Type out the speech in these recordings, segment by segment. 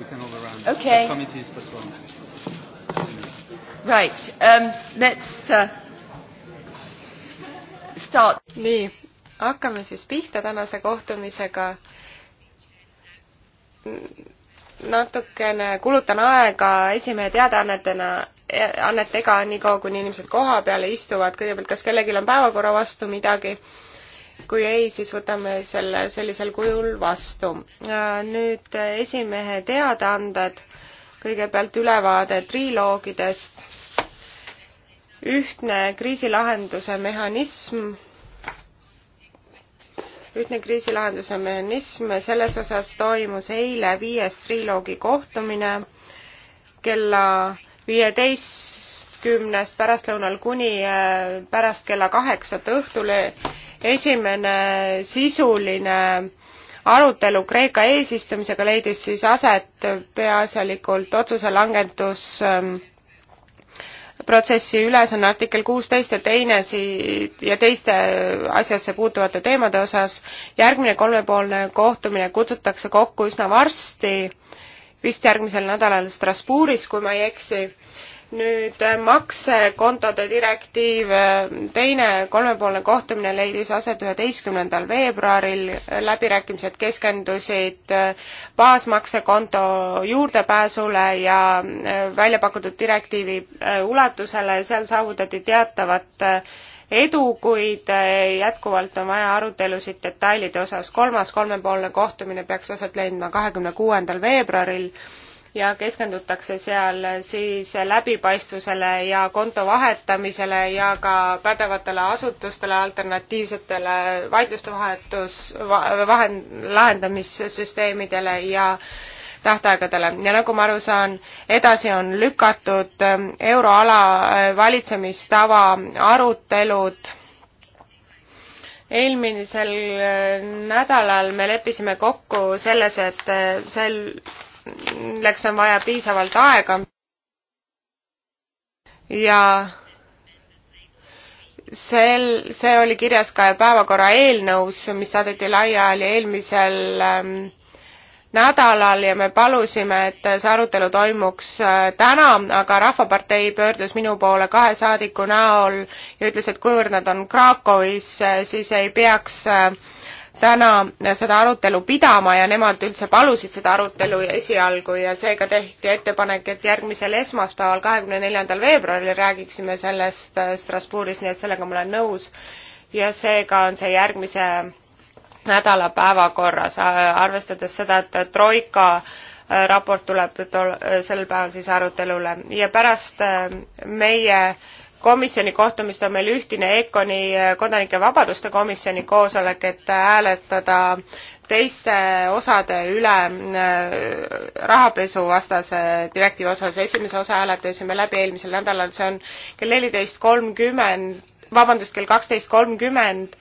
We can overrun. Okay. The committee is postponed. Right. Um, let's uh, start. nii, hakkame siis pihta tänase kohtumisega. natukene kulutan aega esimehe teadaannetena, e, annetega, niikaua kuni inimesed koha peale istuvad. kõigepealt, kas kellelgi on päevakorra vastu midagi? kui ei, siis võtame selle sellisel kujul vastu. nüüd esimehe teadaanded, kõigepealt ülevaade triloogidest, ühtne kriisilahenduse mehhanism, ühtne kriisilahenduse mehhanism, selles osas toimus eile viies triloogi kohtumine kella viieteistkümnest pärastlõunal kuni äh, pärast kella kaheksat õhtule esimene sisuline arutelu Kreeka eesistumisega leidis siis aset peaasjalikult otsuse langetus ähm, protsessi üles on artikkel kuusteist ja teine si- ja teiste asjasse puutuvate teemade osas. järgmine kolmepoolne kohtumine kutsutakse kokku üsna varsti, vist järgmisel nädalal Strasbourgis, kui ma ei eksi nüüd äh, maksekontode direktiiv, äh, teine kolmepoolne kohtumine leidis aset üheteistkümnendal veebruaril, läbirääkimised keskendusid äh, baasmaksekonto juurdepääsule ja välja pakutud direktiivi ulatusele, seal saavutati teatavat edu, kuid jätkuvalt on vaja arutelusid detailide osas. kolmas kolmepoolne kohtumine peaks aset leidma kahekümne kuuendal veebruaril ja keskendutakse seal siis läbipaistvusele ja konto vahetamisele ja ka pädevatele asutustele alternatiivsetele vaidluste vahetus, vahend, lahendamissüsteemidele ja tähtaegadele ja nagu ma aru saan, edasi on lükatud ähm, euroala äh, valitsemistava arutelud eelmisel äh, nädalal me leppisime kokku selles, et äh, sel selleks on vaja piisavalt aega. ja sel, see oli kirjas ka päevakorra eelnõus, mis saadeti laiali eelmisel ähm, nädalal ja me palusime, et see arutelu toimuks äh, täna, aga Rahvapartei pöördus minu poole kahe saadiku näol ja ütles, et kuivõrd nad on Krakowis, äh, siis ei peaks äh, täna seda arutelu pidama ja nemad üldse palusid seda arutelu esialgu ja seega tehti ettepanek, et järgmisel esmaspäeval, kahekümne neljandal veebruaril räägiksime sellest äh, Strasbourgis, nii et sellega ma olen nõus. ja seega on see järgmise nädala päevakorras, arvestades seda, et Troika äh, raport tuleb tol, äh, sel päeval siis arutelule ja pärast meie äh, komisjoni kohtumist on meil ühtine EKONi eh, kodanike vabaduste komisjoni koosolek, et hääletada teiste osade üle eh, rahapesuvastase direktiivi osas. esimese osa hääletasime läbi eelmisel nädalal, see on kell neliteist kolmkümmend, vabandust, kell kaksteist kolmkümmend,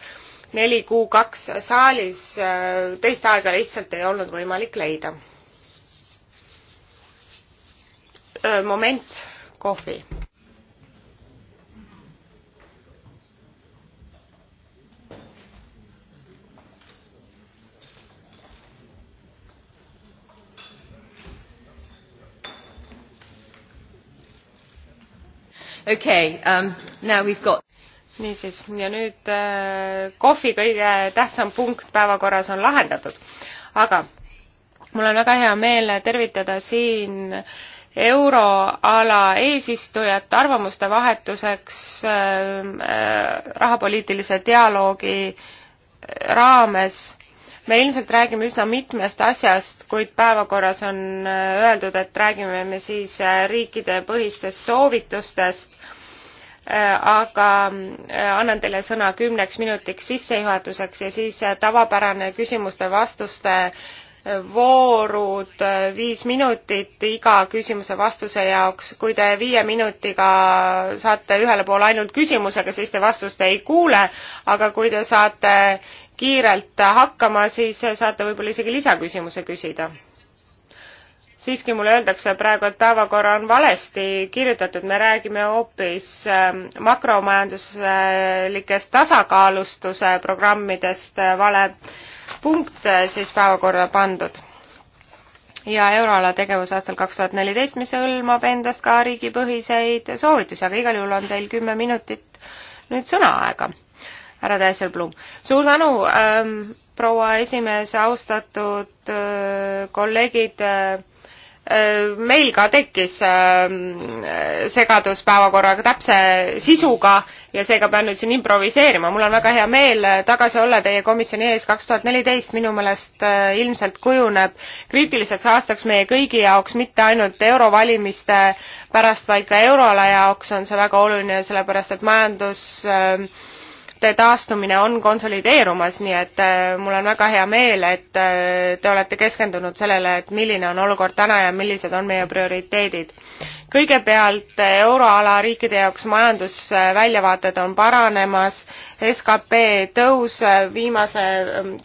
neli kuu kaks saalis, eh, teist aega lihtsalt ei olnud võimalik leida. moment, kohvi. okay, um, now we've got niisiis, ja nüüd äh, kohvi kõige tähtsam punkt päevakorras on lahendatud. aga mul on väga hea meel tervitada siin euroala eesistujat arvamuste vahetuseks äh, äh, rahapoliitilise dialoogi raames me ilmselt räägime üsna mitmest asjast, kuid päevakorras on äh, öeldud, et räägime me siis äh, riikidepõhistest soovitustest, äh, aga annan teile sõna kümneks minutiks sissejuhatuseks ja siis tavapärane küsimuste-vastuste voorud viis minutit iga küsimuse vastuse jaoks. kui te viie minutiga saate ühele poole ainult küsimusega, siis te vastust ei kuule, aga kui te saate kiirelt hakkama, siis saate võib-olla isegi lisaküsimuse küsida. siiski mulle öeldakse praegu, et päevakorra on valesti kirjutatud, me räägime hoopis ähm, makromajanduslikest tasakaalustuse programmidest, äh, vale punkt äh, siis päevakorda pandud ja euroala tegevus aastal kaks tuhat neliteist, mis hõlmab endast ka riigipõhiseid soovitusi, aga igal juhul on teil kümme minutit nüüd sõnaaega härra Tässelblum. suur tänu ähm,, proua esimees, austatud äh, kolleegid äh,, äh meil ka tekkis äh, segadus päevakorraga täpse sisuga ja seega pean nüüd siin improviseerima. mul on väga hea meel äh, tagasi olla teie komisjoni ees kaks tuhat neliteist, minu meelest äh, ilmselt kujuneb kriitiliseks aastaks meie kõigi jaoks, mitte ainult eurovalimiste pärast, vaid ka euroala jaoks on see väga oluline, sellepärast et majandus äh, taastumine on konsolideerumas, nii et äh, mul on väga hea meel, et äh, te olete keskendunud sellele, et milline on olukord täna ja millised on meie prioriteedid. kõigepealt äh, euroala riikide jaoks majandusväljavaated on paranemas, skp tõus viimase ähm,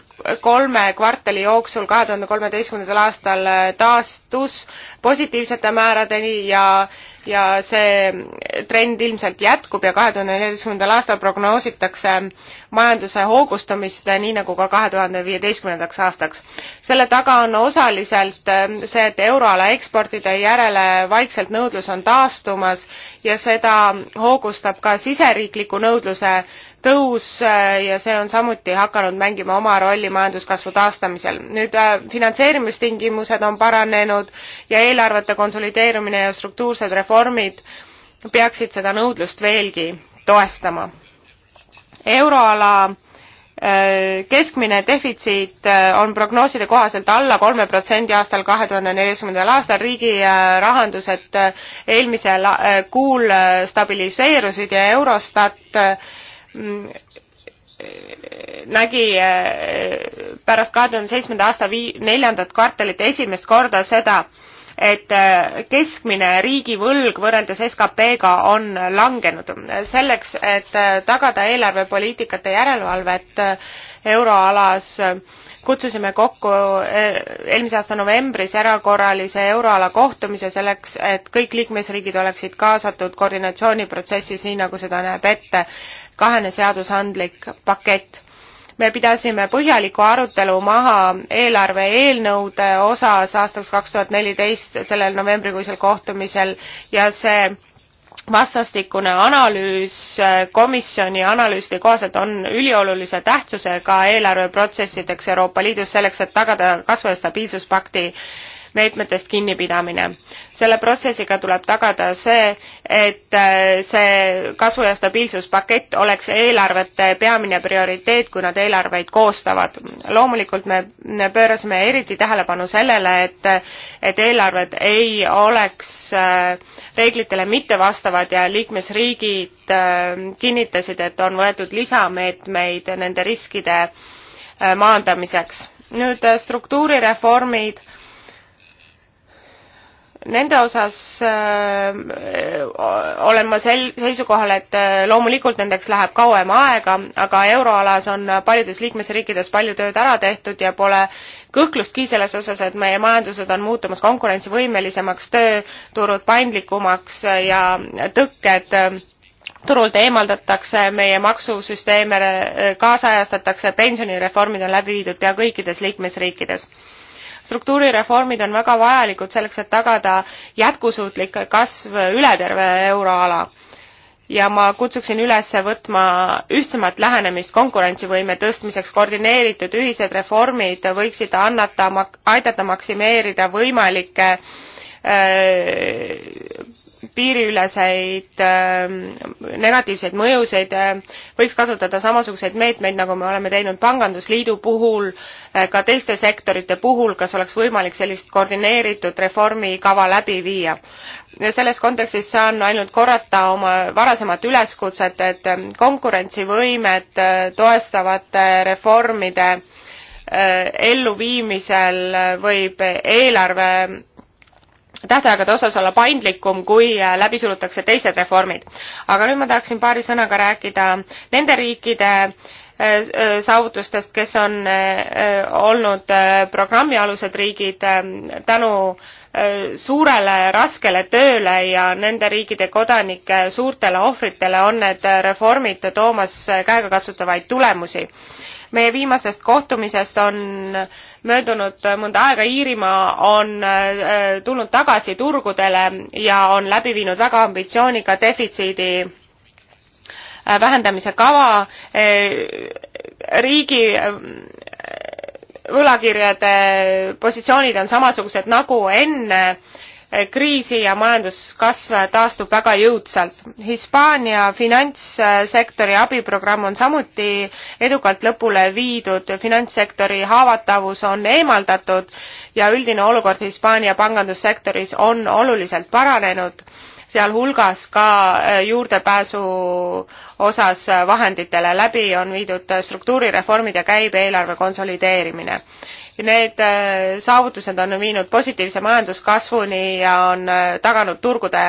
kolme kvartali jooksul kahe tuhande kolmeteistkümnendal aastal taastus positiivsete määradeni ja ja see trend ilmselt jätkub ja kahe tuhande neljateistkümnendal aastal prognoositakse majanduse hoogustumist, nii nagu ka kahe tuhande viieteistkümnendaks aastaks. selle taga on osaliselt ähm, see, et euroala eksportide järele vaikselt nõudlus on taastumas ja seda hoogustab ka siseriikliku nõudluse tõus äh, ja see on samuti hakanud mängima oma rolli majanduskasvu taastamisel. nüüd äh, finantseerimistingimused on paranenud ja eelarvete konsolideerumine ja struktuursed reformid peaksid seda nõudlust veelgi toestama. euroala äh, keskmine defitsiit on prognooside kohaselt alla kolme protsendi aastal kahe tuhande neljateistkümnendal aastal, riigi rahandused eelmisel kuul stabiliseerusid ja Eurostat Mm, nägi äh, pärast kahe tuhande seitsmenda aasta vii-, neljandat kvartalit esimest korda seda, et äh, keskmine riigivõlg võrreldes SKP-ga on langenud. selleks, et äh, tagada eelarvepoliitikate järelevalvet euroalas, kutsusime kokku eelmise aasta novembris erakorralise euroala kohtumise selleks, et kõik liikmesriigid oleksid kaasatud koordinatsiooniprotsessis, nii nagu seda näeb ette kahene seadusandlik pakett. me pidasime põhjaliku arutelu maha eelarve eelnõude osas aastaks kaks tuhat neliteist sellel novembrikuisel kohtumisel ja see vastastikune analüüs komisjoni analüüside kohaselt on üliolulise tähtsusega eelarveprotsessideks Euroopa Liidus selleks, et tagada kasvu- ja stabiilsuspakti meetmetest kinnipidamine. selle protsessiga tuleb tagada see, et äh, see kasvu- ja stabiilsuspakett oleks eelarvete peamine prioriteet, kui nad eelarveid koostavad. loomulikult me pöörasime eriti tähelepanu sellele, et, et eelarved ei oleks äh, reeglitele mittevastavad ja liikmesriigid äh, kinnitasid, et on võetud lisameetmeid nende riskide maandamiseks. nüüd struktuurireformid nende osas öö, äh, olen ma sel-, seisukohal, et äh, loomulikult nendeks läheb kauem aega, aga euroalas on paljudes liikmesriikides palju tööd ära tehtud ja pole kõhklustki selles osas, et meie majandused on muutumas konkurentsivõimelisemaks, tööturud paindlikumaks ja tõkked äh, turult eemaldatakse, meie maksusüsteeme kaasajastatakse, pensionireformid on läbi viidud pea kõikides liikmesriikides struktuurireformid on väga vajalikud selleks, et tagada jätkusuutlik kasv üle terve euroala. ja ma kutsuksin üles võtma ühtsemat lähenemist konkurentsivõime tõstmiseks, koordineeritud ühised reformid võiksid annata, aidata maksimeerida võimalikke öö, äh, piiriüleseid ähm, negatiivseid mõjusid, äh, võiks kasutada samasuguseid meetmeid, nagu me oleme teinud Pangandusliidu puhul, äh, ka teiste sektorite puhul, kas oleks võimalik sellist koordineeritud reformikava läbi viia. selles kontekstis saan ainult korrata oma varasemat üleskutset, et äh, konkurentsivõimet toestavate reformide elluviimisel võib eelarve tähtaegade osas olla paindlikum, kui äh, läbi surutakse teised reformid. aga nüüd ma tahaksin paari sõnaga rääkida nende riikide äh, äh, saavutustest, kes on olnud programmialused riigid ähm, tänu suurele raskele tööle ja nende riikide kodanike suurtele ohvritele on need reformid toomas käegakatsutavaid tulemusi. meie viimasest kohtumisest on äh, möödunud äh, mõnda aega Iirimaa on äh, tulnud tagasi turgudele ja on läbi viinud väga ambitsioonika defitsiidi äh, vähendamise kava riigi võlakirjade positsioonid on samasugused nagu enne kriisi ja majanduskasv taastub väga jõudsalt. Hispaania finantssektori abiprogramm on samuti edukalt lõpule viidud, finantssektori haavatavus on eemaldatud ja üldine olukord Hispaania pangandussektoris on oluliselt paranenud, sealhulgas ka äh, juurdepääsu osas vahenditele läbi on viidud struktuurireformid ja käib eelarve konsolideerimine Need äh, saavutused on viinud positiivse majanduskasvuni ja on äh, taganud turgude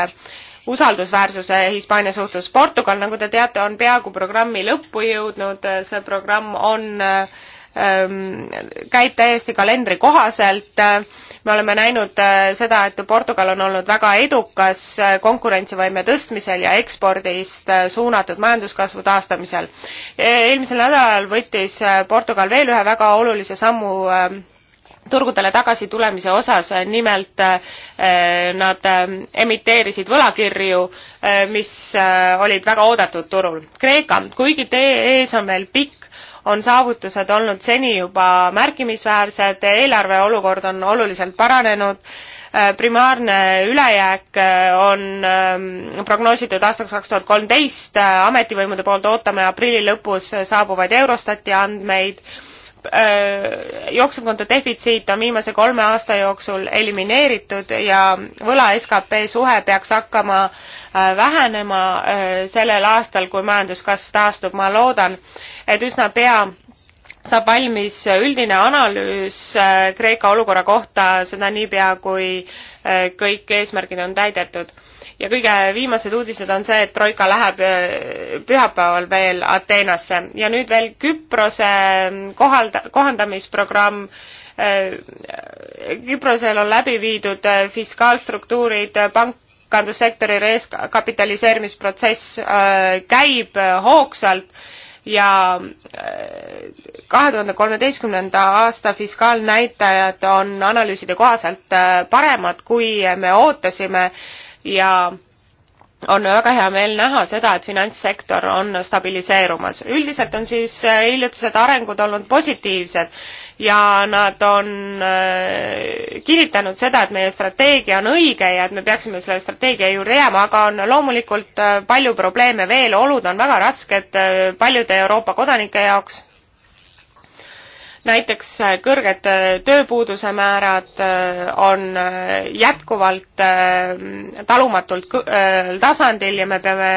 usaldusväärsuse Hispaania suhtes. Portugal, nagu te teate, on peaaegu programmi lõppu jõudnud, see programm on äh, ähm, käib täiesti kalendri kohaselt äh, me oleme näinud äh, seda, et Portugal on olnud väga edukas äh, konkurentsivõime tõstmisel ja ekspordist äh, suunatud majanduskasvu taastamisel. E, eelmisel nädalal võttis Portugal veel ühe väga olulise sammu turgudele tagasi tulemise osas, nimelt nad emiteerisid võlakirju, mis olid väga oodatud turul. Kreeka, kuigi tee ees on veel pikk, on saavutused olnud seni juba märkimisväärsed, eelarve olukord on oluliselt paranenud, äh, primaarne ülejääk äh, on ähm, prognoositud aastaks kaks tuhat kolmteist, äh, ametivõimude poolt ootame aprilli lõpus saabuvaid Eurostati andmeid äh, jooksevkonto defitsiit on viimase kolme aasta jooksul elimineeritud ja võla skp suhe peaks hakkama äh, vähenema äh, sellel aastal, kui majanduskasv taastub. ma loodan, et üsna pea saab valmis üldine analüüs äh, Kreeka olukorra kohta, seda niipea, kui äh, kõik eesmärgid on täidetud ja kõige viimased uudised on see, et Troika läheb äh, pühapäeval veel Ateenasse ja nüüd veel Küprose ähm, kohalda-, kohandamisprogramm. Äh, Küprosel on läbi viidud äh, fiskaalstruktuurid, pangandussektori reeskapitaliseerimisprotsess käib hoogsalt ja kahe tuhande kolmeteistkümnenda aasta fiskaalnäitajad on analüüside kohaselt paremad, kui me ootasime ja on väga hea meel näha seda, et finantssektor on stabiliseerumas. üldiselt on siis äh, hiljutised arengud olnud positiivsed ja nad on äh, kinnitanud seda, et meie strateegia on õige ja et me peaksime selle strateegia juurde jääma, aga on loomulikult äh, palju probleeme veel, olud on väga rasked paljude Euroopa kodanike jaoks näiteks äh, kõrged äh, tööpuuduse määrad äh, on jätkuvalt talumatult tasandil ja me peame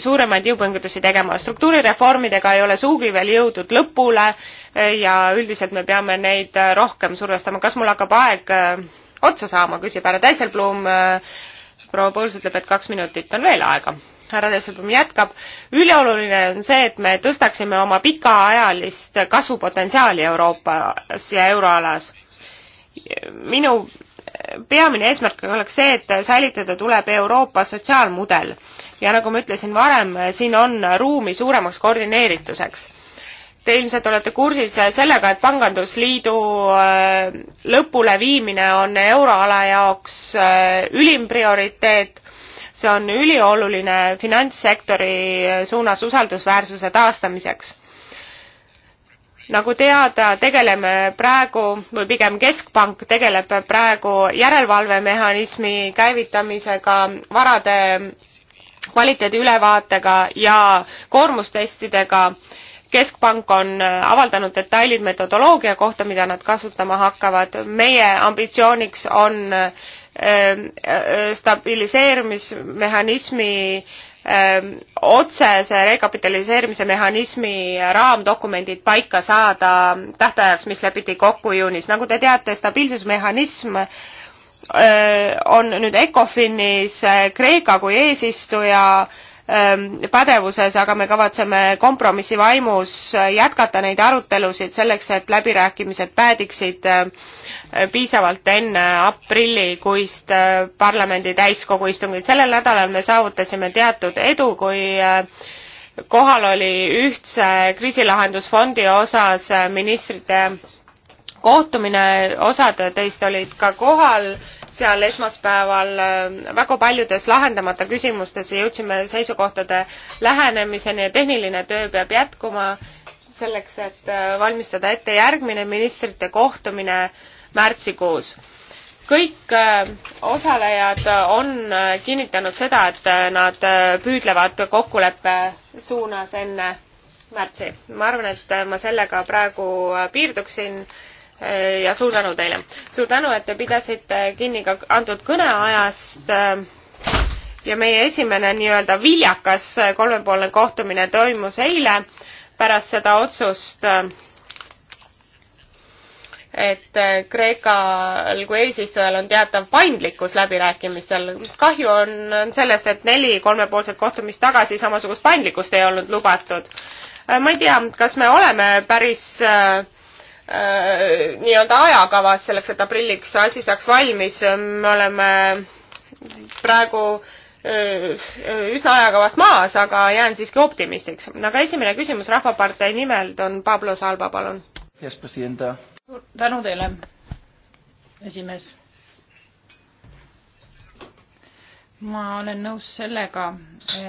suuremaid jõupingutusi tegema. struktuurireformidega ei ole sugugi veel jõudnud lõpule ja üldiselt me peame neid rohkem survestama. kas mul hakkab aeg otsa saama, küsib härra Täiselblum. proua Põls ütleb, et kaks minutit on veel aega härra Tesselbaum jätkab, ülioluline on see, et me tõstaksime oma pikaajalist kasvupotentsiaali Euroopas ja euroalas. minu peamine eesmärk oleks see, et säilitada tuleb Euroopa sotsiaalmudel ja nagu ma ütlesin varem, siin on ruumi suuremaks koordineerituseks. Te ilmselt olete kursis sellega, et pangandusliidu äh, lõpuleviimine on euroala jaoks äh, ülim prioriteet see on ülioluline finantssektori suunas usaldusväärsuse taastamiseks nagu teada, tegeleme praegu või pigem Keskpank tegeleb praegu järelevalvemehhanismi käivitamisega, varade kvaliteedi ülevaatega ja koormustestidega. keskpank on avaldanud detailid metodoloogia kohta, mida nad kasutama hakkavad. meie ambitsiooniks on Ähm, äh, stabiliseerimismehhanismi ähm, otsese rekapitaliseerimise mehhanismi raamdokumendid paika saada tähtajaks, mis lepiti kokku juunis. nagu te teate, stabiilsusmehhanism äh, on nüüd ECOFINis äh, Kreeka kui eesistuja äh, Ähm, pädevuses, aga me kavatseme kompromissi vaimus äh, jätkata neid arutelusid selleks, et läbirääkimised päädiksid äh, piisavalt enne aprillikuist äh, parlamendi täiskogu istungit. sellel nädalal me saavutasime teatud edu, kui kohal oli ühtse kriisilahendusfondi osas ministrite kohtumine, osad teist olid ka kohal seal esmaspäeval äh, väga paljudes lahendamata küsimustes ja jõudsime seisukohtade lähenemiseni ja tehniline töö peab jätkuma selleks, et äh, valmistada ette järgmine ministrite kohtumine märtsikuus. kõik äh, osalejad on kinnitanud seda, et nad püüdlevad kokkuleppe suunas enne märtsi. ma arvan, et ma sellega praegu piirduksin Eh, ja suur tänu teile. suur tänu, et te pidasite kinni ka antud kõneajast eh, ja meie esimene nii-öelda viljakas eh, kolmepoolne kohtumine toimus eile pärast seda otsust, et Kreekal kui eesistujal on teatav paindlikkus läbirääkimistel. kahju on sellest, et neli kolmepoolset kohtumist tagasi samasugust paindlikkust ei olnud lubatud. ma ei tea, kas me oleme päris äh, Äh, nii-öelda ajakavas, selleks et aprilliks asi saaks valmis. me oleme praegu äh, üsna ajakavast maas, aga jään siiski optimistiks. aga esimene küsimus Rahvapartei nimel on Pablo Salba, palun. tänu teile, esimees. ma olen nõus sellega,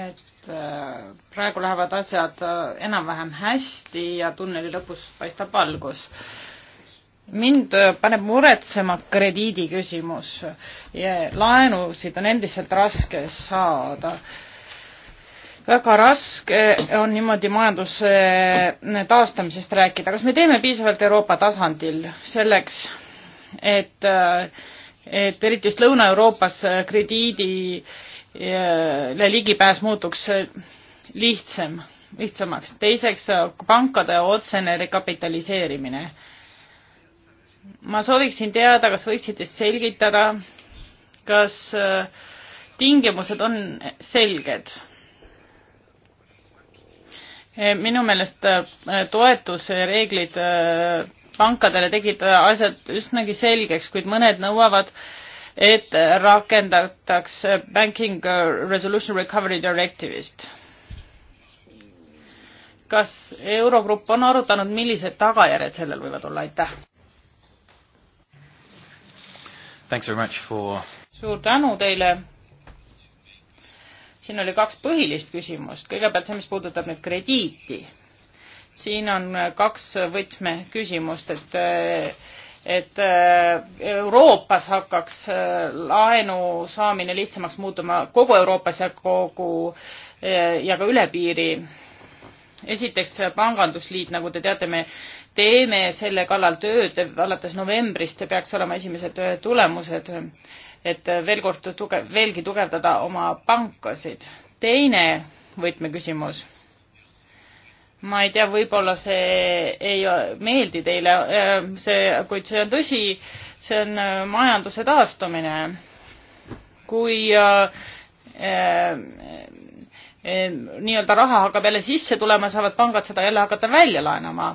et Äh, praegu lähevad asjad äh, enam-vähem hästi ja tunneli lõpus paistab valgus. mind äh, paneb muretsema krediidi küsimus. laenusid on endiselt raske saada väga raske on niimoodi majanduse taastamisest rääkida. kas me teeme piisavalt Euroopa tasandil selleks, et, et eriti just Lõuna-Euroopas krediidi äh, ligipääs muutuks lihtsam, lihtsamaks. teiseks, pankade otsene rekapitaliseerimine. ma sooviksin teada, kas võiksite selgitada, kas äh, tingimused on selged? minu meelest äh, toetusreeglid äh, pankadele tegid asjad üsnagi selgeks, kuid mõned nõuavad äh, et rakendatakse Banking Resolution Recovery Directivist. kas Eurogrupp on arutanud, millised tagajärjed sellel võivad olla, aitäh! For... suur tänu teile! siin oli kaks põhilist küsimust, kõigepealt see, mis puudutab nüüd krediiti. siin on kaks võtmeküsimust, et et äh, Euroopas hakkaks äh, laenu saamine lihtsamaks muutuma kogu Euroopas ja kogu äh, ja ka üle piiri. esiteks Pangandusliit, nagu te teate, me teeme selle kallal tööd, alates novembrist peaks olema esimesed tulemused, et veel kord tuge-, veelgi tugevdada oma pankasid. teine võtmeküsimus ma ei tea, võib-olla see ei meeldi teile, äh, see, kuid see on tõsi, see on äh, majanduse taastumine. kui äh, äh, äh, nii-öelda raha hakkab jälle sisse tulema, saavad pangad seda jälle hakata välja laenama.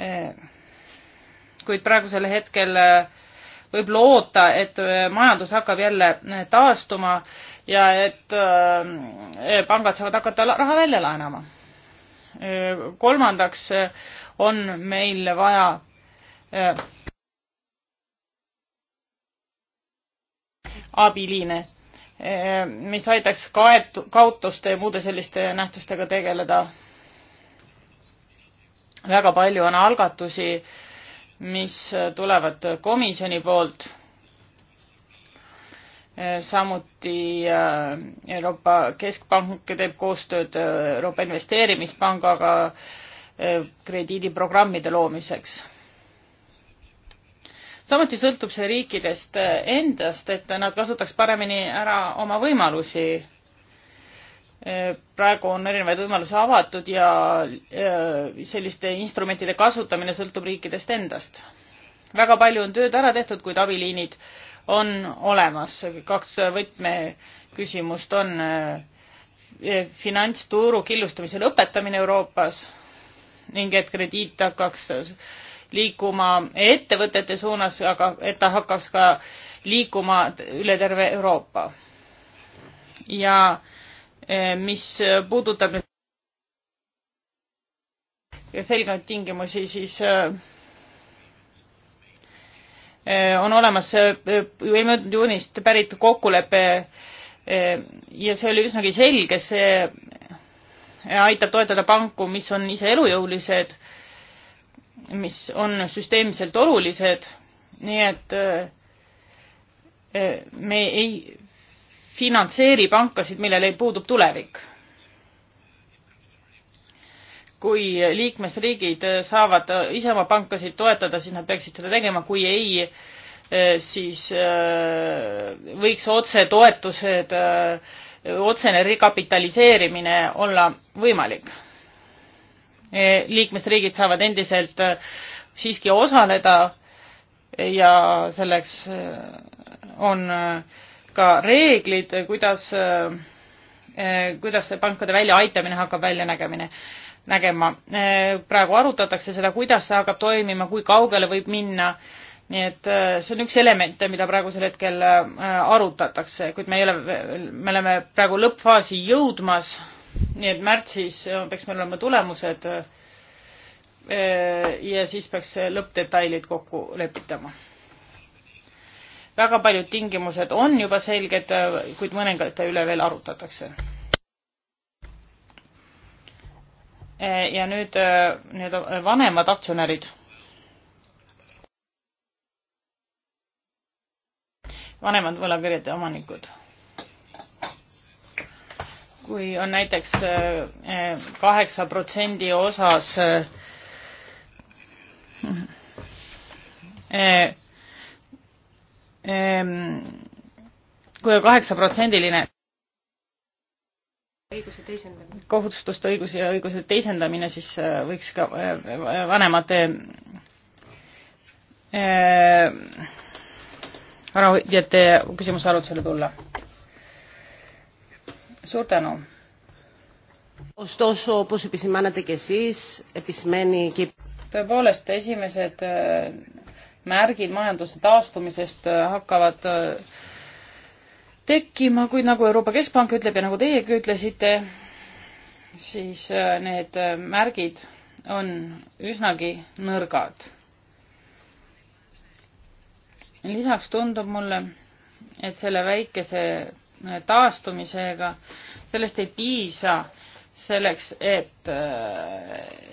Äh, kuid praegusel hetkel võib loota, et majandus hakkab jälle taastuma ja et pangad saavad hakata raha välja laenama kolmandaks eh, on meil vaja eh, abiliine, eh, mis aitaks kaet-, kaotuste ja muude selliste nähtustega tegeleda. väga palju on algatusi, mis tulevad komisjoni poolt Eh, samuti eh, Euroopa Keskpank teeb koostööd eh, Euroopa Investeerimispangaga krediidiprogrammide loomiseks. samuti sõltub see riikidest endast, et nad kasutaks paremini ära oma võimalusi praegu on erinevaid võimalusi avatud ja selliste instrumentide kasutamine sõltub riikidest endast. väga palju on tööd ära tehtud, kuid abiliinid on olemas. kaks võtmeküsimust on eh, finantsturu killustamise lõpetamine Euroopas ning et krediit hakkaks liikuma ettevõtete suunas, aga et ta hakkaks ka liikuma üle terve Euroopa. ja eh, mis puudutab nüüd selgeid tingimusi, siis äh, Äh, on olemas äh, möödunud juunist pärit kokkulepe äh, ja see oli üsnagi selge, see aitab toetada panku, mis on ise elujõulised, mis on süsteemselt olulised, nii et me ei finantseeri pankasid, millel ei puudub tulevik kui liikmesriigid saavad ise oma pankasid toetada, siis nad peaksid seda tegema, kui ei, eh, siis eh, võiks otsetoetused, eh, otsene rekapitaliseerimine olla võimalik. liikmesriigid saavad endiselt siiski osaleda ja selleks on ka reeglid, kuidas, kuidas see pankade väljaaitamine hakkab välja nägemine nägema. Äh, praegu arutatakse seda, kuidas see hakkab toimima, kui kaugele võib minna. nii et äh, see on üks elemente, mida praegusel hetkel äh, arutatakse, kuid me ei ole, me oleme praegu lõppfaasi jõudmas. nii et märtsis peaks meil olema tulemused. ja siis peaks lõppdetailid kokku lepitama väga paljud tingimused on juba selged, kuid mõningate üle veel arutatakse Eh, ja nüüd eh, need vanemad aktsionärid. vanemad võlakirjade omanikud. kui on näiteks eh, kaheksa protsendi osas kui kaheksaprotsendiline õiguse teisendamine. kohustuste õiguse ja õiguse teisendamine siis äh, võiks ka äh, vanemate äh, ärahoidjate küsimuse arutlusele tulla. suur tänu. tõepoolest, esimesed märgid majanduse taastumisest hakkavad äh, tekkima, kuid nagu Euroopa Keskpank ütleb ja nagu teiegi ütlesite, siis äh, need äh, märgid on üsnagi nõrgad. lisaks tundub mulle, et selle väikese äh, taastumisega, sellest ei piisa selleks, et,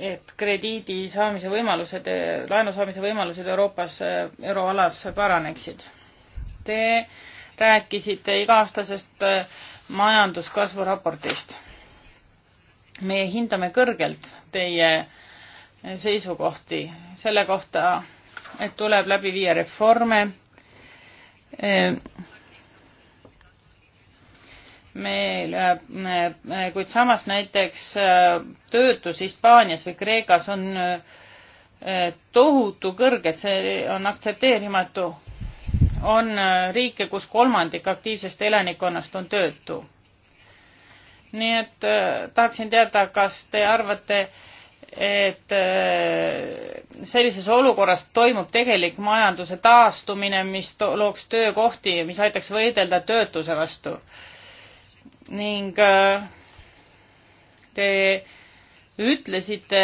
et krediidi saamise võimalused, laenu saamise võimalused Euroopas, euroalas paraneksid. Te rääkisite iga-aastasest äh, majanduskasvu raportist. meie hindame kõrgelt teie seisukohti selle kohta, et tuleb läbi viia reforme. Äh, meil, äh, kuid samas näiteks töötus Hispaanias või Kreekas on tohutu kõrge, see on aktsepteerimatu on äh, riike, kus kolmandik aktiivsest elanikkonnast on töötu. nii et äh, tahaksin teada, kas te arvate, et äh, sellises olukorras toimub tegelik majanduse taastumine, mis looks töökohti ja mis aitaks võidelda töötuse vastu. ning te ütlesite,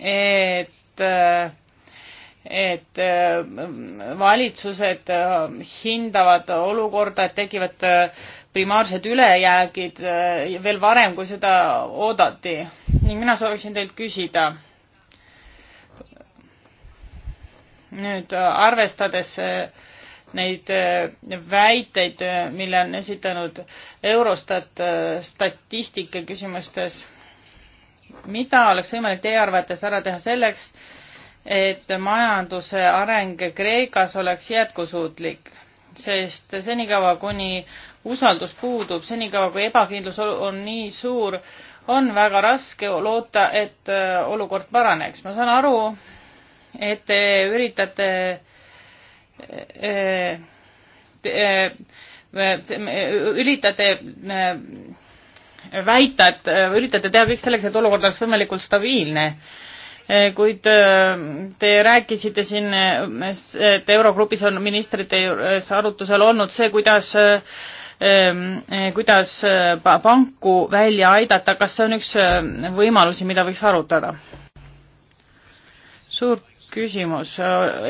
et et äh, valitsused äh, hindavad olukorda, et tekivad äh, primaarsed ülejäägid veel varem, kui seda oodati. ning mina sooviksin teilt küsida. nüüd arvestades neid väiteid, mille on esitanud Eurostat statistika küsimustes, mida oleks võimalik teie arvates ära teha selleks, et majanduse areng Kreekas oleks jätkusuutlik, sest senikaua, kuni usaldus puudub, senikaua, kui ebakindlus on nii suur, on väga raske loota, et äh, olukord paraneks. ma saan aru, et te üritate äh, äh, üritate väita, et üritate teha kõik selleks, et olukord oleks võimalikult stabiilne Eh, kuid eh, te rääkisite siin, eh, et Eurogrupis on ministrite juures arutusel olnud see, kuidas kuidas panku välja aidata, kas see on üks võimalusi, mida võiks arutada? suur küsimus,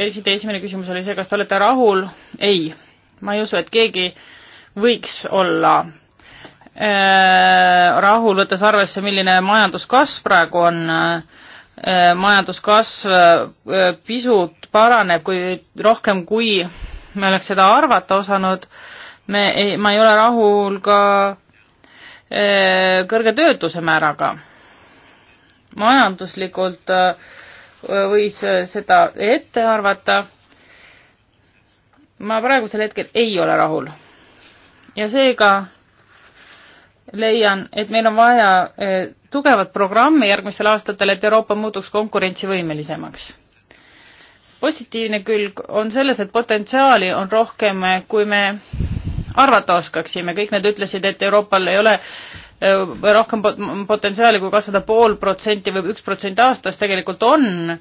eside esimene küsimus oli see, kas te olete rahul? ei, ma ei usu, et keegi võiks olla rahul, võttes arvesse, milline majanduskasv praegu on äh, Äh, majanduskasv äh, äh, pisut paraneb, kui rohkem, kui me oleks seda arvata osanud. me ei, ma ei ole rahul ka kõrge töötuse määraga. majanduslikult võis seda ette arvata. ma praegusel hetkel ei ole rahul. ja seega leian, et meil on vaja eh, tugevat programmi järgmistel aastatel, et Euroopa muutuks konkurentsivõimelisemaks. positiivne külg on selles, et potentsiaali on rohkem, eh, kui me arvata oskaksime, kõik need ütlesid, et Euroopal ei ole eh, rohkem potentsiaali kui kasvada pool protsenti või üks protsent aastas, tegelikult on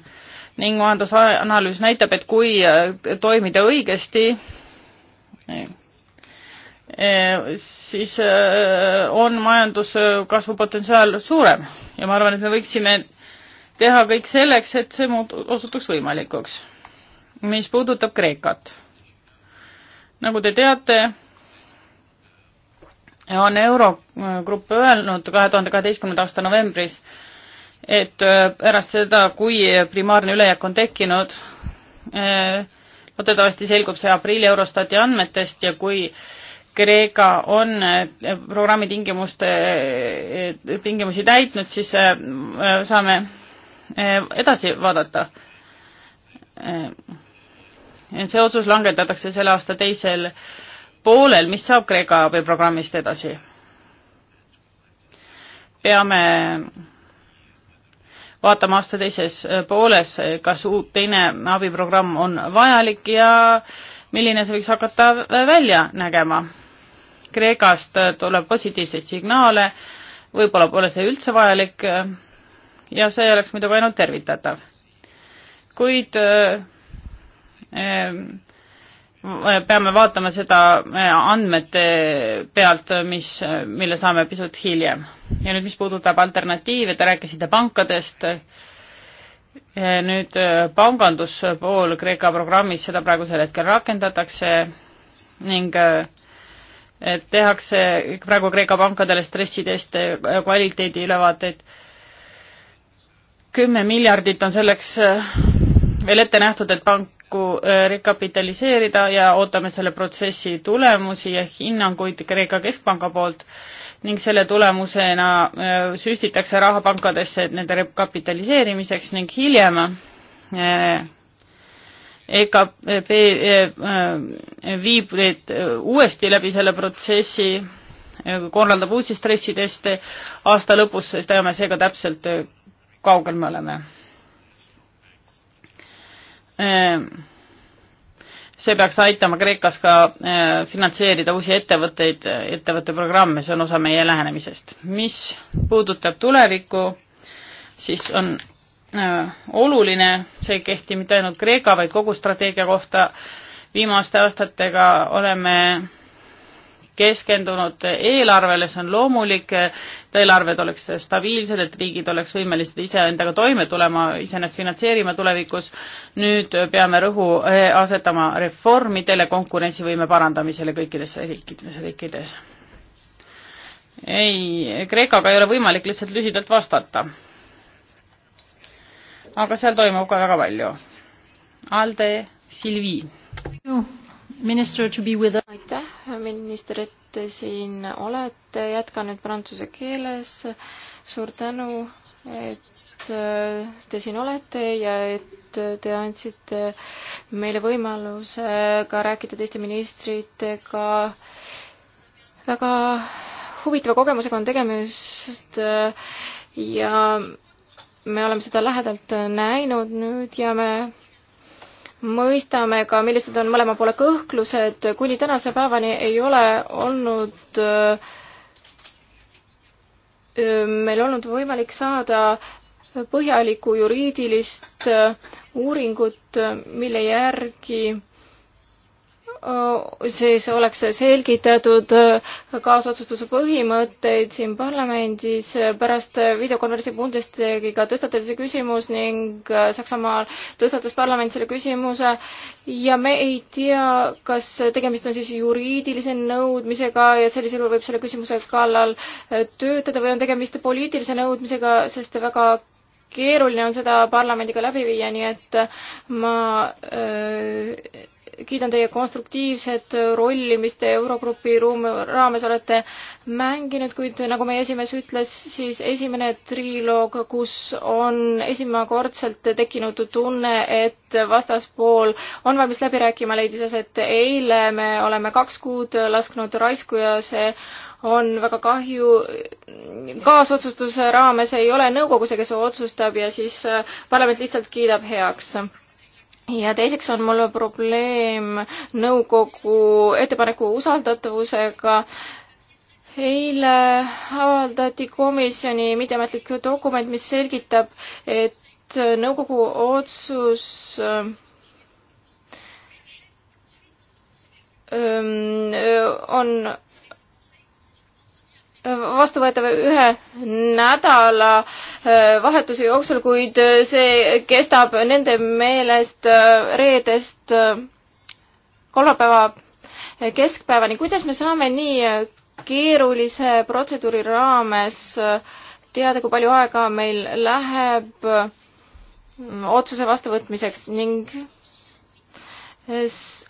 ning majandusanalüüs näitab, et kui toimida õigesti, Eh, siis eh, on majanduskasvu potentsiaal suurem ja ma arvan, et me võiksime teha kõik selleks, et see muut-, osutuks võimalikuks. mis puudutab Kreekat. nagu te teate, on Eurogrupp öelnud kahe tuhande kaheteistkümnenda aasta novembris, et eh, pärast seda, kui primaarne ülejääk on tekkinud, loodetavasti selgub see aprilli Eurostati andmetest ja kui äh, Kreeka on eh, programmi tingimuste, eh, eh, tingimusi täitnud, siis saame edasi vaadata. see otsus langetatakse selle aasta teisel poolel, mis saab Kreeka abiprogrammist edasi? peame vaatama aasta teises pooles, kas uut teine abiprogramm on vajalik ja milline see võiks hakata välja nägema Kreekast äh, tuleb positiivseid signaale, võib-olla pole see üldse vajalik äh, ja see oleks muidugi ainult tervitatav. kuid äh, peame vaatama seda andmete pealt, mis, mille saame pisut hiljem. ja nüüd, mis puudutab alternatiive, te rääkisite pankadest, nüüd panganduspool Kreeka programmis, seda praegusel hetkel rakendatakse ning äh, et tehakse praegu Kreeka pankadele stressiteste, kvaliteediülevaateid. kümme miljardit on selleks eh, veel ette nähtud, et panku eh, rekapitaliseerida ja ootame selle protsessi tulemusi ja hinnanguid Kreeka keskpanga poolt ning selle tulemusena eh, süstitakse raha pankadesse nende rekapitaliseerimiseks ning hiljem EKP e, e, viib neid e, uuesti läbi selle protsessi, korraldab uusi stressiteste aasta lõpus, teame seega täpselt, kaugel me oleme. see peaks aitama Kreekas ka finantseerida uusi ettevõtteid, ettevõtte programme, see on osa meie lähenemisest. mis puudutab tulevikku, siis on Äh, oluline, see ei kehti mitte ainult Kreeka, vaid kogu strateegia kohta. viimaste aastatega oleme keskendunud eelarvele, see on loomulik, et eelarved oleks stabiilsed, et riigid oleks võimelised iseendaga toime tulema, iseennast finantseerima tulevikus. nüüd peame rõhu äh, asetama reformidele, konkurentsivõime parandamisele kõikides riikides, riikides. ei, Kreekaga ei ole võimalik lihtsalt lühidalt vastata aga seal toimub ka väga palju. Alde Silvi. Minister to be with us. aitäh, minister, et siin olete, jätkan nüüd prantsuse keeles. suur tänu, et te siin olete ja et te andsite meile võimaluse ka rääkida teiste ministritega. väga huvitava kogemusega on tegemist ja me oleme seda lähedalt näinud nüüd ja me mõistame ka, millised on mõlema poole kõhklused, kuni tänase päevani ei ole olnud äh, meil olnud võimalik saada põhjalikku juriidilist äh, uuringut, mille järgi Äh, siis oleks selgitatud äh, kaasotsustuse põhimõtteid siin parlamendis. pärast videokonverentsi Bundestagiga tõstatati see küsimus ning äh, Saksamaal tõstatas parlament selle küsimuse ja me ei tea, kas tegemist on siis juriidilise nõudmisega ja sellisel juhul võib selle küsimuse kallal töötada või on tegemist poliitilise nõudmisega, sest väga keeruline on seda parlamendiga läbi viia, nii et ma öö, kiidan teie konstruktiivset rolli, mis te Eurogrupi ruumi raames olete mänginud, kuid nagu meie esimees ütles, siis esimene triloog, kus on esimekordselt tekkinud tunne, et vastaspool on valmis läbi rääkima, leidis aset eile, me oleme kaks kuud lasknud raisku ja see on väga kahju, kaasotsustuse raames ei ole nõukogu see, kes otsustab ja siis äh, parlament lihtsalt kiidab heaks ja teiseks on mul probleem nõukogu ettepaneku usaldatavusega. eile avaldati komisjoni mitteametlik dokument, mis selgitab, et nõukogu otsus ähm, ähm, on vastuvõetav ühe nädala äh, vahetuse jooksul, kuid äh, see kestab nende meelest äh, reedest kolmapäeva keskpäevani. kuidas me saame nii keerulise protseduuri raames teada, kui palju aega meil läheb otsuse vastuvõtmiseks ning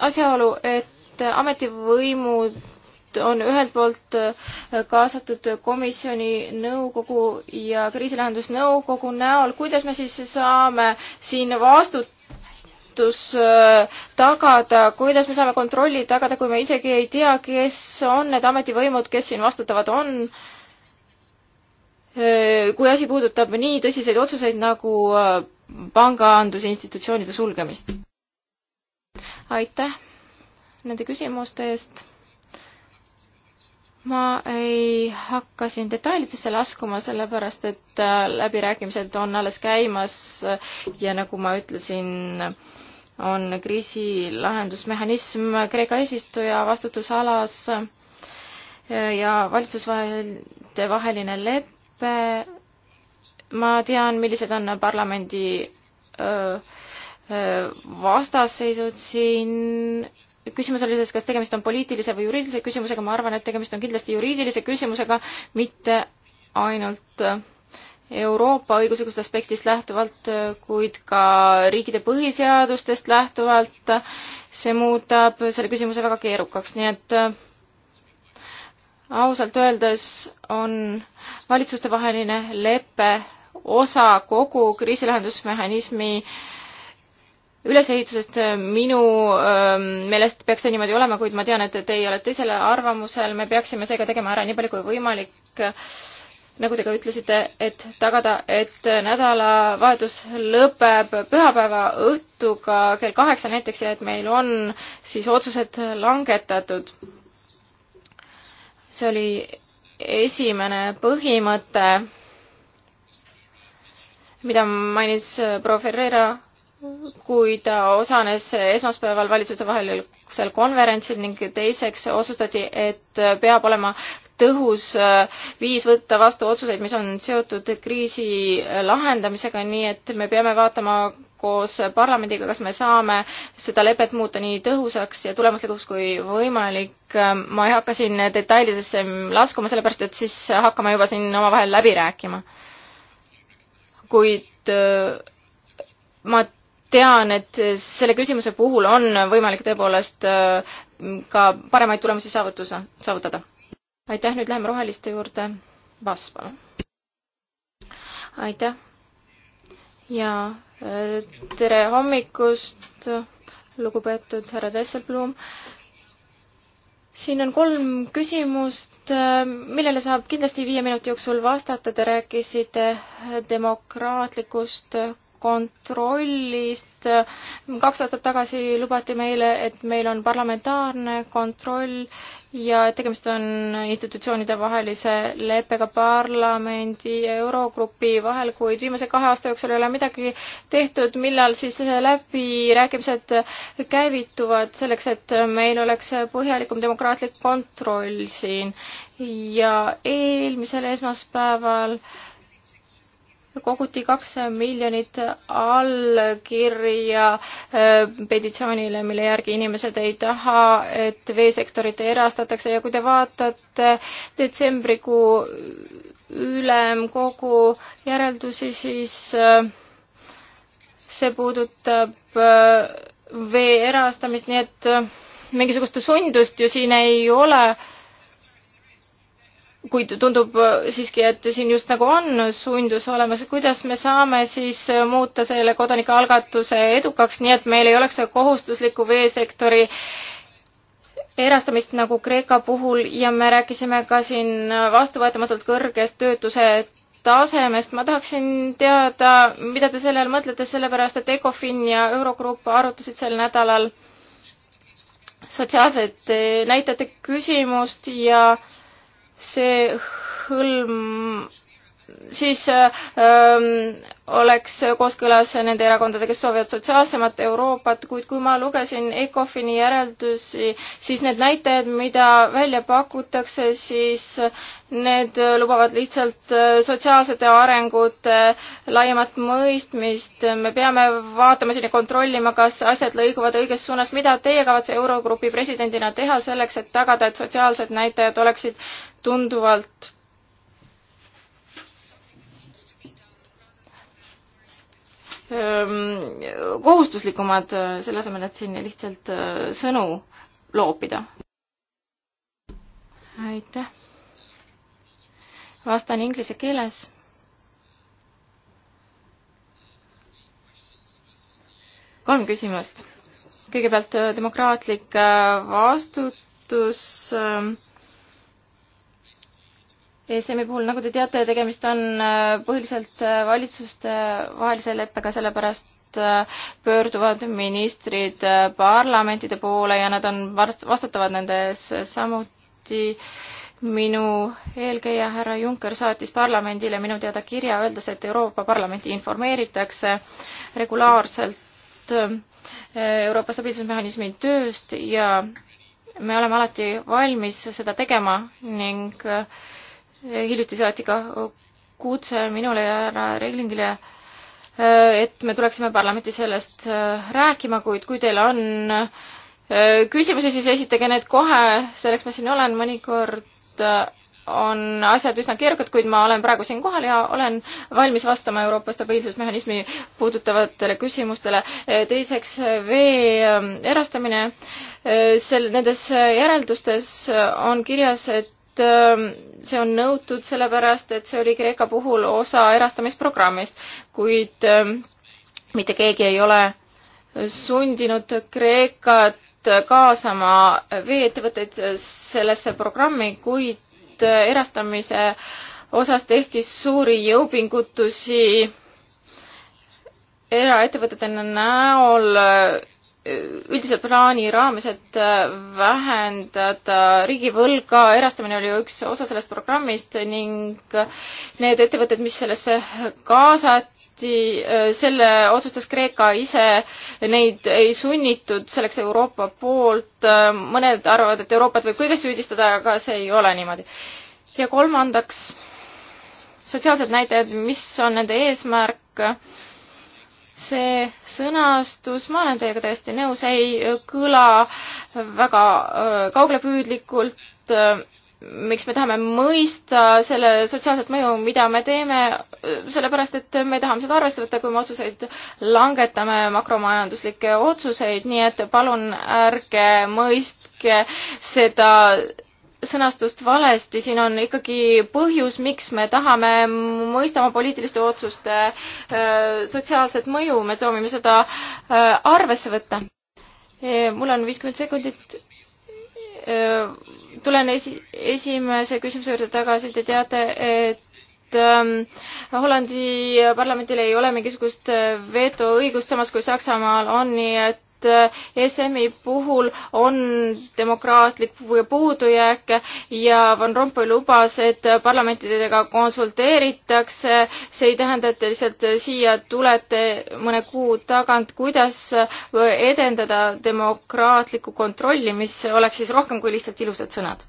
asjaolu, et ametivõimud on ühelt poolt äh, kaasatud komisjoni nõukogu ja kriisilahendusnõukogu näol, kuidas me siis saame siin vastutus äh, tagada, kuidas me saame kontrolli tagada, kui me isegi ei tea, kes on need ametivõimud, kes siin vastutavad on äh, kui asi puudutab nii tõsiseid otsuseid nagu pangaanduse institutsioonide sulgemist. aitäh nende küsimuste eest ma ei hakka siin detailidesse laskuma, sellepärast et äh, läbirääkimised on alles käimas äh, ja nagu ma ütlesin, on kriisi lahendusmehhanism Kreeka eesistuja vastutusalas äh, ja valitsusvaheliste vaheline lepe. ma tean, millised on parlamendi vastasseisud siin küsimus oli selles, kas tegemist on poliitilise või juriidilise küsimusega, ma arvan, et tegemist on kindlasti juriidilise küsimusega, mitte ainult äh, Euroopa õiguslikust aspektist lähtuvalt, äh, kuid ka riikide põhiseadustest lähtuvalt. see muudab selle küsimuse väga keerukaks, nii et äh, ausalt öeldes on valitsustevaheline lepe osa kogu kriisilahendusmehhanismi äh, ülesehitusest. Äh, minu ähm, meelest peaks see niimoodi olema, kuid ma tean, et teie olete teisel arvamusel, me peaksime seega tegema ära nii palju kui võimalik äh, nagu te ka ütlesite, et tagada, et nädalavahetus lõpeb pühapäeva õhtuga kell kaheksa näiteks ja et meil on siis otsused langetatud. see oli esimene põhimõte, mida mainis äh, proua Ferreira kui ta osales esmaspäeval valitsusevahelisel konverentsil ning teiseks otsustati, et peab olema tõhus äh, viis võtta vastu otsuseid, mis on seotud kriisi äh, lahendamisega, nii et me peame vaatama koos parlamendiga, kas me saame seda lepet muuta nii tõhusaks ja tulemuslikuks kui võimalik. Äh, ma ei hakka siin detailidesse laskuma, sellepärast et siis hakkame juba siin omavahel läbi rääkima. kuid ma tean, et selle küsimuse puhul on võimalik tõepoolest äh, ka paremaid tulemusi saavutuse, saavutada. aitäh, nüüd läheme roheliste juurde. Vas, palun. aitäh ja äh, tere hommikust, lugupeetud härra Tesselblum. siin on kolm küsimust, äh, millele saab kindlasti viie minuti jooksul vastata. Te rääkisite demokraatlikust kontrollist. kaks aastat tagasi lubati meile, et meil on parlamentaarne kontroll ja tegemist on institutsioonide vahelise leppega parlamendi ja Eurogrupi vahel, kuid viimase kahe aasta jooksul ei ole midagi tehtud, millal siis läbirääkimised käivituvad selleks, et meil oleks põhjalikum demokraatlik kontroll siin. ja eelmisel esmaspäeval äh, koguti kaks miljonit allkirja äh, petitsioonile, mille järgi inimesed ei taha, et veesektorit erastatakse ja kui te vaatate detsembrikuu ülemkogu järeldusi, siis äh, see puudutab äh, vee erastamist, nii et mingisugust sundust ju siin ei ole kuid tundub äh, siiski, et siin just nagu on sundus olemas, kuidas me saame siis äh, muuta selle kodanikualgatuse edukaks, nii et meil ei oleks kohustuslikku veesektori erastamist nagu Kreeka puhul ja me rääkisime ka siin vastuvõetamatult kõrgest töötuse tasemest. ma tahaksin teada, mida te selle all mõtlete, sellepärast et Ecofin ja Eurogrupp arutasid sel nädalal sotsiaalsete näitajate küsimust ja äh, see hõlm siis äh, ähm, oleks kooskõlas nende erakondadega, kes soovivad sotsiaalsemat Euroopat, kuid kui ma lugesin ECOFIN-i järeldusi, siis need näitajad, mida välja pakutakse, siis need lubavad lihtsalt äh, sotsiaalsete arengute laiemat mõistmist. me peame vaatama siin ja kontrollima, kas asjad lõiguvad õiges suunas. mida teie kavatse Eurogrupi presidendina teha selleks, et tagada, et sotsiaalsed näitajad oleksid tunduvalt kohustuslikumad, äh, selle asemel, et siin lihtsalt äh, sõnu loopida. aitäh. vastan inglise keeles. kolm küsimust. kõigepealt äh, demokraatlik vastutus ähm, ESM-i puhul, nagu te teate, tegemist on äh, põhiliselt äh, valitsuste vahelise leppega, sellepärast äh, pöörduvad ministrid parlamentide poole ja nad on, vastutavad nende ees samuti minu eelkäija härra Juncker saatis parlamendile minu teada kirja, öeldes, et Euroopa Parlamenti informeeritakse regulaarselt Euroopa stabiilsusmehhanismi tööst ja me oleme alati valmis seda tegema ning äh, hiljuti saati ka kutse minule ja härra Reglingile, äh, et me tuleksime parlamenti sellest äh, rääkima, kuid kui teil on äh, küsimusi, siis esitage need kohe, selleks ma siin olen, mõnikord on asjad üsna keerukad, kuid ma olen praegu siin kohal ja olen valmis vastama Euroopa stabiilsusmehhanismi puudutavatele küsimustele. teiseks, vee erastamine. sel, nendes järeldustes on kirjas, et et ähm, see on nõutud sellepärast, et see oli Kreeka puhul osa erastamisprogrammist, kuid ähm, mitte keegi ei ole sundinud Kreekat kaasama veeettevõtteid sellesse programmi, kuid erastamise osas tehti suuri jõupingutusi eraettevõtete näol üldise plaani raames, et äh, vähendada riigivõlga, erastamine oli ju üks osa sellest programmist ning need ettevõtted, mis sellesse kaasati, äh, selle otsustas Kreeka ise, neid ei sunnitud selleks Euroopa poolt. Äh, mõned arvavad, et Euroopat võib kõiges süüdistada, aga see ei ole niimoodi. ja kolmandaks, sotsiaalsed näitajad, mis on nende eesmärk see sõnastus, ma olen teiega täiesti nõus, ei kõla väga äh, kauglepüüdlikult. Äh, miks me tahame mõista selle sotsiaalset mõju, mida me teeme, äh, sellepärast et me tahame seda arvesse võtta, kui me otsuseid langetame, makromajanduslikke otsuseid, nii et palun ärge mõistke seda sõnastust valesti, siin on ikkagi põhjus, miks me tahame mõista oma poliitiliste otsuste äh, sotsiaalset mõju, me soovime seda äh, arvesse võtta. mul on viiskümmend sekundit. tulen esi-, esimese küsimuse juurde tagasi, te teate, et et ähm, Hollandi parlamendil ei ole mingisugust äh, vetoõigust, samas kui Saksamaal on, nii et et ESM-i äh, puhul on demokraatlik puudujääk ja Van Rompuy lubas, et parlamentidega konsulteeritakse. see ei tähenda, et te lihtsalt siia tulete mõne kuu tagant. kuidas edendada demokraatlikku kontrolli, mis oleks siis rohkem kui lihtsalt ilusad sõnad?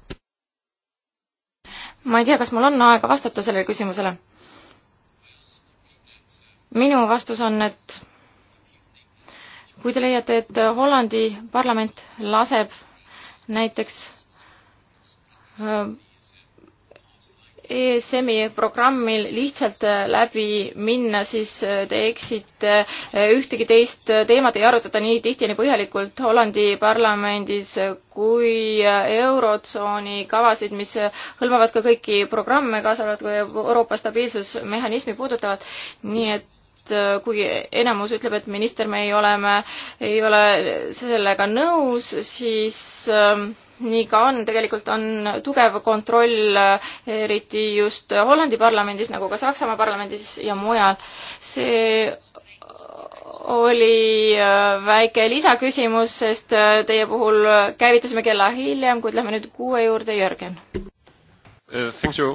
ma ei tea, kas mul on aega vastata sellele küsimusele. minu vastus on, et kui te leiate, et Hollandi parlament laseb näiteks äh, ESM-i programmil lihtsalt äh, läbi minna, siis äh, te eksite, ühtegi teist teemat ei arutata nii tihti ja nii põhjalikult Hollandi parlamendis kui Eurotsooni kavasid, mis hõlmavad ka kõiki programme, kaasa arvatud Euroopa stabiilsusmehhanismi puudutavad, nii et Äh, kuigi enamus ütleb, et minister, me ei oleme, ei ole sellega nõus, siis ähm, nii ka on, tegelikult on tugev kontroll, äh, eriti just Hollandi parlamendis, nagu ka Saksamaa parlamendis ja mujal. see oli äh, väike lisaküsimus, sest teie puhul käivitasime kella hiljem, kuid lähme nüüd kuue juurde, Jörgen uh,.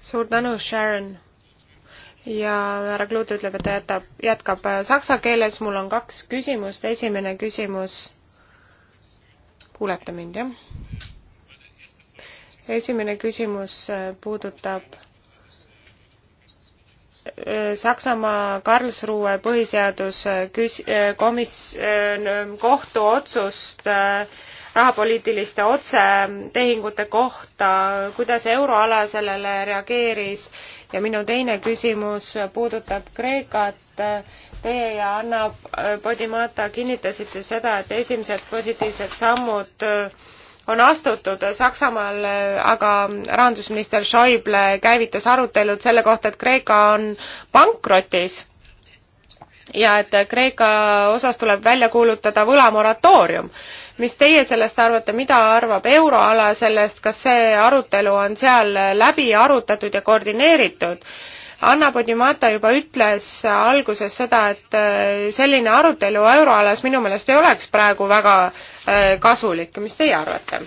suur tänu, Sharon ja härra Kluut ütleb, et ta jätab, jätkab äh, saksa keeles, mul on kaks küsimust, esimene küsimus, kuulete mind, jah? esimene küsimus äh, puudutab äh, Saksamaa Karlsruhe põhiseadus- küs-, komis-, kohtuotsust äh, rahapoliitiliste otsetehingute kohta, kuidas euroala sellele reageeris ja minu teine küsimus puudutab Kreekat. Teie ja Anna Podimata kinnitasite seda, et esimesed positiivsed sammud on astutud Saksamaal, aga rahandusminister Schäuble käivitas arutelud selle kohta, et Kreeka on pankrotis ja et Kreeka osas tuleb välja kuulutada võlamoratoorium mis teie sellest arvate, mida arvab euroala sellest, kas see arutelu on seal läbi arutatud ja koordineeritud? Anna Podimata juba ütles alguses seda, et äh, selline arutelu euroalas minu meelest ei oleks praegu väga äh, kasulik, mis teie arvate?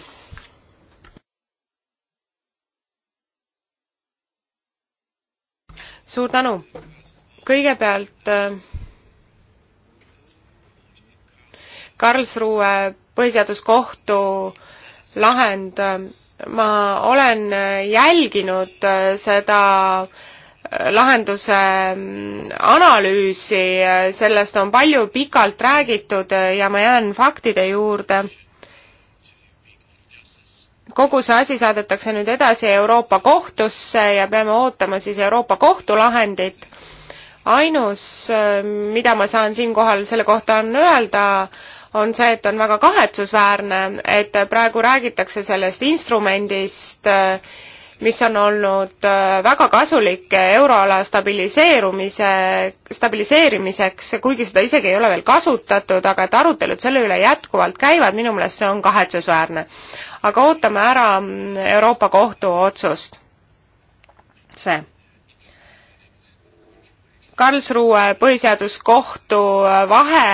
suur tänu! kõigepealt äh, Karlsruhe põhiseaduskohtu lahend. ma olen jälginud seda lahenduse analüüsi, sellest on palju pikalt räägitud ja ma jään faktide juurde. kogu see asi saadetakse nüüd edasi Euroopa Kohtusse ja peame ootama siis Euroopa Kohtu lahendit ainus, mida ma saan siinkohal selle kohta on öelda, on see, et on väga kahetsusväärne, et praegu räägitakse sellest instrumendist, mis on olnud väga kasulik euroala stabiliseerumise, stabiliseerimiseks, kuigi seda isegi ei ole veel kasutatud, aga et arutelud selle üle jätkuvalt käivad, minu meelest see on kahetsusväärne. aga ootame ära Euroopa Kohtu otsust. see Karlsruhe põhiseaduskohtu vahe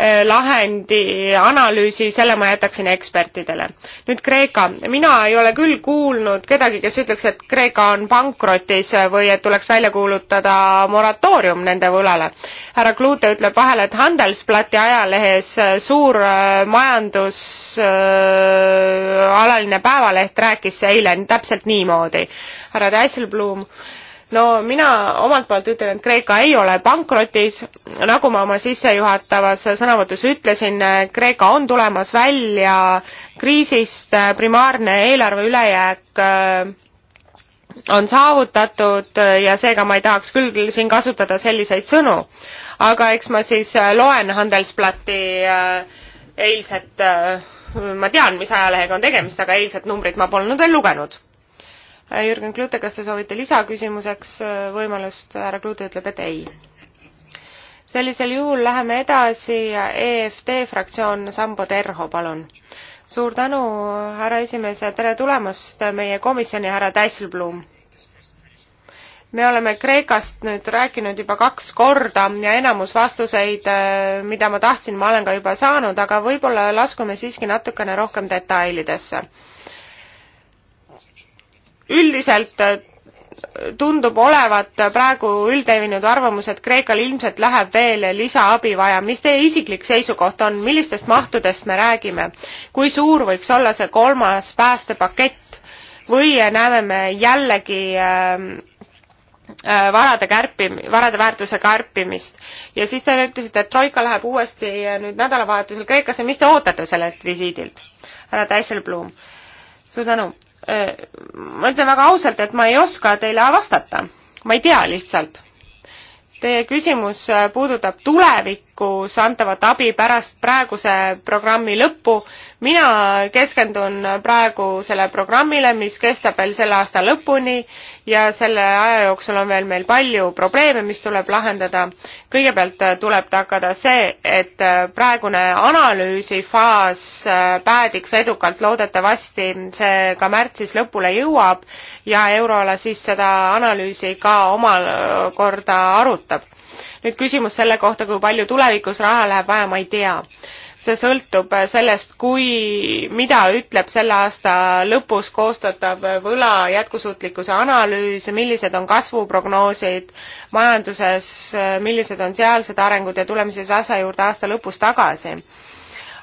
Eh, lahendi analüüsi, selle ma jätaksin ekspertidele. nüüd Kreeka. mina ei ole küll kuulnud kedagi, kes ütleks, et Kreeka on pankrotis või et tuleks välja kuulutada moratoorium nende võlale. härra Klute ütleb vahel, et Handelsblati ajalehes suur eh, majandusalaline eh, päevaleht rääkis eile täpselt niimoodi. härra Dijsselbloem äh, no mina omalt poolt ütlen, et Kreeka ei ole pankrotis, nagu ma oma sissejuhatavas sõnavõtus ütlesin, Kreeka on tulemas välja kriisist, primaarne eelarve ülejääk äh, on saavutatud ja seega ma ei tahaks küll siin kasutada selliseid sõnu. aga eks ma siis äh, loen Handelsblatti äh, eilset, ma tean, mis ajalehega on tegemist, aga eilset numbrit ma polnud veel lugenud Äh, Jürgen Klute, kas te soovite lisaküsimuseks äh, võimalust, härra Klute ütleb, et ei. sellisel juhul läheme edasi ja EFD fraktsioon, Sambo Terho, palun. suur tänu, härra esimees ja tere tulemast meie komisjoni, härra Tässelblum me oleme Kreekast nüüd rääkinud juba kaks korda ja enamus vastuseid, äh, mida ma tahtsin, ma olen ka juba saanud, aga võib-olla laskume siiski natukene rohkem detailidesse üldiselt äh, tundub olevat praegu üldlevinud arvamus, et Kreekal ilmselt läheb veel lisaabi vaja. mis teie isiklik seisukoht on, millistest mahtudest me räägime? kui suur võiks olla see kolmas päästepakett või näeme me jällegi ähm, äh, varade kärpim-, varade väärtuse kärpimist ja siis te ütlesite, et Troika läheb uuesti äh, nüüd nädalavahetusel Kreekasse, mis te ootate sellelt visiidilt? härra Täisselblum, suur tänu. Äh, ma ütlen väga ausalt, et ma ei oska teile vastata, ma ei tea lihtsalt. Teie küsimus äh, puudutab tulevikku tulevikus antavat abi pärast praeguse programmi lõppu. mina keskendun praegu sellele programmile, mis kestab veel selle aasta lõpuni ja selle aja jooksul on veel meil palju probleeme, mis tuleb lahendada. kõigepealt tuleb tagada see, et praegune analüüsifaas päädiks edukalt, loodetavasti see ka märtsis lõpule jõuab ja euroala siis seda analüüsi ka omakorda arutab nüüd küsimus selle kohta, kui palju tulevikus raha läheb vaja, ma ei tea. see sõltub sellest, kui, mida ütleb selle aasta lõpus koostatav võla jätkusuutlikkuse analüüs, millised on kasvuprognoosid majanduses, millised on sealsed arengud ja tuleme siis asja juurde aasta lõpus tagasi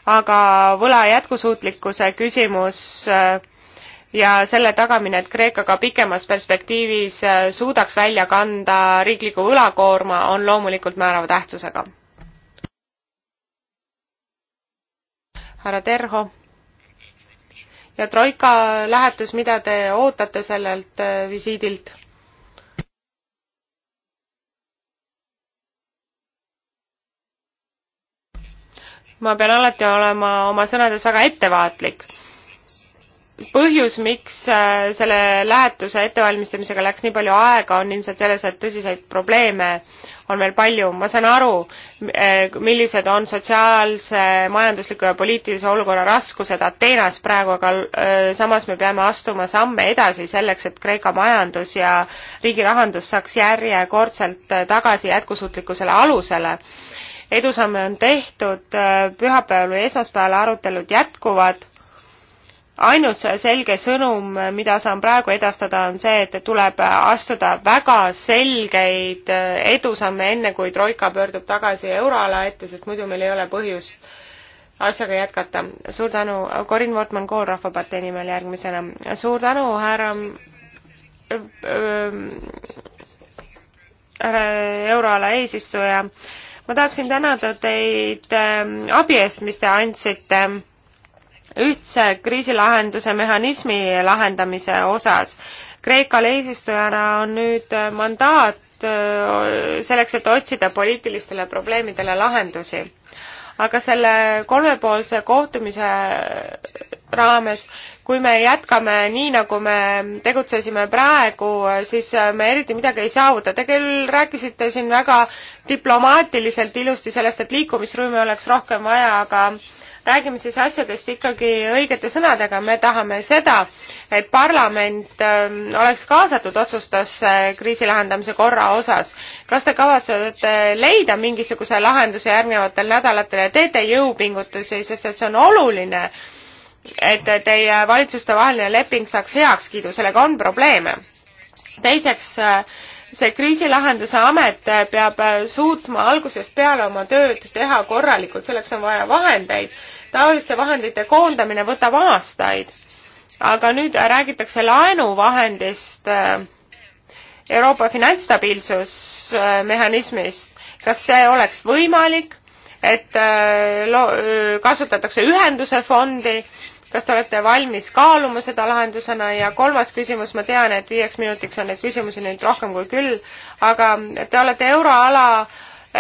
aga võla jätkusuutlikkuse küsimus äh, ja selle tagamine, et Kreeka ka pikemas perspektiivis äh, suudaks välja kanda riikliku võlakoorma, on loomulikult määrava tähtsusega. härra Terho. ja Troika lähetus, mida te ootate sellelt äh, visiidilt? ma pean alati olema oma sõnades väga ettevaatlik põhjus, miks äh, selle lähetuse ettevalmistamisega läks nii palju aega, on ilmselt selles, et tõsiseid probleeme on veel palju. ma saan aru, äh, millised on sotsiaalse, majandusliku ja poliitilise olukorra raskused Ateenas praegu, aga äh, samas me peame astuma samme edasi selleks, et Kreeka majandus ja riigi rahandus saaks järjekordselt tagasi jätkusuutlikkusele alusele edusamme on tehtud, pühapäeval või esmaspäeval arutelud jätkuvad ainus selge sõnum, mida saan praegu edastada, on see, et tuleb astuda väga selgeid äh, edusamme, enne kui Troika pöördub tagasi euroala ette, sest muidu meil ei ole põhjust asjaga jätkata. suur tänu, Corin Wortmann-Kool Rahvapartei nimel järgmisena. suur tänu, härra äh, härra euroala eesistuja. ma tahaksin tänada teid äh, abi eest, mis te andsite ühtse kriisilahenduse mehhanismi lahendamise osas. Kreekal eesistujana on nüüd mandaat äh, selleks, et otsida poliitilistele probleemidele lahendusi. aga selle kolmepoolse kohtumise raames, kui me jätkame nii, nagu me tegutsesime praegu, siis me eriti midagi ei saavuta. Te küll rääkisite siin väga diplomaatiliselt ilusti sellest, et liikumisruumi oleks rohkem vaja, aga räägime siis asjadest ikkagi õigete sõnadega, me tahame seda, et parlament ähm, oleks kaasatud otsustusse kriisi lahendamise korra osas. kas te kavatsete leida mingisuguse lahenduse järgnevatel nädalatel ja teete jõupingutusi, sest et see on oluline, et teie valitsustevaheline leping saaks heakskiidu, sellega on probleeme. teiseks äh, see kriisilahenduse amet peab äh, suutma algusest peale oma tööd teha korralikult, selleks on vaja vahendeid taoliste vahendite koondamine võtab aastaid, aga nüüd räägitakse laenuvahendist, äh, Euroopa finantsstabiilsusmehhanismist, kas see oleks võimalik, et äh, lo-, äh, kasutatakse ühenduse fondi, kas te olete valmis kaaluma seda lahendusena ja kolmas küsimus, ma tean, et viieks minutiks on neid küsimusi nüüd rohkem kui küll, aga te olete euroala äh,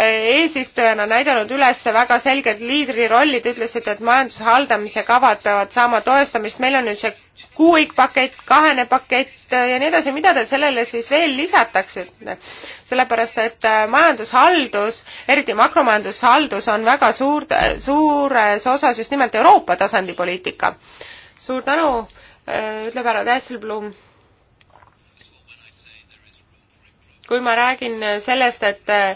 eesistujana näidanud üles väga selged liidrirollid, ütlesite, et majanduse haldamise kavad peavad saama toestamist, meil on nüüd see kuuikpakett, kahene pakett ja nii edasi, mida te sellele siis veel lisataksite? sellepärast, et äh, majandushaldus, eriti makromajandushaldus on väga suur, suures osas just nimelt Euroopa tasandi poliitika. suur tänu, äh, ütleb härra Tässelblum kui ma räägin sellest, et äh,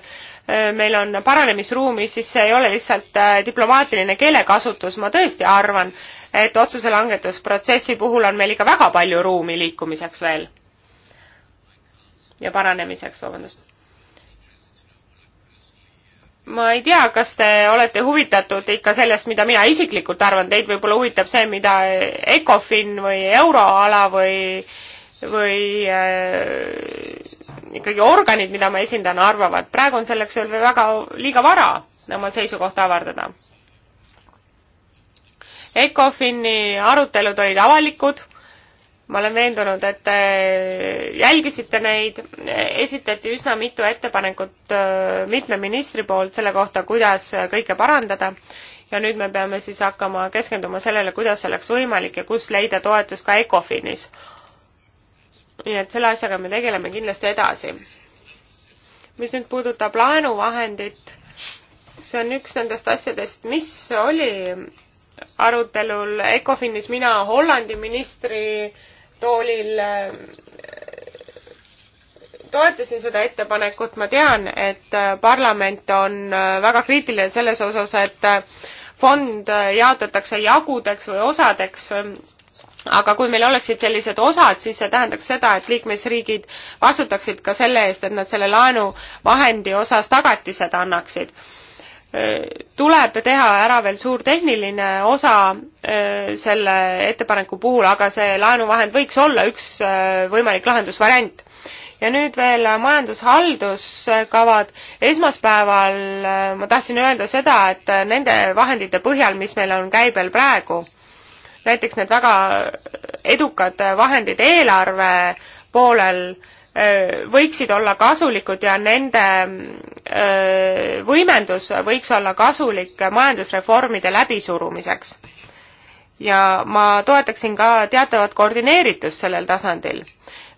Äh, meil on paranemisruumi, siis see ei ole lihtsalt äh, diplomaatiline keelekasutus, ma tõesti arvan, et otsuse langetusprotsessi puhul on meil ikka väga palju ruumi liikumiseks veel. ja paranemiseks, vabandust. ma ei tea, kas te olete huvitatud ikka sellest, mida mina isiklikult arvan, teid võib-olla huvitab see, mida ECOFIN või euroala või, või äh, ikkagi organid, mida ma esindan, arvavad. praegu on selleks veel väga liiga vara oma seisukohta avardada. ECOFIN-i arutelud olid avalikud, ma olen veendunud, et te jälgisite neid, esitati üsna mitu ettepanekut äh, mitme ministri poolt selle kohta, kuidas kõike parandada ja nüüd me peame siis hakkama keskenduma sellele, kuidas oleks võimalik ja kus leida toetust ka ECOFINis nii et selle asjaga me tegeleme kindlasti edasi. mis nüüd puudutab laenuvahendit, see on üks nendest asjadest, mis oli arutelul Ecofinis mina Hollandi ministri toolil äh, toetasin seda ettepanekut, ma tean, et äh, parlament on äh, väga kriitiline selles osas, et fond jaotatakse jagudeks või osadeks aga kui meil oleksid sellised osad, siis see tähendaks seda, et liikmesriigid vastutaksid ka selle eest, et nad selle laenuvahendi osas tagatised annaksid. tuleb teha ära veel suur tehniline osa selle ettepaneku puhul, aga see laenuvahend võiks olla üks võimalik lahendusvariant ja nüüd veel majandushalduskavad. esmaspäeval ma tahtsin öelda seda, et nende vahendite põhjal, mis meil on käibel praegu, näiteks need väga edukad vahendid eelarve poolel äh, võiksid olla kasulikud ja nende äh, võimendus võiks olla kasulik majandusreformide läbisurumiseks. ja ma toetaksin ka teatavat koordineeritust sellel tasandil.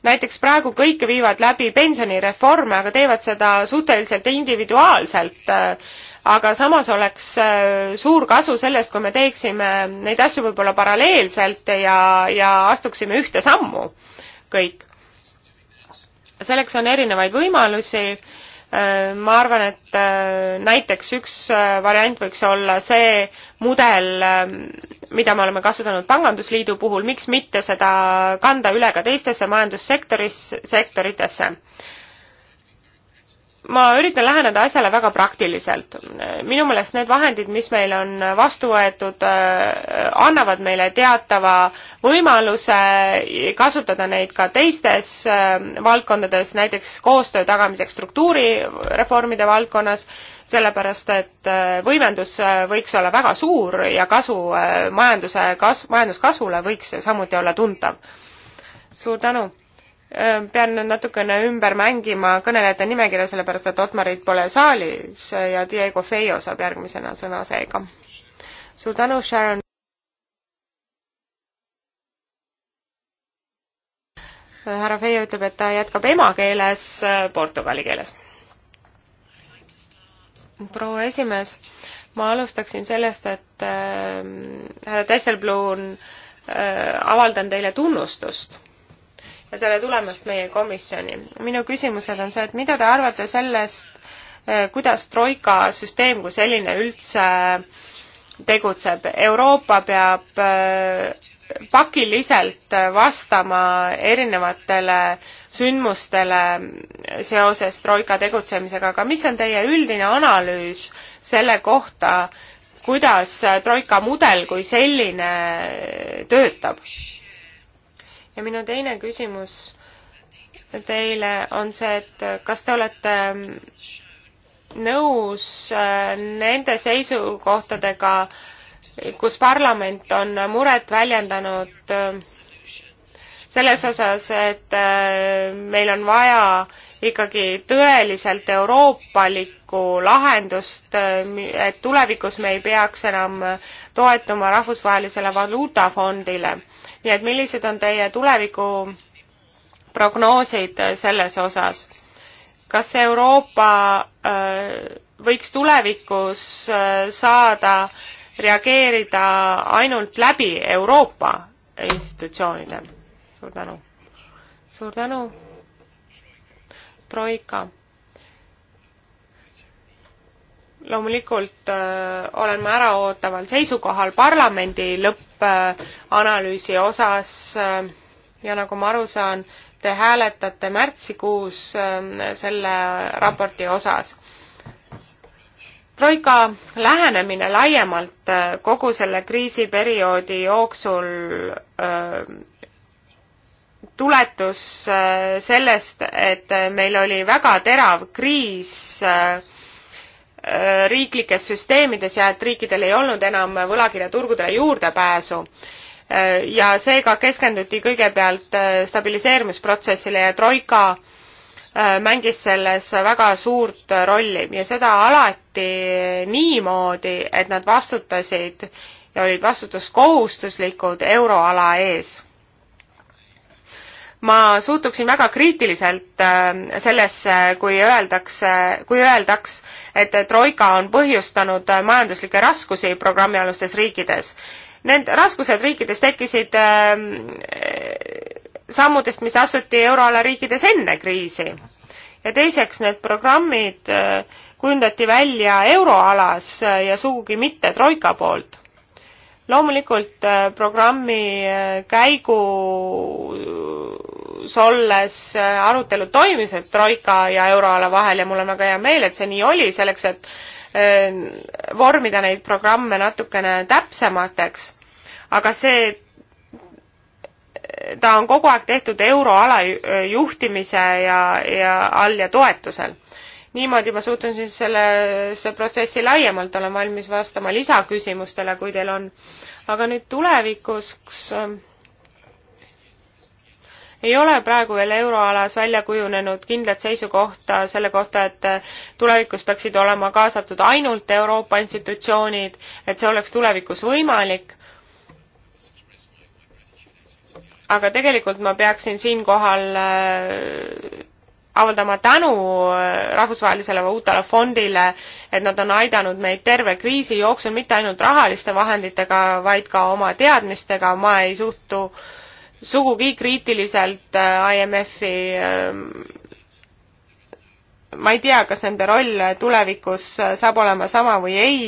näiteks praegu kõik viivad läbi pensionireforme, aga teevad seda suhteliselt individuaalselt äh, aga samas oleks äh, suur kasu sellest, kui me teeksime neid asju võib-olla paralleelselt ja, ja astuksime ühte sammu kõik. selleks on erinevaid võimalusi. Äh, ma arvan, et äh, näiteks üks variant võiks olla see mudel, mida me oleme kasutanud Pangandusliidu puhul, miks mitte seda kanda üle ka teistesse majandussektoris, sektoritesse ma üritan läheneda asjale väga praktiliselt. minu meelest need vahendid, mis meil on vastu võetud, äh, annavad meile teatava võimaluse kasutada neid ka teistes äh, valdkondades, näiteks koostöö tagamiseks struktuurireformide valdkonnas, sellepärast et äh, võimendus võiks olla väga suur ja kasu majanduse kasv, majanduskasvule võiks samuti olla tuntav. suur tänu! Ehm, pean natukene ümber mängima kõnelejate nimekirja, sellepärast et Otmarit pole saalis eh, ja Diego Feio saab järgmisena sõna seega. suur tänu, Sharon. Eh, härra Feio ütleb, et ta jätkab emakeeles, eh, portugali keeles. proua esimees, ma alustaksin sellest, et ehm, härra äh, Tesselblum äh, avaldan teile tunnustust tere tulemast meie komisjoni. minu küsimused on see, et mida te arvate sellest, eh, kuidas Troika süsteem kui selline üldse tegutseb. Euroopa peab eh, pakiliselt vastama erinevatele sündmustele seoses Troika tegutsemisega, aga mis on teie üldine analüüs selle kohta, kuidas Troika mudel kui selline töötab? ja minu teine küsimus teile on see, et kas te olete nõus äh, nende seisukohtadega, kus parlament on muret väljendanud äh, selles osas, et äh, meil on vaja ikkagi tõeliselt euroopalikku lahendust, et tulevikus me ei peaks enam toetuma Rahvusvahelisele Valuutafondile nii et millised on teie tulevikuprognoosid selles osas? kas Euroopa äh, võiks tulevikus äh, saada reageerida ainult läbi Euroopa institutsioonide? suur tänu. suur tänu. Troika loomulikult öö, äh, olen ma äraootaval seisukohal parlamendi lõppanalüüsi osas öö, äh, ja nagu ma aru saan, te hääletate märtsikuus öö, äh, selle raporti osas. troika lähenemine laiemalt öö, kogu selle kriisiperioodi jooksul öö, tuletus öö, sellest, et meil oli väga terav kriis öö, riiklikes süsteemides ja et riikidel ei olnud enam võlakirjaturgudele juurdepääsu ja seega keskenduti kõigepealt äh, stabiliseerimisprotsessile ja troika äh, mängis selles väga suurt rolli ja seda alati niimoodi, et nad vastutasid ja olid vastutuskohustuslikud euroala ees ma suhtuksin väga kriitiliselt äh, sellesse, kui öeldakse, kui öeldaks, et Troika on põhjustanud äh, majanduslikke raskusi programmialustes riikides. Need raskused riikides tekkisid äh, sammudest, mis asuti euroala riikides enne kriisi. ja teiseks, need programmid kujundati välja euroalas ja sugugi mitte Troika poolt loomulikult äh, programmi äh, käigus olles äh, arutelud toimisid Troika ja euroala vahel ja mul on väga hea meel, et see nii oli, selleks et vormida neid programme natukene täpsemateks, aga see, ta on kogu aeg tehtud euroala juhtimise ja, ja all ja toetusel niimoodi ma suutun siis sellesse protsessi laiemalt, olen valmis vastama lisaküsimustele, kui teil on. aga nüüd tulevikuks äh, ei ole praegu veel euroalas välja kujunenud kindlat seisukohta selle kohta, et äh, tulevikus peaksid olema kaasatud ainult Euroopa institutsioonid, et see oleks tulevikus võimalik. aga tegelikult ma peaksin siinkohal äh, avaldama tänu äh, rahvusvahelisele valuutale fondile, et nad on aidanud meid terve kriisi jooksul mitte ainult rahaliste vahenditega, vaid ka oma teadmistega, ma ei suhtu sugugi kriitiliselt äh, IMF-i ähm, ma ei tea, kas nende roll tulevikus äh, saab olema sama või ei,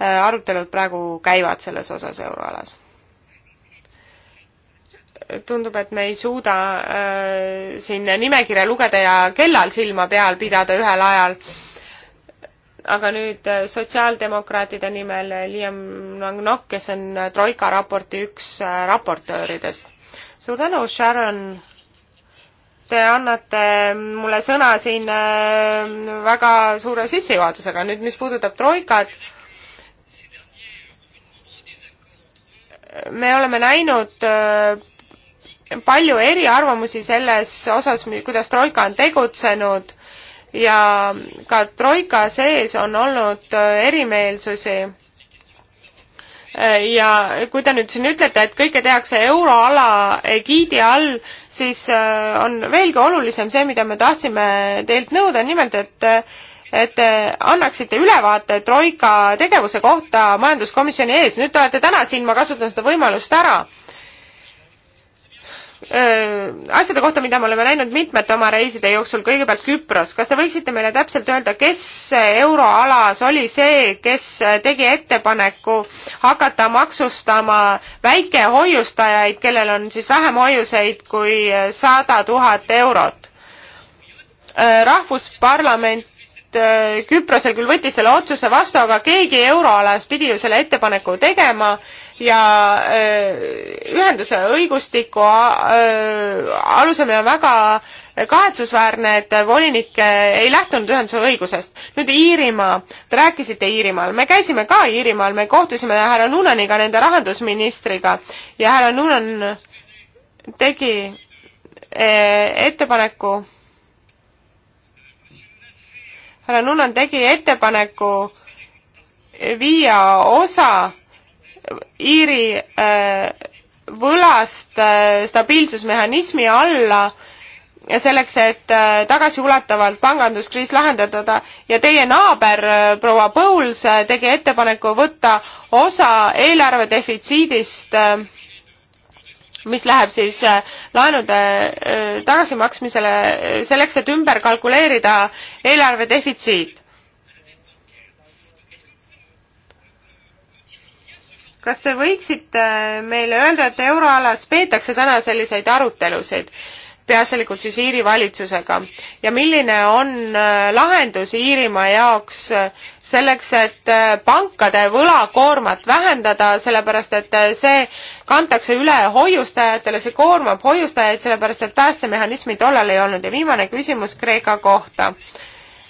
arutelud praegu käivad selles osas euroalas tundub, et me ei suuda äh, siin nimekirja lugeda ja kellal silma peal pidada ühel ajal. aga nüüd äh, sotsiaaldemokraatide nimel Liam Nagnok, kes on äh, Troika raporti üks äh, raportööridest. suur tänu, Sharon. Te annate mulle sõna siin väga suure sissejuhatusega. nüüd, mis puudutab Troikat me oleme näinud palju eriarvamusi selles osas, kuidas Troika on tegutsenud ja ka Troika sees on olnud äh, erimeelsusi. Äh, ja kui te nüüd siin ütlete, et kõike tehakse euroala egiidi all, siis äh, on veelgi olulisem see, mida me tahtsime teilt nõuda, nimelt et et te annaksite ülevaate Troika tegevuse kohta majanduskomisjoni ees. nüüd te olete täna siin, ma kasutan seda võimalust ära Äh, asjade kohta, mida me oleme näinud mitmete oma reiside jooksul, kõigepealt Küpros, kas te võiksite meile täpselt öelda, kes euroalas oli see, kes tegi ettepaneku hakata maksustama väikehoiustajaid, kellel on siis vähem hoiuseid kui sada tuhat eurot? Äh, rahvusparlament äh, Küprosel küll võttis selle otsuse vastu, aga keegi euroalas pidi ju selle ettepaneku tegema ja äh, ühenduse õigustiku äh, alusel meil on väga kahetsusväärne, et volinik äh, ei lähtunud ühenduse õigusest. nüüd Iirimaa, te rääkisite Iirimaal, me käisime ka Iirimaal, me kohtusime härra Nunnaniga, nende rahandusministriga ja härra Nunnan tegi ettepaneku, härra Nunnan tegi ettepaneku viia osa Iiri äh, võlast äh, stabiilsusmehhanismi alla ja selleks, et äh, tagasiulatavalt panganduskriis lahendada ja teie naaber proua Põuls tegi ettepaneku võtta osa eelarve defitsiidist, mis läheb siis laenude tagasimaksmisele selleks, et ümber kalkuleerida eelarve defitsiit kas te võiksite meile öelda, et euroalas peetakse täna selliseid arutelusid, peaasjalikult siis Iiri valitsusega ja milline on äh, lahendus Iirimaa jaoks äh, selleks, et äh, pankade võlakoormat vähendada, sellepärast et see kantakse üle hoiustajatele, see koormab hoiustajaid, sellepärast et päästemehhanismi tollal ei olnud ja viimane küsimus Kreeka kohta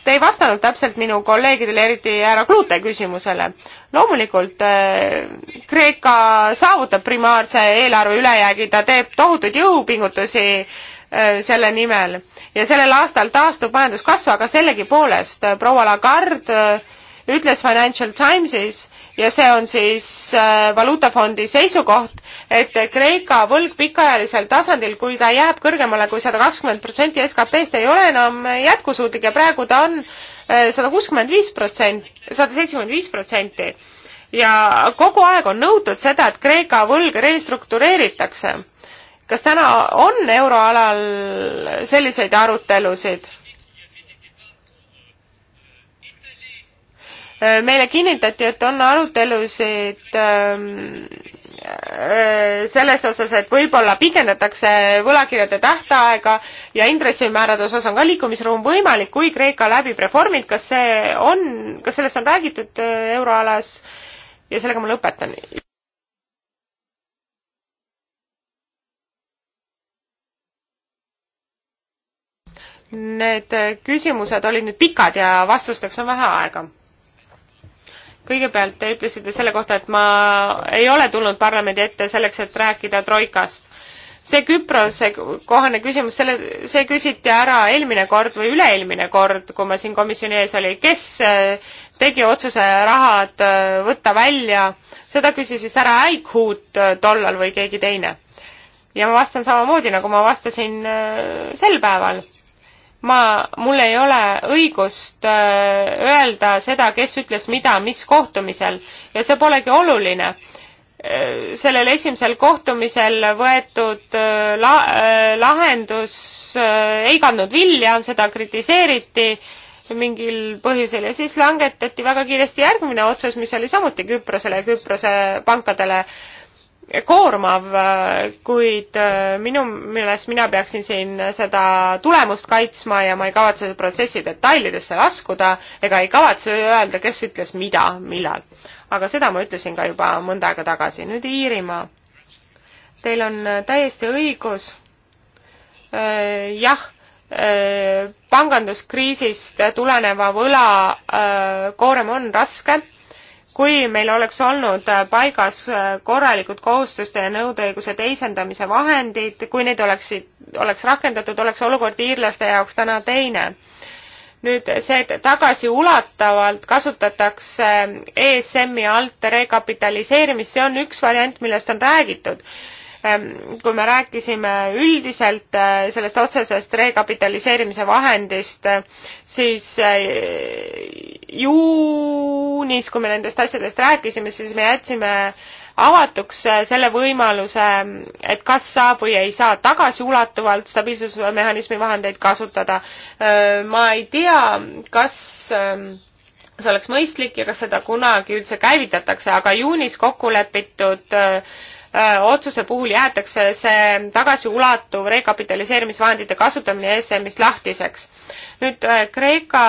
Te ei vastanud täpselt minu kolleegidele, eriti härra Klute küsimusele. loomulikult äh, Kreeka saavutab primaarse eelarve ülejäägi, ta teeb tohutuid jõupingutusi äh, selle nimel ja sellel aastal taastub majanduskasv, aga sellegipoolest äh, proua Lagarde ütles Financial Timesis ja see on siis äh, valuutafondi seisukoht, et Kreeka võlg pikaajalisel tasandil, kui ta jääb kõrgemale kui sada kakskümmend protsenti SKP-st, ei ole enam jätkusuutlik ja praegu ta on äh, sada kuuskümmend viis protsenti, sada seitsekümmend viis protsenti. ja kogu aeg on nõutud seda, et Kreeka võlg restruktureeritakse. kas täna on euroalal selliseid arutelusid? Äh, meile kinnitati, et on arutelusid ähm, äh, selles osas, et võib-olla pikendatakse võlakirjade tähtaega ja intressimäärade osas on ka liikumisruum võimalik, kui Kreeka läbib reformid, kas see on, kas sellest on räägitud äh, euroalas ja sellega ma lõpetan. Need küsimused olid nüüd pikad ja vastusteks on vähe aega kõigepealt te ütlesite selle kohta, et ma ei ole tulnud parlamendi ette selleks, et rääkida troikast. see Küprose kohane küsimus, selle, see küsiti ära eelmine kord või üle-eelmine kord, kui ma siin komisjoni ees olin, kes eh, tegi otsuse rahad eh, võtta välja, seda küsis vist ära Eichhut eh, tollal või keegi teine. ja ma vastan samamoodi, nagu ma vastasin sel päeval ma, mul ei ole õigust äh, öelda seda, kes ütles mida, mis kohtumisel ja see polegi oluline. Äh, sellel esimesel kohtumisel võetud äh, la-, lahendus ei kandnud vilja, seda kritiseeriti mingil põhjusel ja siis langetati väga kiiresti järgmine otsus, mis oli samuti Küprosele ja Küprose pankadele äh, koormav, kuid äh, minu meelest mina peaksin siin seda tulemust kaitsma ja ma ei kavatse protsessi detailidesse laskuda ega ei kavatse öelda, kes ütles mida, millal. aga seda ma ütlesin ka juba mõnda aega tagasi. nüüd Iirimaa. Teil on täiesti õigus. Äh, jah äh, panganduskriisist tuleneva võla koorem on raske kui meil oleks olnud äh, paigas äh, korralikud kohustuste ja nõudeõiguse teisendamise vahendid, kui neid oleksid, oleks rakendatud, oleks olukord iirlaste jaoks täna teine. nüüd see, et tagasiulatavalt kasutatakse äh, ESM-i alt rekapitaliseerimist, see on üks variant, millest on räägitud Ehm, kui me rääkisime üldiselt äh, sellest otsesest rekapitaliseerimise vahendist, äh, siis äh, juunis, kui me nendest asjadest rääkisime, siis me jätsime avatuks selle võimaluse, et kas saab või ei saa tagasiulatuvalt stabiilsusmehhanismi vahendeid kasutada. ma ei tea, kas ähm, see oleks mõistlik ja kas seda kunagi üldse käivitatakse, aga juunis kokku lepitud äh, Äh, otsuse puhul jäetakse see tagasiulatuv rekapitaliseerimisvahendite kasutamine ESM-ist lahtiseks. nüüd äh, Kreeka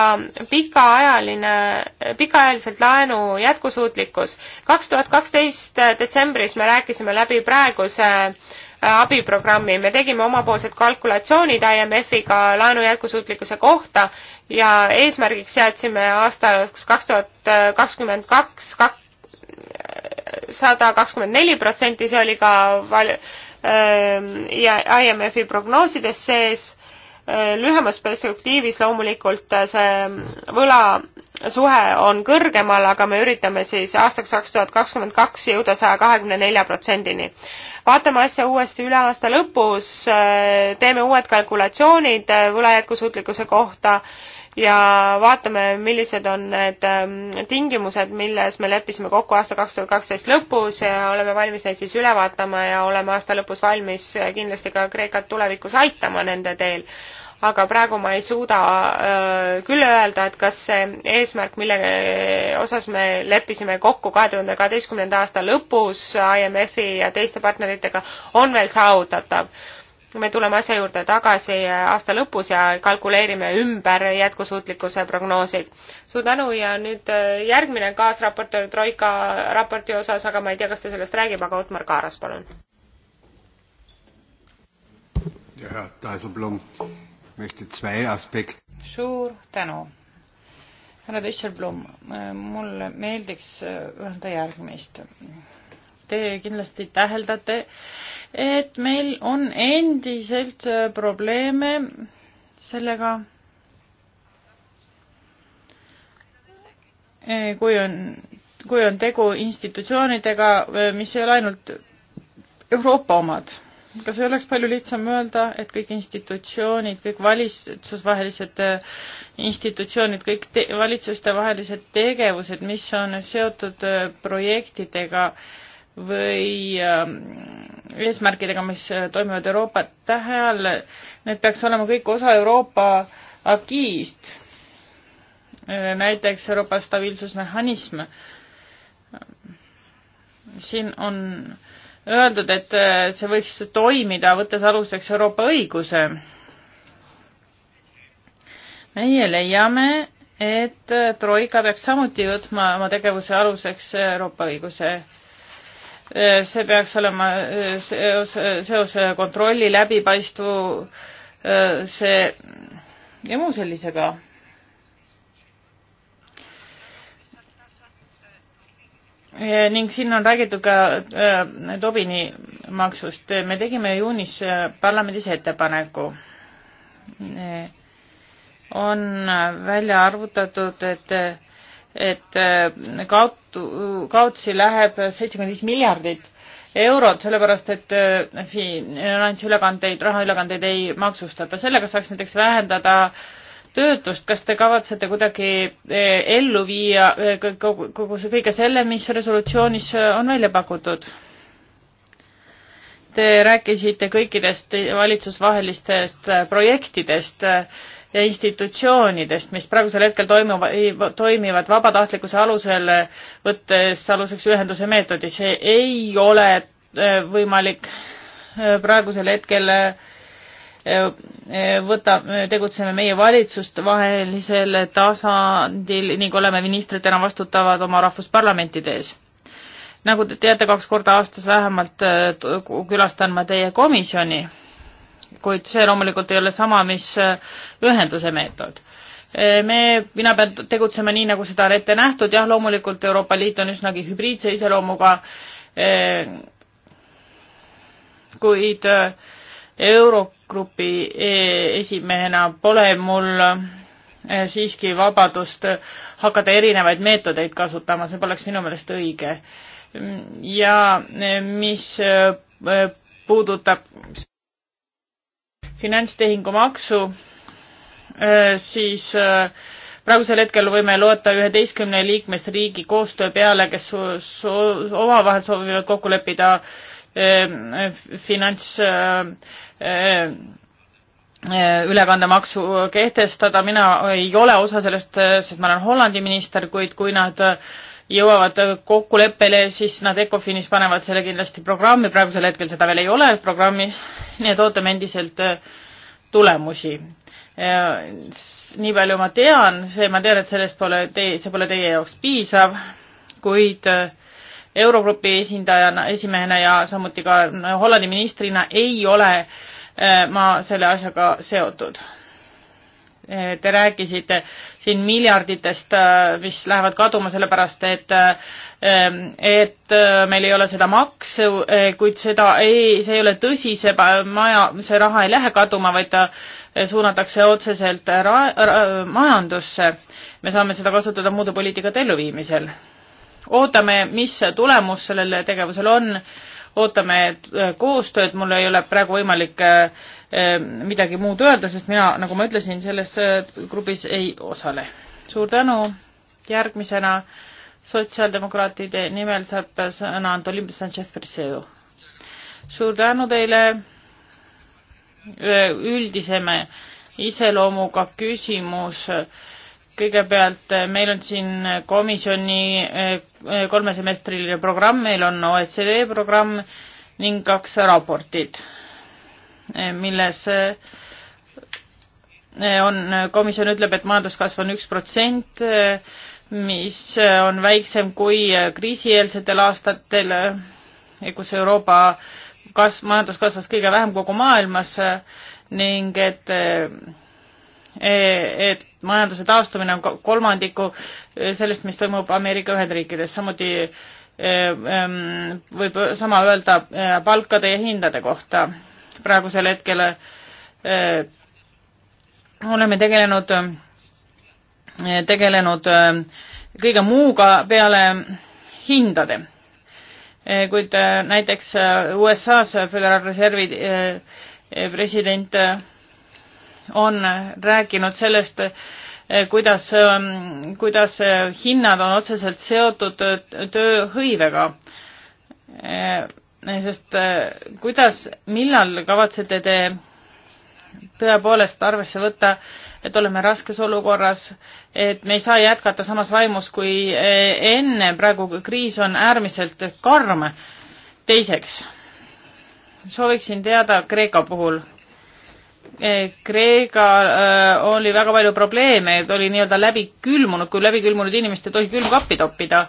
pikaajaline, äh, pikaajaliselt laenu jätkusuutlikkus. kaks tuhat kaksteist detsembris me rääkisime läbi praeguse abiprogrammi, me tegime omapoolsed kalkulatsioonid IMF-iga laenu jätkusuutlikkuse kohta ja eesmärgiks seadsime aastaks kaks tuhat kakskümmend kaks, sada kakskümmend neli protsenti, see oli ka val-, ähm, ja IMF-i prognoosides sees, äh, lühemas perspektiivis loomulikult äh, see võlasuhe on kõrgemal, aga me üritame siis aastaks kaks tuhat kakskümmend kaks jõuda saja kahekümne nelja protsendini. vaatame asja uuesti üle aasta lõpus, äh, teeme uued kalkulatsioonid võla jätkusuutlikkuse kohta ja vaatame, millised on need ähm, tingimused, milles me leppisime kokku aasta kaks tuhat kaksteist lõpus ja oleme valmis neid siis üle vaatama ja oleme aasta lõpus valmis kindlasti ka Kreekat tulevikus aitama nende teel aga praegu ma ei suuda äh, küll öelda, et kas see eesmärk, mille osas me leppisime kokku kahe tuhande kaheteistkümnenda aasta lõpus IMF-i ja teiste partneritega, on veel saavutatav me tuleme asja juurde tagasi aasta lõpus ja kalkuleerime ümber jätkusuutlikkuse prognoosid. suur tänu ja nüüd äh, järgmine kaasraportöör Troika raporti osas, aga ma ei tea, kas ta sellest räägib, aga Otmar Kaaras, palun. suur tänu. härra Tesselblom, mulle meeldiks äh, öelda järgmist te kindlasti täheldate, et meil on endiselt äh, probleeme sellega, äh, kui on, kui on tegu institutsioonidega, äh, mis ei ole ainult Euroopa omad. kas ei oleks palju lihtsam öelda, et kõik institutsioonid, kõik valitsusvahelised institutsioonid, kõik te valitsustevahelised tegevused, mis on seotud projektidega äh, või ähm, eesmärkidega, mis äh, toimivad Euroopa tähe all, need peaks olema kõik osa Euroopa agiist. Äh, näiteks Euroopa stabiilsusmehhanism. siin on öeldud, et äh, see võiks toimida, võttes aluseks Euroopa õiguse. meie leiame, et Troika peaks samuti võtma oma tegevuse aluseks Euroopa õiguse Äh, see peaks olema äh, seos, äh, seos kontrolli läbipaistvu see ja muu sellisega. ning siin on räägitud ka äh, Tobini maksust. me tegime juunis parlamendis ettepaneku. on välja arvutatud, et et äh, kaotu, kaotsi läheb seitsekümmend viis miljardit eurot, sellepärast et äh, finantsülekandeid, rahaülekandeid ei maksustata. sellega saaks näiteks vähendada töötust, kas te kavatsete kuidagi äh, ellu viia kogu see, kõige selle, mis resolutsioonis on välja pakutud? Te rääkisite kõikidest valitsusvahelistest äh, projektidest äh, ja institutsioonidest, mis praegusel hetkel toimuva, toimivad vabatahtlikkuse alusel, võttes aluseks ühenduse meetodi. see ei ole äh, võimalik praegusel hetkel võta, tegutseme meie valitsustevahelisel tasandil ning oleme ministritena vastutavad oma rahvusparlamentide ees nagu te teate, kaks korda aastas vähemalt äh, külastan ma teie komisjoni, kuid see loomulikult ei ole sama, mis äh, ühenduse meetod äh, me, mina pean tegutsema nii, nagu seda on ette nähtud, jah, loomulikult Euroopa Liit on üsnagi hübriidse iseloomuga, kuid Eurogrupi esimehena pole mul siiski vabadust hakata erinevaid meetodeid kasutama, see poleks minu meelest õige ja e, mis e, e, puudutab finantstehingumaksu, siis praegusel hetkel võime loota üheteistkümne liikmesriigi koostöö peale, kes omavahel soovivad kokku leppida finants ülekandemaksu kehtestada, mina ei ole osa sellest, sest ma olen Hollandi minister, kuid kui nad äh, jõuavad kokkuleppele, siis nad ECOFINis panevad selle kindlasti programmi, praegusel hetkel seda veel ei ole programmis, nii et ootame endiselt äh, tulemusi. nii palju ma tean, see, ma tean, et sellest pole teie, see pole teie jaoks piisav, kuid äh, Eurogrupi esindajana, esimehena ja samuti ka Hollandi ministrina ei ole äh, ma selle asjaga seotud Te rääkisite siin miljarditest, äh, mis lähevad kaduma sellepärast, et äh, et äh, meil ei ole seda maksu, kuid seda ei, see ei ole tõsi, see maja, see raha ei lähe kaduma, vaid ta suunatakse otseselt ra-, ra, majandusse. me saame seda kasutada muude poliitikate elluviimisel. ootame, mis tulemus sellel tegevusel on, ootame koostööd, mul ei ole praegu võimalik äh, Äh, midagi muud öelda, sest mina, nagu ma ütlesin, selles äh, grupis ei osale. suur tänu, järgmisena sotsiaaldemokraatide nimel saab sõna Antolin Sanchez-Perseu. suur tänu teile äh, üldiseme iseloomuga küsimus. kõigepealt meil on siin komisjoni kolmesemestriline programm, meil on OECD programm ning kaks raportit milles eh, on, komisjon ütleb, et majanduskasv on üks protsent, eh, mis on väiksem kui kriisieelsetel aastatel, eh, kus Euroopa kas-, majandus kasvas kõige vähem kogu maailmas ning et et majanduse taastumine on kolmandiku sellest, mis toimub Ameerika Ühendriikides, samuti mm, võib sama öelda palkade ja hindade kohta praegusel hetkel äh, oleme tegelenud, äh, tegelenud äh, kõige muuga peale hindade. kuid näiteks USA-s Föderaalreservi president on rääkinud sellest, kuidas, ähm, kuidas hinnad on otseselt seotud tööhõivega sest äh, kuidas, millal kavatsete te tõepoolest arvesse võtta, et oleme raskes olukorras, et me ei saa jätkata samas vaimus kui äh, enne, praegu kriis on äärmiselt karm. teiseks, sooviksin teada Kreeka puhul. Äh, Kreekal oli väga palju probleeme, et oli nii-öelda läbi külmunud, kui läbi külmunud inimest ei tohi külmkappi toppida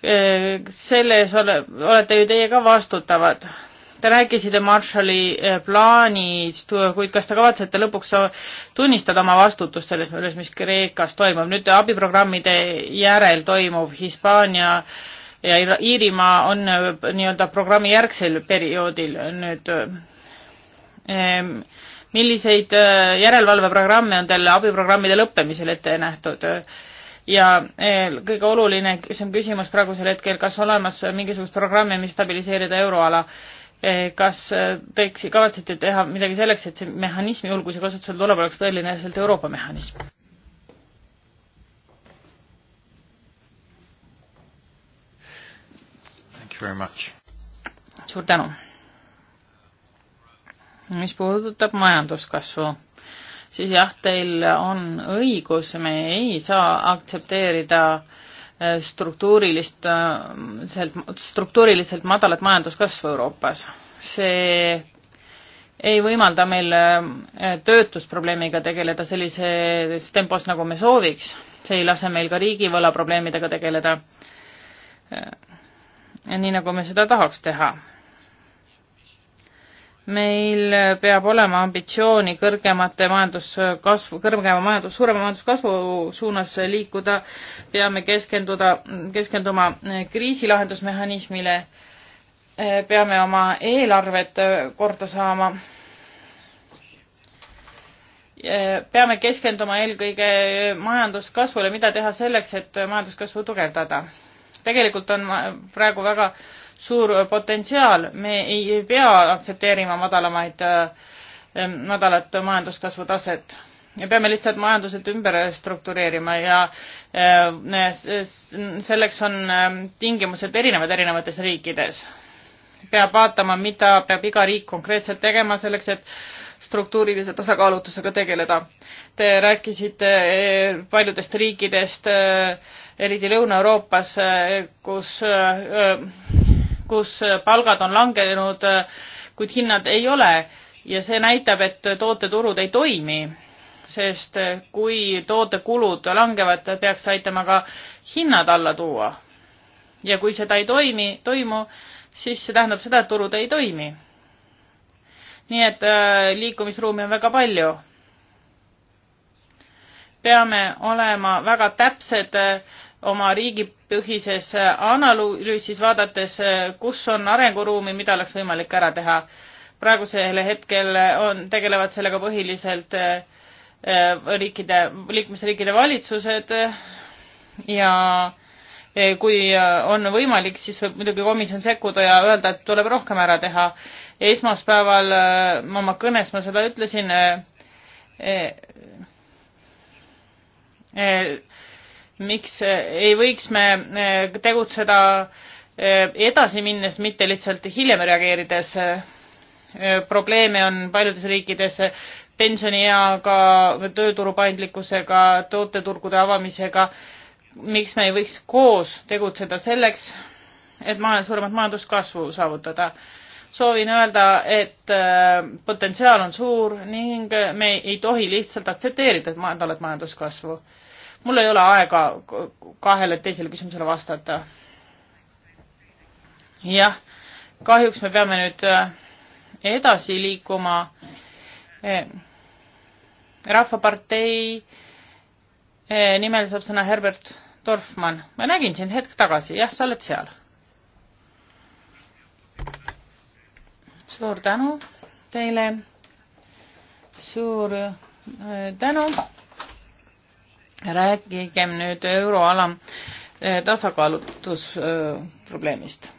Äh, selles ole, olete ju teie ka vastutavad. Te rääkisite Marshalli äh, plaanist, kuid kas te kavatsete lõpuks tunnistada oma vastutust selles, milles, mis Kreekas toimub? nüüd abiprogrammide järel toimuv Hispaania ja Iirimaa on äh, nii-öelda programmi järgsel perioodil nüüd ähm, milliseid järelevalveprogramme on teil abiprogrammide lõppemisel ette nähtud? ja eh, kõige olulisem küsimus praegusel hetkel, kas olemas mingisugust programmi, mis stabiliseerida euroala? Eh, kas eh, teeks, kavatsete teha midagi selleks, et see mehhanism, juhul kui see kasutusele tuleb, oleks tõeline lihtsalt Euroopa mehhanism? suur tänu. mis puudutab majanduskasvu siis jah, teil on õigus, me ei saa aktsepteerida äh, struktuurilist, äh, struktuuriliselt madalat majanduskasvu Euroopas. see ei võimalda meil äh, töötusprobleemiga tegeleda sellises tempos, nagu me sooviks. see ei lase meil ka riigivõla probleemidega tegeleda. nii, nagu me seda tahaks teha meil peab olema ambitsiooni kõrgemate majanduskasvu, kõrgema majandus, suurema majanduskasvu suunas liikuda, peame keskenduda, keskenduma kriisilahendusmehhanismile, peame oma eelarved korda saama, peame keskenduma eelkõige majanduskasvule, mida teha selleks, et majanduskasvu tugevdada. tegelikult on praegu väga äh, suur potentsiaal, me ei pea aktsepteerima madalamaid, eh, madalat majanduskasvu taset. me peame lihtsalt majandused ümber struktureerima ja eh, selleks on eh, tingimused erinevad erinevates riikides. peab vaatama, mida peab iga riik konkreetselt tegema selleks, et struktuurilise tasakaalutusega tegeleda. Te rääkisite paljudest riikidest, eriti Lõuna-Euroopas, kus kus äh, palgad on langenud, äh, kuid hinnad ei ole ja see näitab, et tooteturud ei toimi, sest äh, kui tootekulud langevad, peaks aitama ka hinnad alla tuua. ja kui seda ei toimi, toimu, siis see tähendab seda, et turud ei toimi. nii et äh, liikumisruumi on väga palju. peame olema väga täpsed äh, oma riigipõhises analüüsis vaadates, kus on arenguruumi, mida oleks võimalik ära teha. praegusel hetkel on, tegelevad sellega põhiliselt eh, riikide, liikmesriikide valitsused ja eh, kui on võimalik, siis võib muidugi komisjon sekkuda ja öelda, et tuleb rohkem ära teha. esmaspäeval eh, oma kõnes ma seda ütlesin miks eh, ei võiks me eh, tegutseda eh, edasi minnes, mitte lihtsalt hiljem reageerides. probleeme on paljudes riikides pensionieaga, tööturu paindlikkusega, tooteturgude avamisega. miks me ei võiks koos tegutseda selleks, et maailma suuremat majanduskasvu saavutada? soovin öelda, et potentsiaal on suur ning me ei tohi lihtsalt aktsepteerida madalat majanduskasvu mul ei ole aega kahele teisele küsimusele vastata. jah, kahjuks me peame nüüd äh, edasi liikuma. Äh, rahvapartei äh, nimel saab sõna Herbert Dorfmann. ma nägin sind hetk tagasi, jah, sa oled seal. suur tänu teile. suur tänu rääkigem nüüd euroala eh, tasakaalutusprobleemist.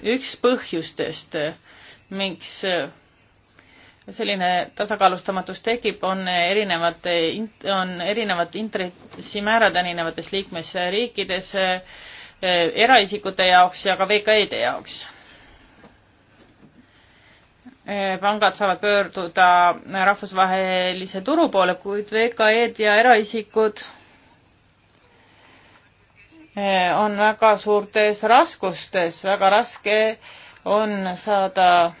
üks põhjustest, eh, miks eh, selline tasakaalustamatus tekib, on erinevate, on erinevad intressimäärad erinevates liikmesriikides eraisikute jaoks ja ka VKE-de jaoks pangad saavad pöörduda rahvusvahelise turu poole, kuid VKE-d ja eraisikud eh, on väga suurtes raskustes, väga raske on saada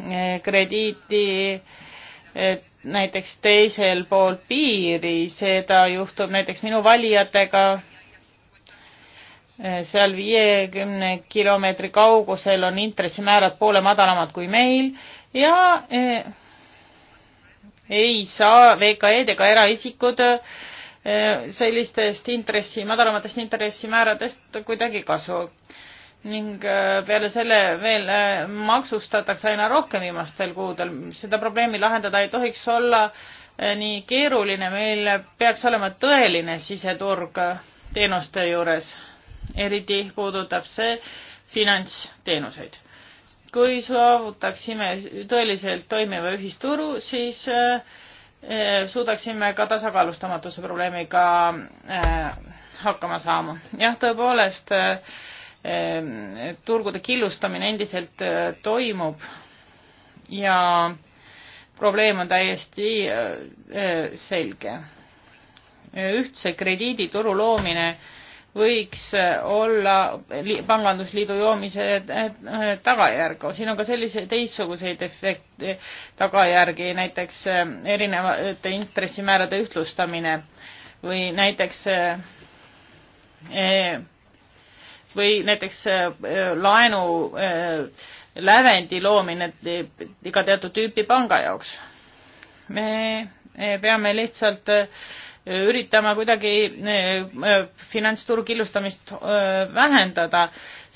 eh, krediiti eh, näiteks teisel pool piiri, seda juhtub näiteks minu valijatega, seal viiekümne kilomeetri kaugusel on intressimäärad poole madalamad kui meil ja eh, ei saa VKE-d ega eraisikud eh, sellistest intressi, madalamatest intressimääradest kuidagi kasu. ning eh, peale selle veel eh, maksustatakse aina rohkem viimastel kuudel. seda probleemi lahendada ei tohiks olla eh, nii keeruline, meil peaks olema tõeline siseturg eh, teenuste juures. eriti puudutab see finantsteenuseid kui saavutaksime tõeliselt toimiva ühisturu, siis äh, äh, suudaksime ka tasakaalustamatuse probleemiga äh, hakkama saama. jah, tõepoolest turgude killustamine endiselt toimub ja probleem on täiesti selge. ühtse krediidituru loomine võiks äh, olla pangandusliidu joomise äh, tagajärg. siin on ka selliseid teistsuguseid efekte, tagajärgi, näiteks äh, erinevate intressimäärade ühtlustamine või näiteks või näiteks laenu lävendi loomine iga teatud tüüpi panga jaoks. me peame lihtsalt äh, üritama kuidagi eh, eh, finantsturu killustamist eh, vähendada.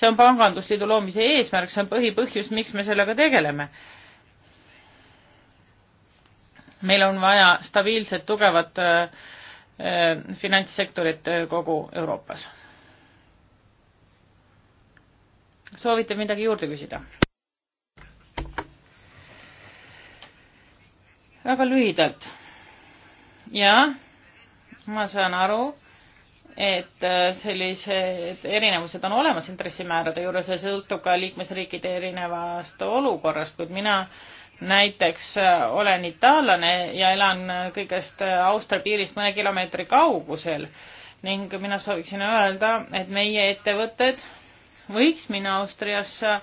see on pangandusliidu loomise eesmärk, see on põhipõhjus, miks me sellega tegeleme. meil on vaja stabiilset, tugevat finantssektorit kogu Euroopas. soovite midagi juurde küsida? väga lühidalt. jah ma saan aru, et äh, sellised erinevused on olemas intressimäärade juures ja sõltub ka liikmesriikide erinevast olukorrast, kuid mina näiteks äh, olen itaallane ja elan äh, kõigest Austria piirist mõne kilomeetri kaugusel ning mina sooviksin öelda, et meie ettevõtted võiks minna Austriasse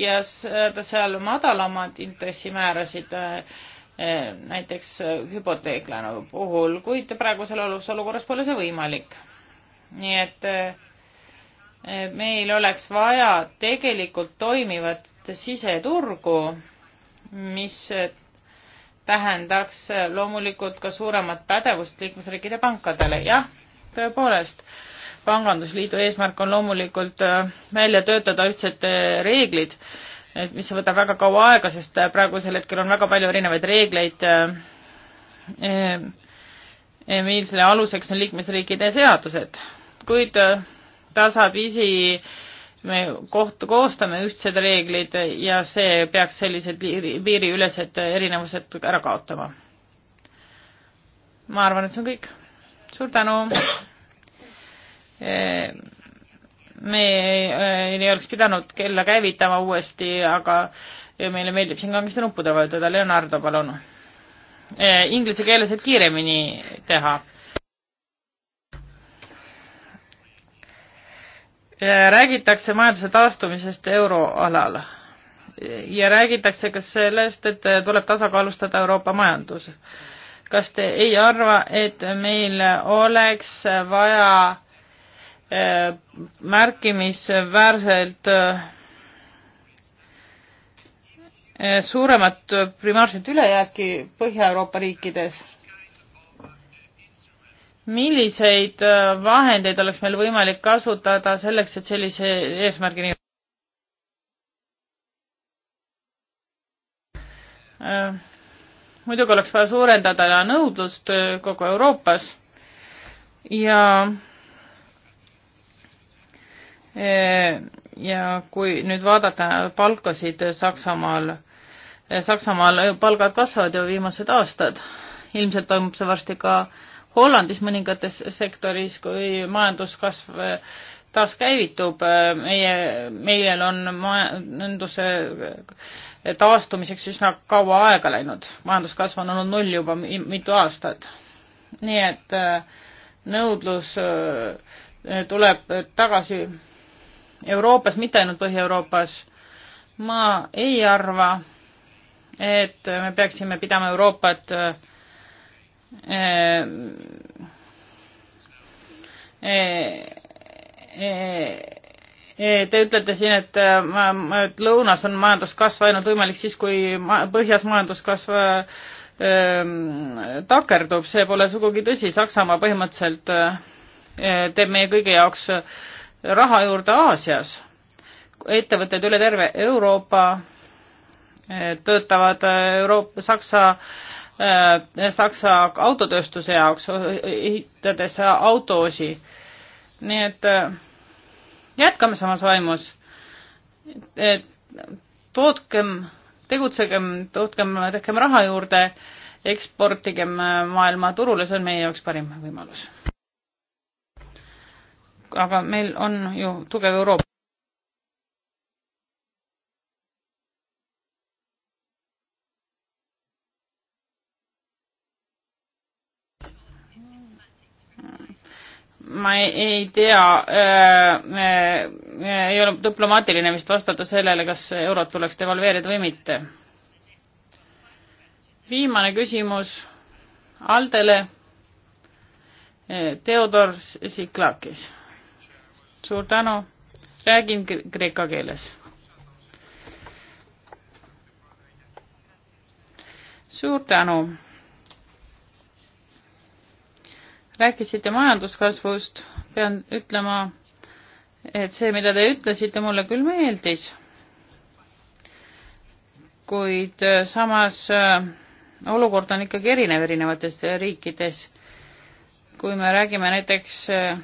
ja saada seal madalamad intressimäärasid äh, Eh, näiteks eh, hüpoteeklaenu puhul, kuid praegusel olukorras pole see võimalik. nii et eh, meil oleks vaja tegelikult toimivat siseturgu, mis tähendaks loomulikult ka suuremat pädevust liikmesriikide pankadele, jah, tõepoolest, pangandusliidu eesmärk on loomulikult välja töötada ühtsed reeglid mis võtab väga kaua aega, sest äh, praegusel hetkel on väga palju erinevaid reegleid, äh, äh, mille aluseks on liikmesriikide seadused. kuid tasapisi me kohtu koostame ühtsed reeglid ja see peaks sellised piiriülesed erinevused ära kaotama. ma arvan, et see on kõik. suur tänu me ei, äh, ei oleks pidanud kella käivitama uuesti, aga meile meeldib siin kangesti nuppudele vajutada. Leonardo, palun. Äh, inglise keeles, et kiiremini teha. Äh, räägitakse majanduse taastumisest euroalal ja räägitakse ka sellest, et tuleb tasakaalustada Euroopa majandus. kas te ei arva, et meil oleks vaja Äh, märkimisväärselt äh, äh, suuremat primaarset ülejääki Põhja-Euroopa riikides. milliseid vahendeid oleks meil võimalik kasutada selleks, et sellise eesmärgini muidugi oleks vaja suurendada nõudlust kogu Euroopas ja ja kui nüüd vaadata palkasid Saksamaal, äh, Saksamaal äh, palgad kasvavad ju viimased aastad, ilmselt toimub see varsti ka Hollandis mõningates sektoris, kui majanduskasv äh, taaskäivitub, meie, meil on majanduse taastumiseks üsna kaua aega läinud, majanduskasv on olnud null juba mitu aastat. nii et nõudlus tuleb tagasi Euroopas, mitte ainult Põhja-Euroopas. ma ei arva, et me peaksime pidama Euroopat äh, äh, äh, Te ütlete siin, et, et lõunas on majanduskasv ainult võimalik siis, kui põhjas majanduskasv takerdub, see pole sugugi tõsi, Saksamaa põhimõtteliselt teeb meie kõigi jaoks äh, raha juurde Aasias. ettevõtted üle terve Euroopa eh, töötavad eh, Euroopa, Saksa, eh, Saksa autotööstuse jaoks, ehitades autoosi. nii et jätkame samas vaimus. tootkem, tegutsegem, tootkem, tehkem raha juurde, eksportigem maailmaturule, see on meie jaoks parim võimalus aga meil on ju tugev Euroopa. ma ei, ei tea äh, äh,, äh, ei ole diplomaatiline vist vastata sellele, kas eurot tuleks devalveerida või mitte. viimane küsimus Aldele äh, Theodor Siklakis suur tänu, räägin kreeka keeles. suur tänu. rääkisite majanduskasvust, pean ütlema, et see, mida te ütlesite, mulle küll meeldis. kuid äh, samas äh, olukord on ikkagi erinev erinevates riikides. kui me räägime näiteks äh,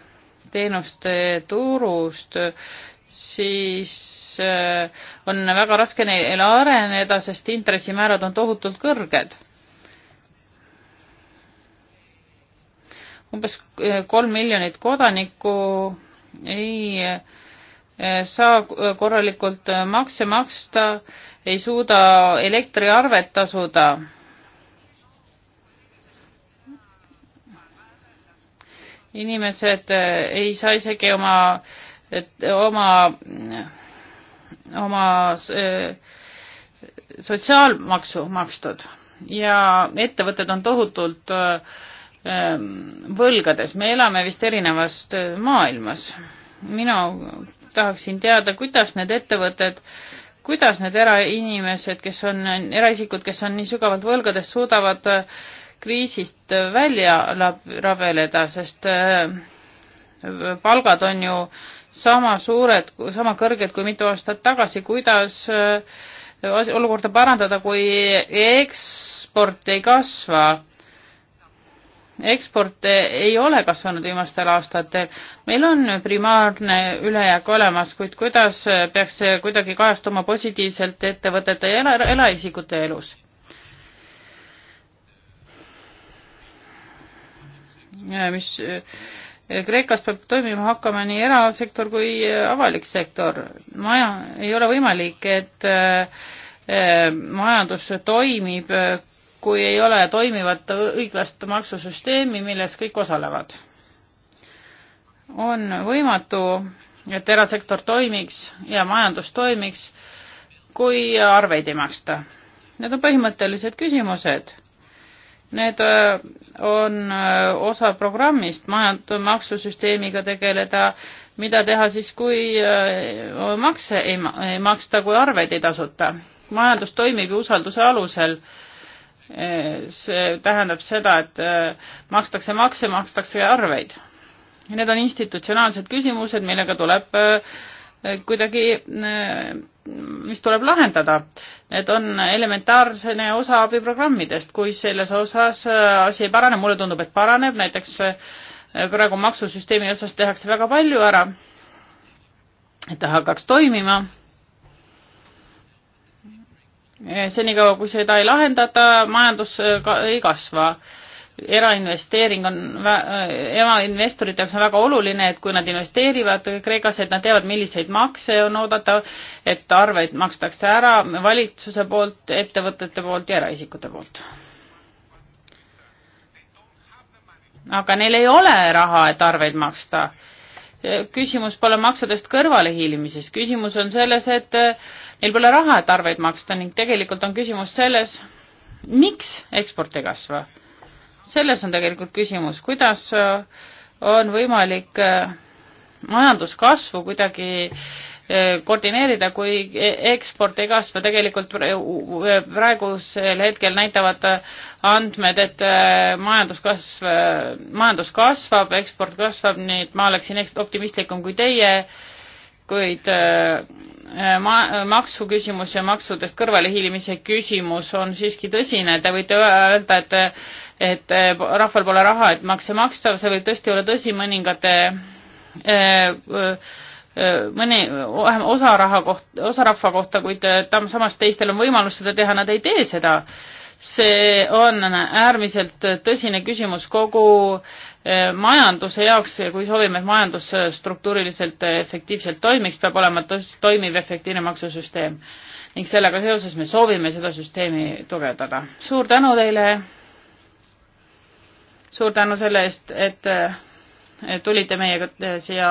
teenuste turust, siis äh, on väga raske neil areneda, sest intressimäärad on tohutult kõrged. umbes äh, kolm miljonit kodanikku ei äh, saa korralikult makse maksta, ei suuda elektriarvet tasuda inimesed eh, ei saa isegi oma, oma, oma eh, sotsiaalmaksu makstud ja ettevõtted on tohutult eh, võlgades, me elame vist erinevas maailmas. mina tahaksin teada, kuidas need ettevõtted, kuidas need erainimesed, kes on, eraisikud, kes on nii sügavalt võlgades, suudavad äh, kriisist välja rabeleda, sest äh, palgad on ju sama suured, sama kõrged kui mitu aastat tagasi, kuidas äh, olukorda parandada, kui eksport ei kasva? eksport ei ole kasvanud viimastel aastatel, meil on primaarne ülejääk olemas, kuid kuidas peaks see kuidagi kajastuma positiivselt ettevõtete ja elaisikute elus? Äh, mis äh, Kreekas peab toimima hakkama nii erasektor kui äh, avalik sektor. maja, ei ole võimalik, et majandus toimib, kui ei ole toimivat õiglast maksusüsteemi, milles kõik osalevad. on võimatu, et erasektor toimiks ja majandus toimiks, kui arveid ei maksta. Need on põhimõttelised küsimused Need äh, on äh, osa programmist maksusüsteemiga tegeleda, mida teha siis, kui äh, makse ei, ei maksta, kui arveid ei tasuta. majandus toimib ju usalduse alusel see tähendab seda, et makstakse makse, makstakse arveid. Need on institutsionaalsed küsimused, millega tuleb kuidagi, mis tuleb lahendada. Need on elementaarsene osa abiprogrammidest, kui selles osas äh, asi ei parane, mulle tundub, et paraneb, näiteks äh, praegu maksusüsteemi osas tehakse väga palju ära, et ta hakkaks toimima. senikaua, kui seda ei lahendata, majandus äh, ei kasva erainvesteering on, äh, erainvestorite jaoks on väga oluline, et kui nad investeerivad Kreekas, et nad teavad, milliseid makse on oodata, et arveid makstakse ära valitsuse poolt, ettevõtete poolt ja eraisikute poolt. aga neil ei ole raha, et arveid maksta. küsimus pole maksudest kõrvalehiilimises, küsimus on selles, et äh, neil pole raha, et arveid maksta ning tegelikult on küsimus selles, miks eksport ei kasva selles on tegelikult küsimus, kuidas äh, on võimalik äh, majanduskasvu kuidagi äh, koordineerida, kui e, eksport ei kasva, tegelikult praegusel hetkel näitavad andmed, et majanduskasv, majandus kasvab, eksport kasvab, nii et ma oleksin optimistlikum kui teie kuid äh, äh, ma-, äh, maksuküsimus ja maksudest kõrvalehiilimise küsimus on siiski tõsine, te võite öelda, et et rahval pole raha, et makse maksta, see võib tõesti olla tõsi mõningate mõni osa raha koht, osa rahva kohta, kuid tam-, samas teistel on võimalus seda teha, nad ei tee seda. see on äärmiselt tõsine küsimus kogu Eh, majanduse jaoks, kui soovime, et majandus eh, struktuuriliselt eh, efektiivselt toimiks, peab olema toimiv efektiivne maksusüsteem. ning sellega seoses me soovime seda süsteemi tugevdada. suur tänu teile, suur tänu selle eest, et tulite meiega siia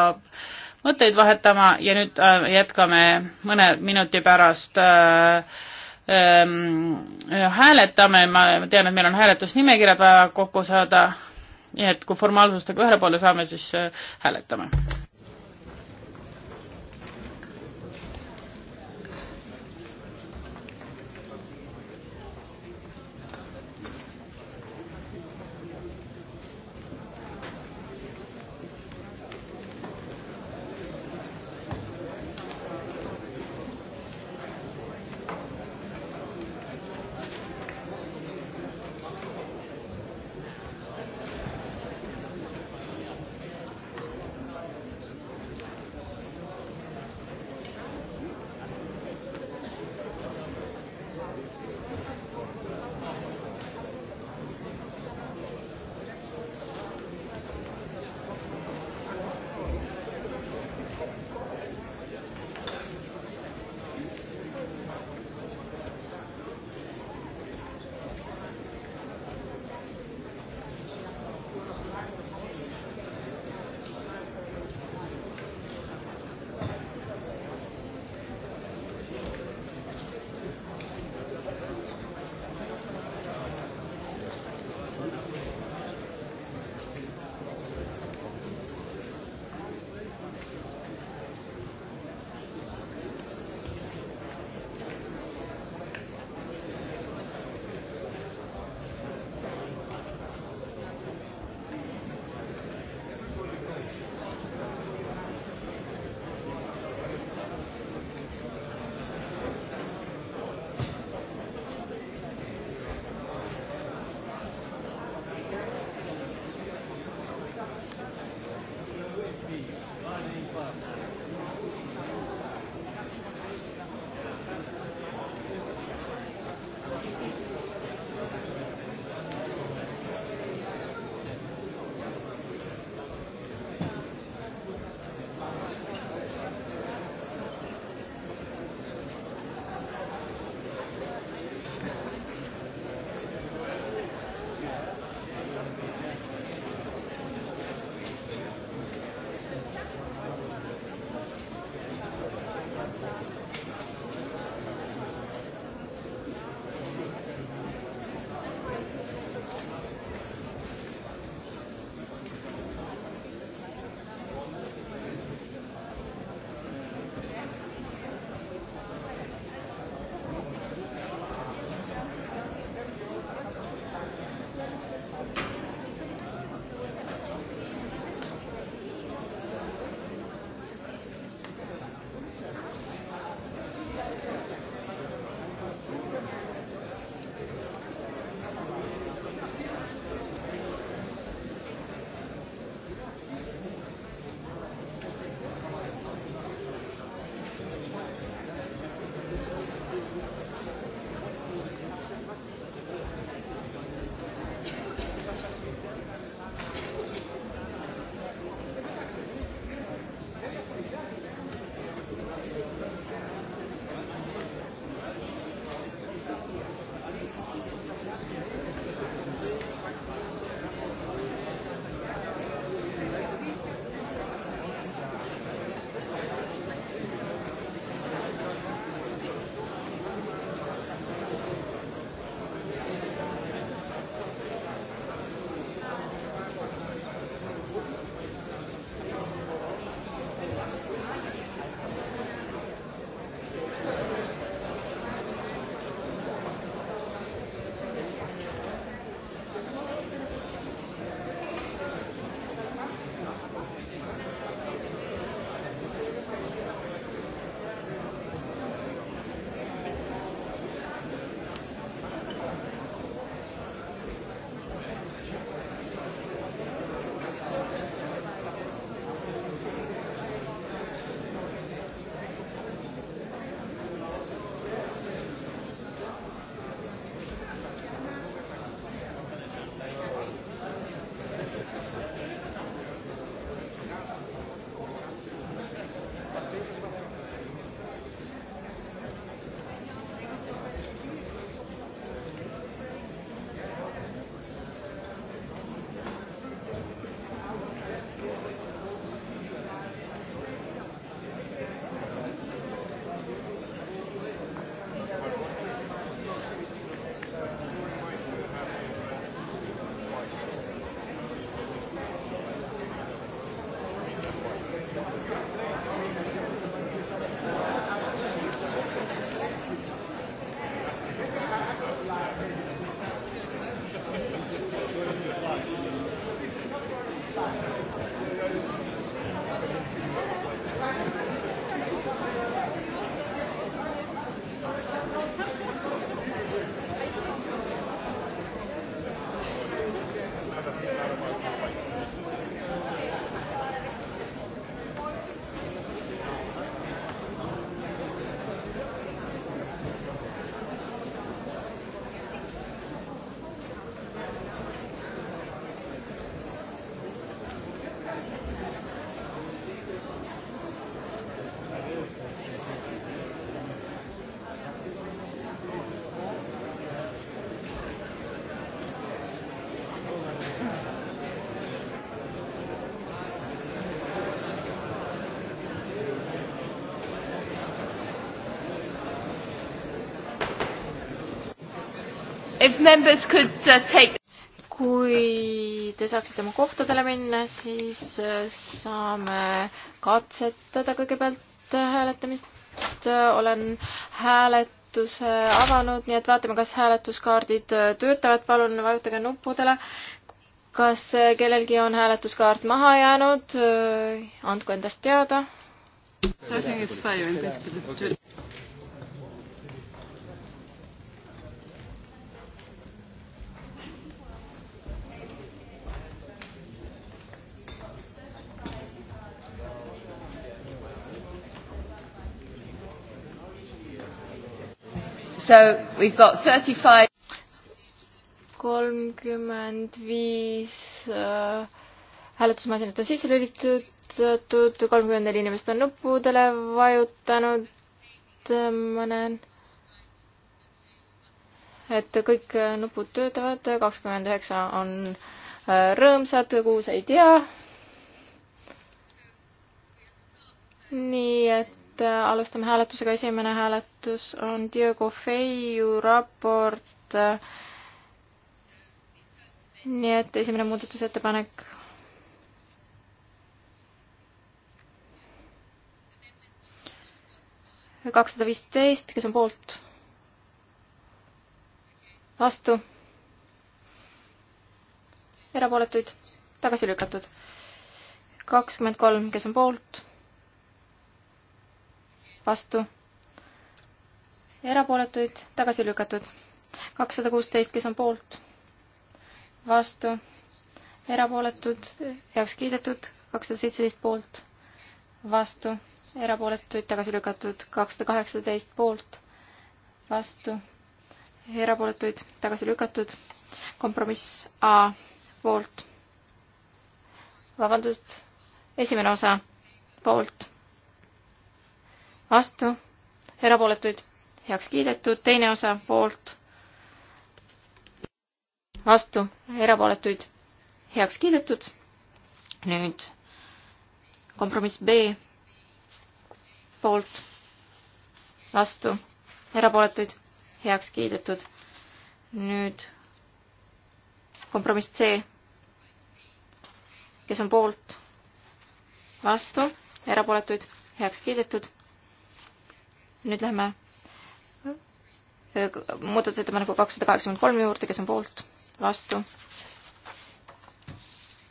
mõtteid vahetama ja nüüd jätkame mõne minuti pärast äh, hääletame, ma tean, et meil on hääletusnimekirjad vaja kokku saada nii et kui formaalsustega ühele poole saame, siis äh, hääletame. members could uh, take kui te saaksite oma kohtadele minna, siis äh, saame katsetada kõigepealt äh, hääletamist. Äh, olen hääletuse avanud, nii et vaatame, kas hääletuskaardid töötavad. palun vajutage nuppudele. kas kellelgi on hääletuskaart maha jäänud? andku endast teada. So we've got 35 kolmkümmend viis äh, hääletusmasinat on sisse lülitatud, kolmkümmend neli inimest on nuppudele vajutanud, äh, ma näen, et kõik äh, nupud töötavad, kakskümmend üheksa on rõõmsad, kuus ei tea. nii et et äh, alustame hääletusega. esimene hääletus on Diego Feiu raport. nii et esimene muudatusettepanek. kakssada viisteist, kes on poolt? vastu? erapooletuid? tagasi lükatud. kakskümmend kolm, kes on poolt? vastu, erapooletuid tagasi lükatud. kakssada kuusteist, kes on poolt, vastu, erapooletud, heaks kiidetud, kakssada seitseteist poolt, vastu, erapooletuid tagasi lükatud, kakssada kaheksateist poolt, vastu, erapooletuid tagasi lükatud, kompromiss A poolt vabandust, esimene osa poolt, vastu, erapooletuid heaks kiidetud, teine osa poolt, vastu, erapooletuid heaks kiidetud. nüüd kompromiss B poolt, vastu, erapooletuid heaks kiidetud. nüüd kompromiss C, kes on poolt, vastu, erapooletuid heaks kiidetud nüüd läheme äh, muudatusettepaneku kakssada kaheksakümmend kolm juurde, kes on poolt, vastu,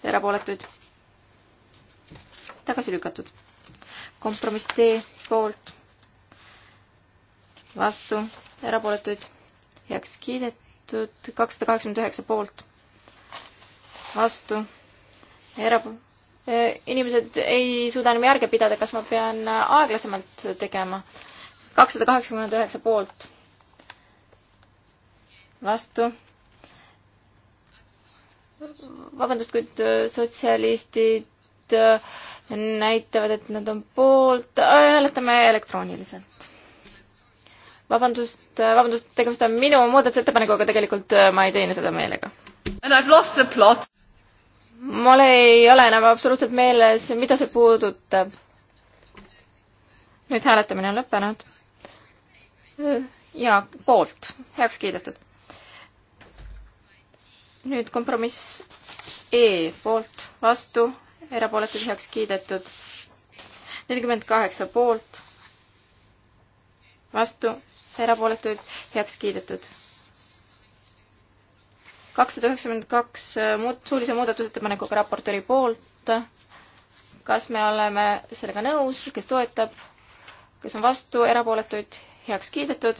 erapooletuid, tagasi lükatud. kompromiss D poolt, vastu, erapooletuid, heaks kiidetud, kakssada kaheksakümmend üheksa poolt, vastu, era-, äh, inimesed ei suuda enam järge pidada, kas ma pean äh, aeglasemalt tegema kakssada kaheksakümmend üheksa poolt. vastu. vabandust, kuid äh, sotsialistid äh, näitavad, et nad on poolt, äh, hääletame elektrooniliselt. vabandust, vabandust, tegemist on minu muudatusettepanekuga, tegelikult ma ei teinud seda meelega. And I have lost the plot. mul ei ole enam absoluutselt meeles, mida see puudutab. nüüd hääletamine on lõppenud ja poolt, heaks kiidetud. nüüd kompromiss E poolt, vastu, erapooletud, heaks kiidetud. nelikümmend kaheksa poolt, vastu, erapooletuid, heaks kiidetud. kakssada üheksakümmend kaks äh, muud, suulise muudatusettepanekuga raportööri poolt. kas me oleme sellega nõus, kes toetab, kes on vastu, erapooletuid, heaks kiidetud.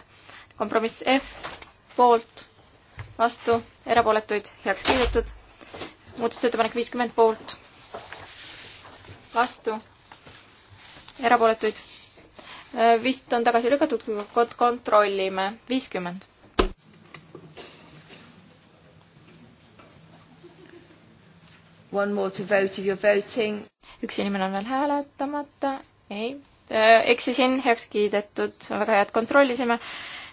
kompromiss F poolt, vastu, erapooletuid heaks kiidetud. muudatusettepanek viiskümmend poolt, vastu, erapooletuid. Äh, vist on tagasi lükatud, kui kontrollime. viiskümmend. One more to vote if you are voting. üks inimene on veel hääletamata. ei Äh, eksisin, heaks kiidetud, väga hea, et kontrollisime.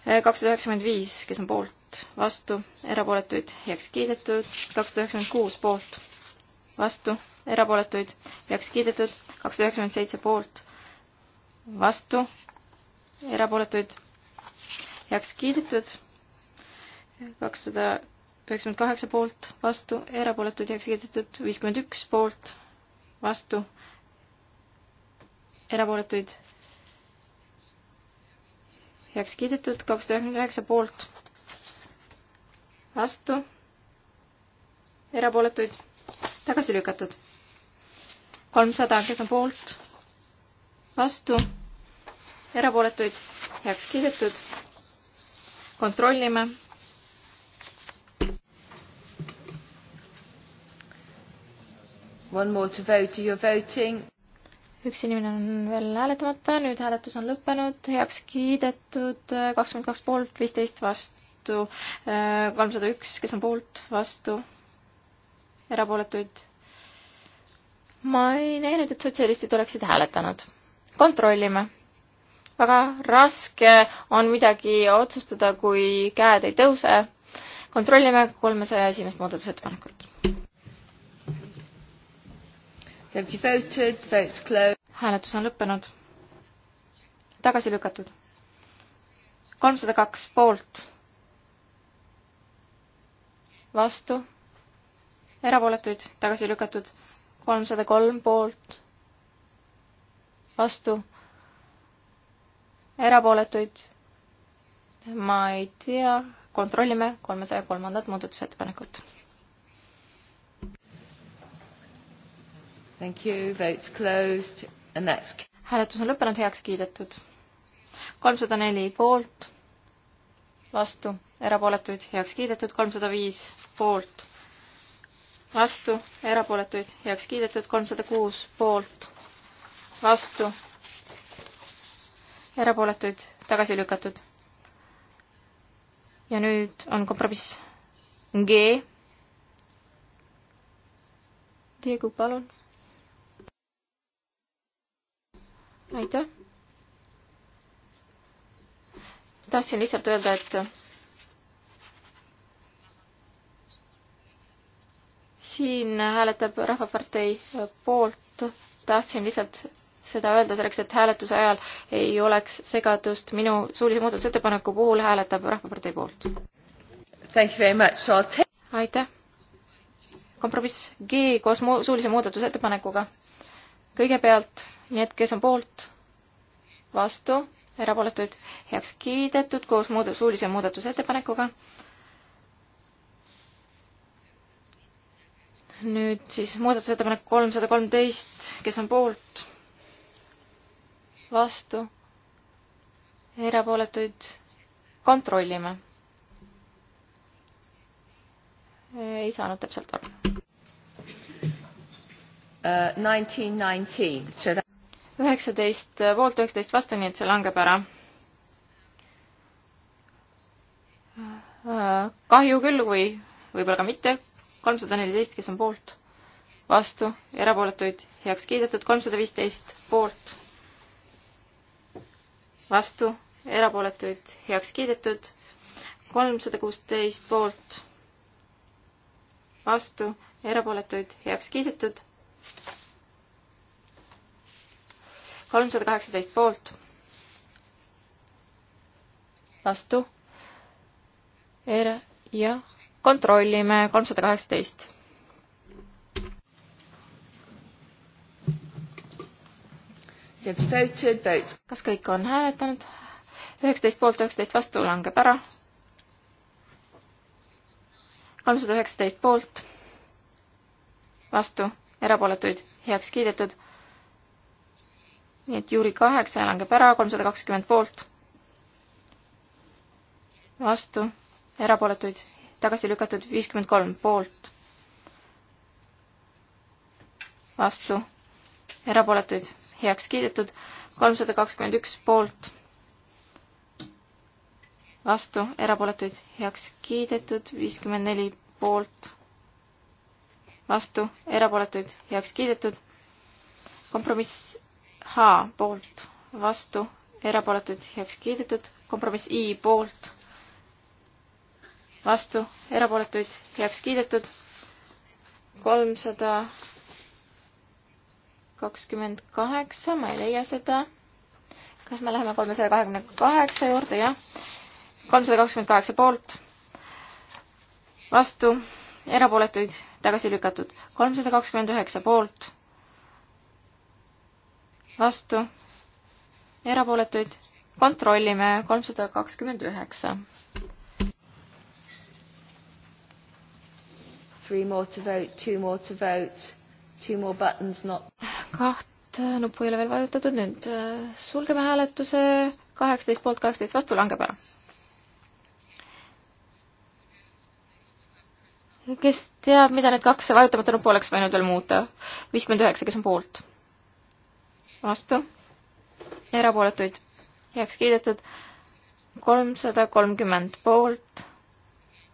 Äh, kakssada üheksakümmend viis, kes on poolt, vastu, erapooletuid, heaks kiidetud. kakssada üheksakümmend kuus poolt, vastu, erapooletuid, heaks kiidetud. kakssada üheksakümmend seitse poolt, vastu, erapooletuid, heaks kiidetud. kakssada üheksakümmend kaheksa poolt, vastu, erapooletuid, heaks kiidetud. viiskümmend üks poolt, vastu, erapooletuid heaks kiidetud, kakssada üheksakümmend üheksa poolt, vastu, erapooletuid tagasi lükatud. kolmsada, kes on poolt, vastu, erapooletuid heaks kiidetud. kontrollime. One more to vote, you are voting üks inimene on veel hääletamata, nüüd hääletus on lõppenud, heaks kiidetud, kakskümmend kaks poolt, viisteist vastu, äh, kolmsada üks, kes on poolt, vastu, erapooletuid. ma ei näinud, et sotsialistid oleksid hääletanud. kontrollime. väga raske on midagi otsustada, kui käed ei tõuse. kontrollime kolmesaja esimest muudatusettepanekut. Have you voted? Votes closed hääletus on lõppenud. tagasi lükatud. kolmsada kaks poolt. vastu. erapooletuid tagasi lükatud. kolmsada kolm poolt. vastu. erapooletuid. ma ei tea, kontrollime kolmesaja kolmandat muudatusettepanekut. Thank you. Votes closed hääletus on lõppenud, heaks kiidetud. kolmsada neli poolt, vastu, erapooletuid, heaks kiidetud, kolmsada viis poolt, vastu, erapooletuid, heaks kiidetud, kolmsada kuus poolt, vastu, erapooletuid, tagasi lükatud. ja nüüd on kompromiss G. Diego, palun aitäh. tahtsin lihtsalt öelda, et siin hääletab Rahvapartei poolt, tahtsin lihtsalt seda öelda selleks, et hääletuse ajal ei oleks segadust. minu suulise muudatusettepaneku puhul hääletab Rahvapartei poolt. aitäh. kompromiss G koos mu suulise muudatusettepanekuga. kõigepealt nii et kes on poolt, vastu, erapooletuid heaks kiidetud koos muud-, suulise muudatusettepanekuga. nüüd siis muudatusettepanek kolmsada kolmteist, kes on poolt, vastu, erapooletuid kontrollime. ei saanud täpselt aru. 1919 uh, so that üheksateist poolt, üheksateist vastu, nii et see langeb ära. kahju küll või võib-olla ka mitte, kolmsada neliteist, kes on poolt, vastu, erapooletuid heaks kiidetud, kolmsada viisteist poolt, vastu, erapooletuid heaks kiidetud, kolmsada kuusteist poolt, vastu, erapooletuid heaks kiidetud, kolmsada kaheksateist poolt. vastu. ja kontrollime kolmsada kaheksateist. kas kõik on hääletanud? üheksateist poolt, üheksateist vastu langeb ära. kolmsada üheksateist poolt, vastu, erapooletuid heaks kiidetud nii et juuri kaheksa langeb ära, kolmsada kakskümmend poolt. vastu, erapooletuid, tagasi lükatud viiskümmend kolm poolt. vastu, erapooletuid, heaks kiidetud, kolmsada kakskümmend üks poolt. vastu, erapooletuid, heaks kiidetud, viiskümmend neli poolt. vastu, erapooletuid, heaks kiidetud. kompromiss H poolt, vastu, erapooletud, heaks kiidetud. kompromiss I poolt, vastu, erapooletuid, heaks kiidetud. kolmsada kakskümmend kaheksa, ma ei leia seda. kas me läheme kolmesaja kahekümne kaheksa juurde, jah? kolmsada kakskümmend kaheksa poolt, vastu, erapooletuid, tagasi lükatud. kolmsada kakskümmend üheksa poolt, vastu, erapooletuid kontrollime, kolmsada kakskümmend üheksa. Three more to vote, two more to vote, two more buttons not. kaht nuppu ei ole veel vajutatud, nüüd sulgeme hääletuse, kaheksateist poolt, kaheksateist vastu, langeb ära. kes teab, mida need kaks vajutamata nuppu oleks võinud veel muuta? viiskümmend üheksa, kes on poolt? vastu, erapooletuid heaks kiidetud kolmsada kolmkümmend poolt,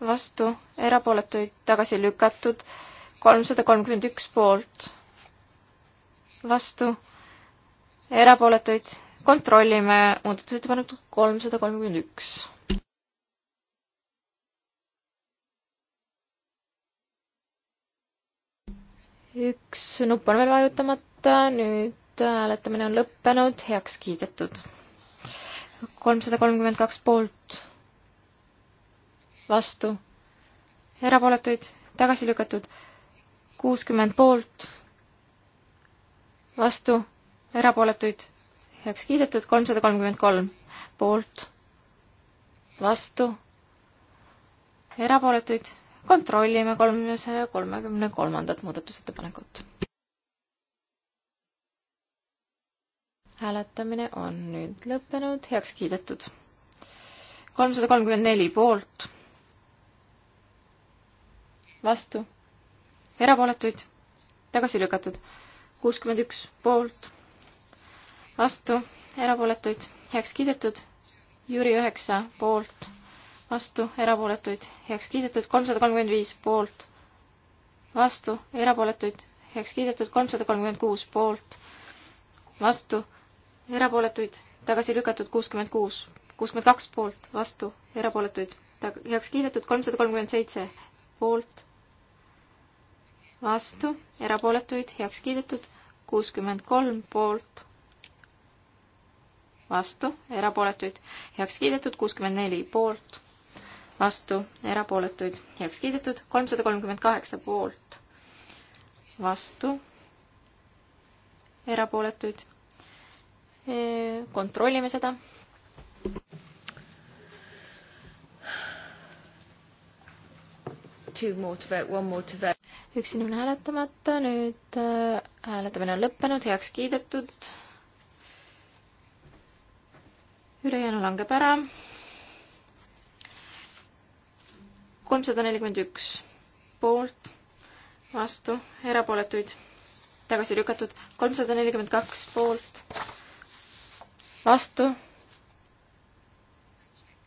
vastu, erapooletuid tagasi lükatud kolmsada kolmkümmend üks poolt, vastu, erapooletuid kontrollime muudatusettepanekut kolmsada kolmkümmend üks. üks nupp on veel vajutamata, nüüd hääletamine on lõppenud, heaks kiidetud. kolmsada kolmkümmend kaks poolt, vastu, erapooletuid, tagasi lükatud, kuuskümmend poolt, vastu, erapooletuid, heaks kiidetud, kolmsada kolmkümmend kolm poolt, vastu, erapooletuid, kontrollime kolmesaja kolmekümne kolmandat muudatusettepanekut hääletamine on nüüd lõppenud, heaks kiidetud. kolmsada kolmkümmend neli poolt, vastu, erapooletuid, tagasi lükatud. kuuskümmend üks poolt, vastu, erapooletuid, heaks kiidetud. Jüri üheksa poolt, vastu, erapooletuid, heaks kiidetud. kolmsada kolmkümmend viis poolt, vastu, erapooletuid, heaks kiidetud. kolmsada kolmkümmend kuus poolt, vastu erapooletuid, tagasi lükatud kuuskümmend kuus, kuuskümmend kaks poolt, vastu, erapooletuid, heaks kiidetud kolmsada kolmkümmend seitse poolt, vastu, erapooletuid, heaks kiidetud kuuskümmend kolm poolt, vastu, erapooletuid, heaks kiidetud kuuskümmend neli poolt, vastu, erapooletuid, heaks kiidetud kolmsada kolmkümmend kaheksa poolt, vastu, erapooletuid kontrollime seda. üks inimene hääletamata, nüüd äh, hääletamine on lõppenud, heaks kiidetud. ülejäänu langeb ära. kolmsada nelikümmend üks poolt, vastu, erapooletuid tagasi lükatud, kolmsada nelikümmend kaks poolt vastu.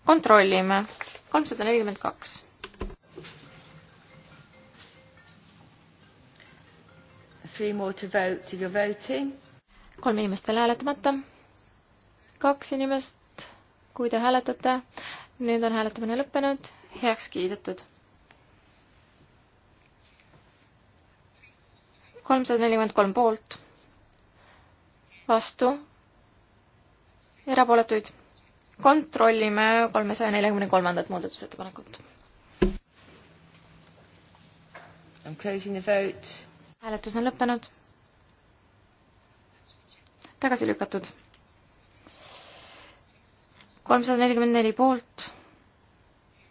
kontrollime, kolmsada nelikümmend kaks. Three more to vote if you are voting. kolm inimest veel hääletamata. kaks inimest, kui te hääletate. nüüd on hääletamine lõppenud, heaks kiidetud. kolmsada nelikümmend kolm poolt, vastu erapooletuid. kontrollime kolmesaja neljakümne kolmandat muudatusettepanekut. hääletus on lõppenud. tagasi lükatud. kolmsada nelikümmend neli poolt,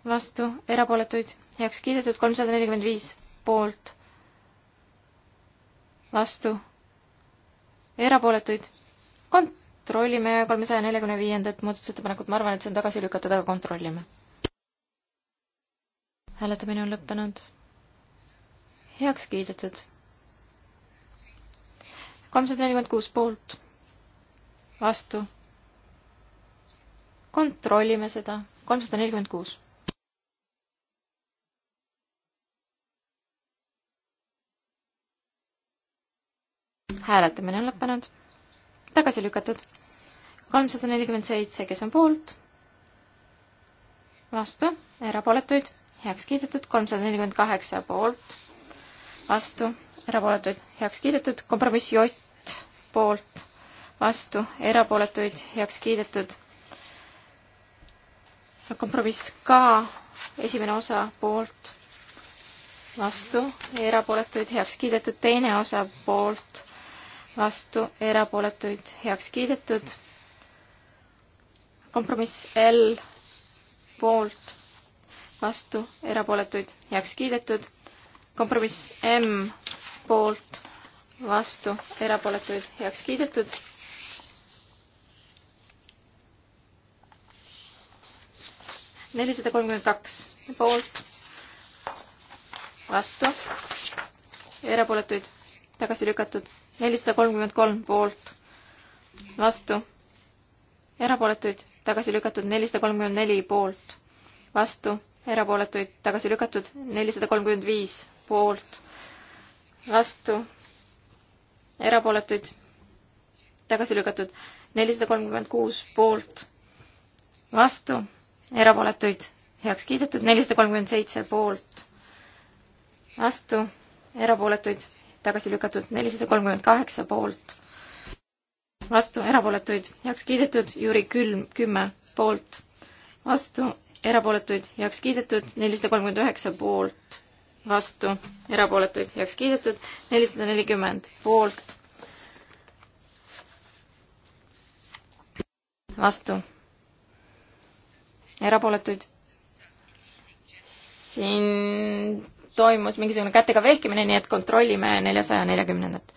vastu, erapooletuid, heaks kiidetud, kolmsada nelikümmend viis poolt, vastu, erapooletuid kont-, kontrollime kolmesaja neljakümne viiendat muudatusettepanekut, ma arvan, et see on tagasi lükatud, aga kontrollime. hääletamine on lõppenud. heaks kiidetud. kolmsada nelikümmend kuus poolt, vastu. kontrollime seda, kolmsada nelikümmend kuus. hääletamine on lõppenud tagasi lükatud. kolmsada nelikümmend seitse, kes on poolt? vastu, erapooletuid, heaks kiidetud, kolmsada nelikümmend kaheksa poolt, vastu, erapooletuid, heaks kiidetud, kompromiss J poolt, vastu, erapooletuid, heaks kiidetud. kompromiss K, esimene osa poolt, vastu, erapooletuid, heaks kiidetud, teine osa poolt vastu, erapooletuid heaks kiidetud. kompromiss L poolt, vastu, erapooletuid heaks kiidetud. kompromiss M poolt, vastu, erapooletuid heaks kiidetud. nelisada kolmkümmend kaks poolt, vastu, erapooletuid tagasi lükatud nelisada kolmkümmend kolm poolt, vastu, erapooletuid, tagasi lükatud nelisada kolmkümmend neli poolt, vastu, erapooletuid, tagasi lükatud nelisada kolmkümmend viis poolt, vastu, erapooletuid, tagasi lükatud nelisada kolmkümmend kuus poolt, vastu, erapooletuid, heaks kiidetud nelisada kolmkümmend seitse poolt, vastu, erapooletuid tagasi lükatud nelisada kolmkümmend kaheksa poolt, vastu erapooletuid heaks kiidetud, Jüri Külm kümme poolt, vastu erapooletuid heaks kiidetud, nelisada kolmkümmend üheksa poolt, vastu erapooletuid heaks kiidetud, nelisada nelikümmend poolt, vastu erapooletuid siin toimus mingisugune kätega vehkimine, nii et kontrollime neljasaja neljakümnendat.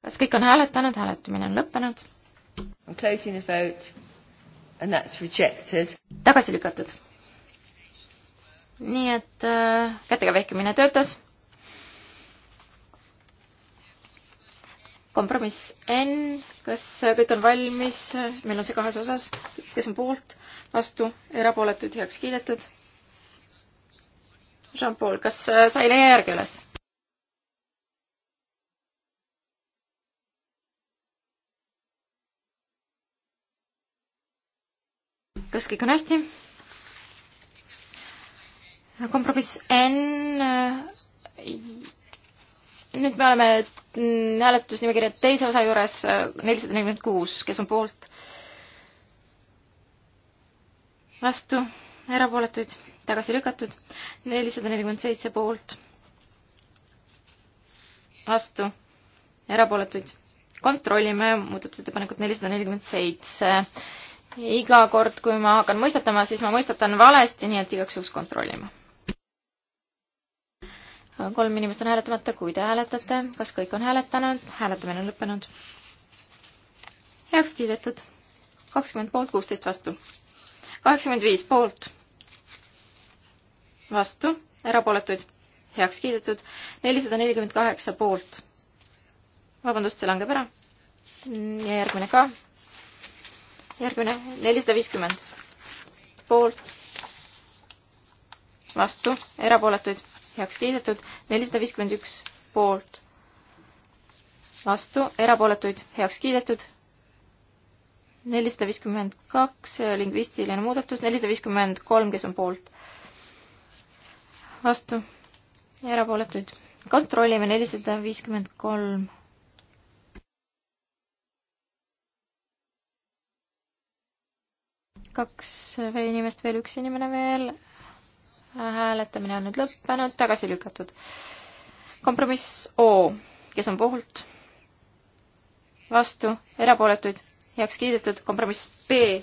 kas kõik on hääletanud, hääletamine on lõppenud. tagasi lükatud. nii et äh, kätega vehkimine töötas kompromiss N, kas kõik on valmis, meil on see kahes osas, kes on poolt, vastu, erapooletud, heaks kiidetud. Jean-Paul, kas äh, sa ei leia järge üles? kas kõik on hästi? kompromiss N äh, nüüd me oleme hääletusnimekirja teise osa juures äh, nelisada nelikümmend kuus, kes on poolt? vastu, erapooletuid, tagasi lükatud, nelisada nelikümmend seitse poolt. vastu, erapooletuid. kontrollime muudatusettepanekut nelisada nelikümmend seitse. iga kord, kui ma hakkan mõistatama, siis ma mõistatan valesti, nii et igaks juhuks kontrollime kolm inimest on hääletamata, kui te hääletate, kas kõik on hääletanud, hääletamine on lõppenud. heaks kiidetud, kakskümmend poolt, kuusteist vastu, kaheksakümmend viis poolt, vastu, erapooletuid, heaks kiidetud, nelisada nelikümmend kaheksa poolt. vabandust, see langeb ära. ja järgmine ka. järgmine, nelisada viiskümmend poolt, vastu, erapooletuid heaks kiidetud, nelisada viiskümmend üks poolt, vastu, erapooletuid heaks kiidetud, nelisada viiskümmend kaks, lingvistiline muudatus, nelisada viiskümmend kolm, kes on poolt, vastu, erapooletuid. kontrollime nelisada viiskümmend kolm. kaks inimest veel, üks inimene veel hääletamine on nüüd lõppenud, tagasi lükatud. kompromiss O, kes on poolt, vastu, erapooletuid, heaks kiidetud, kompromiss B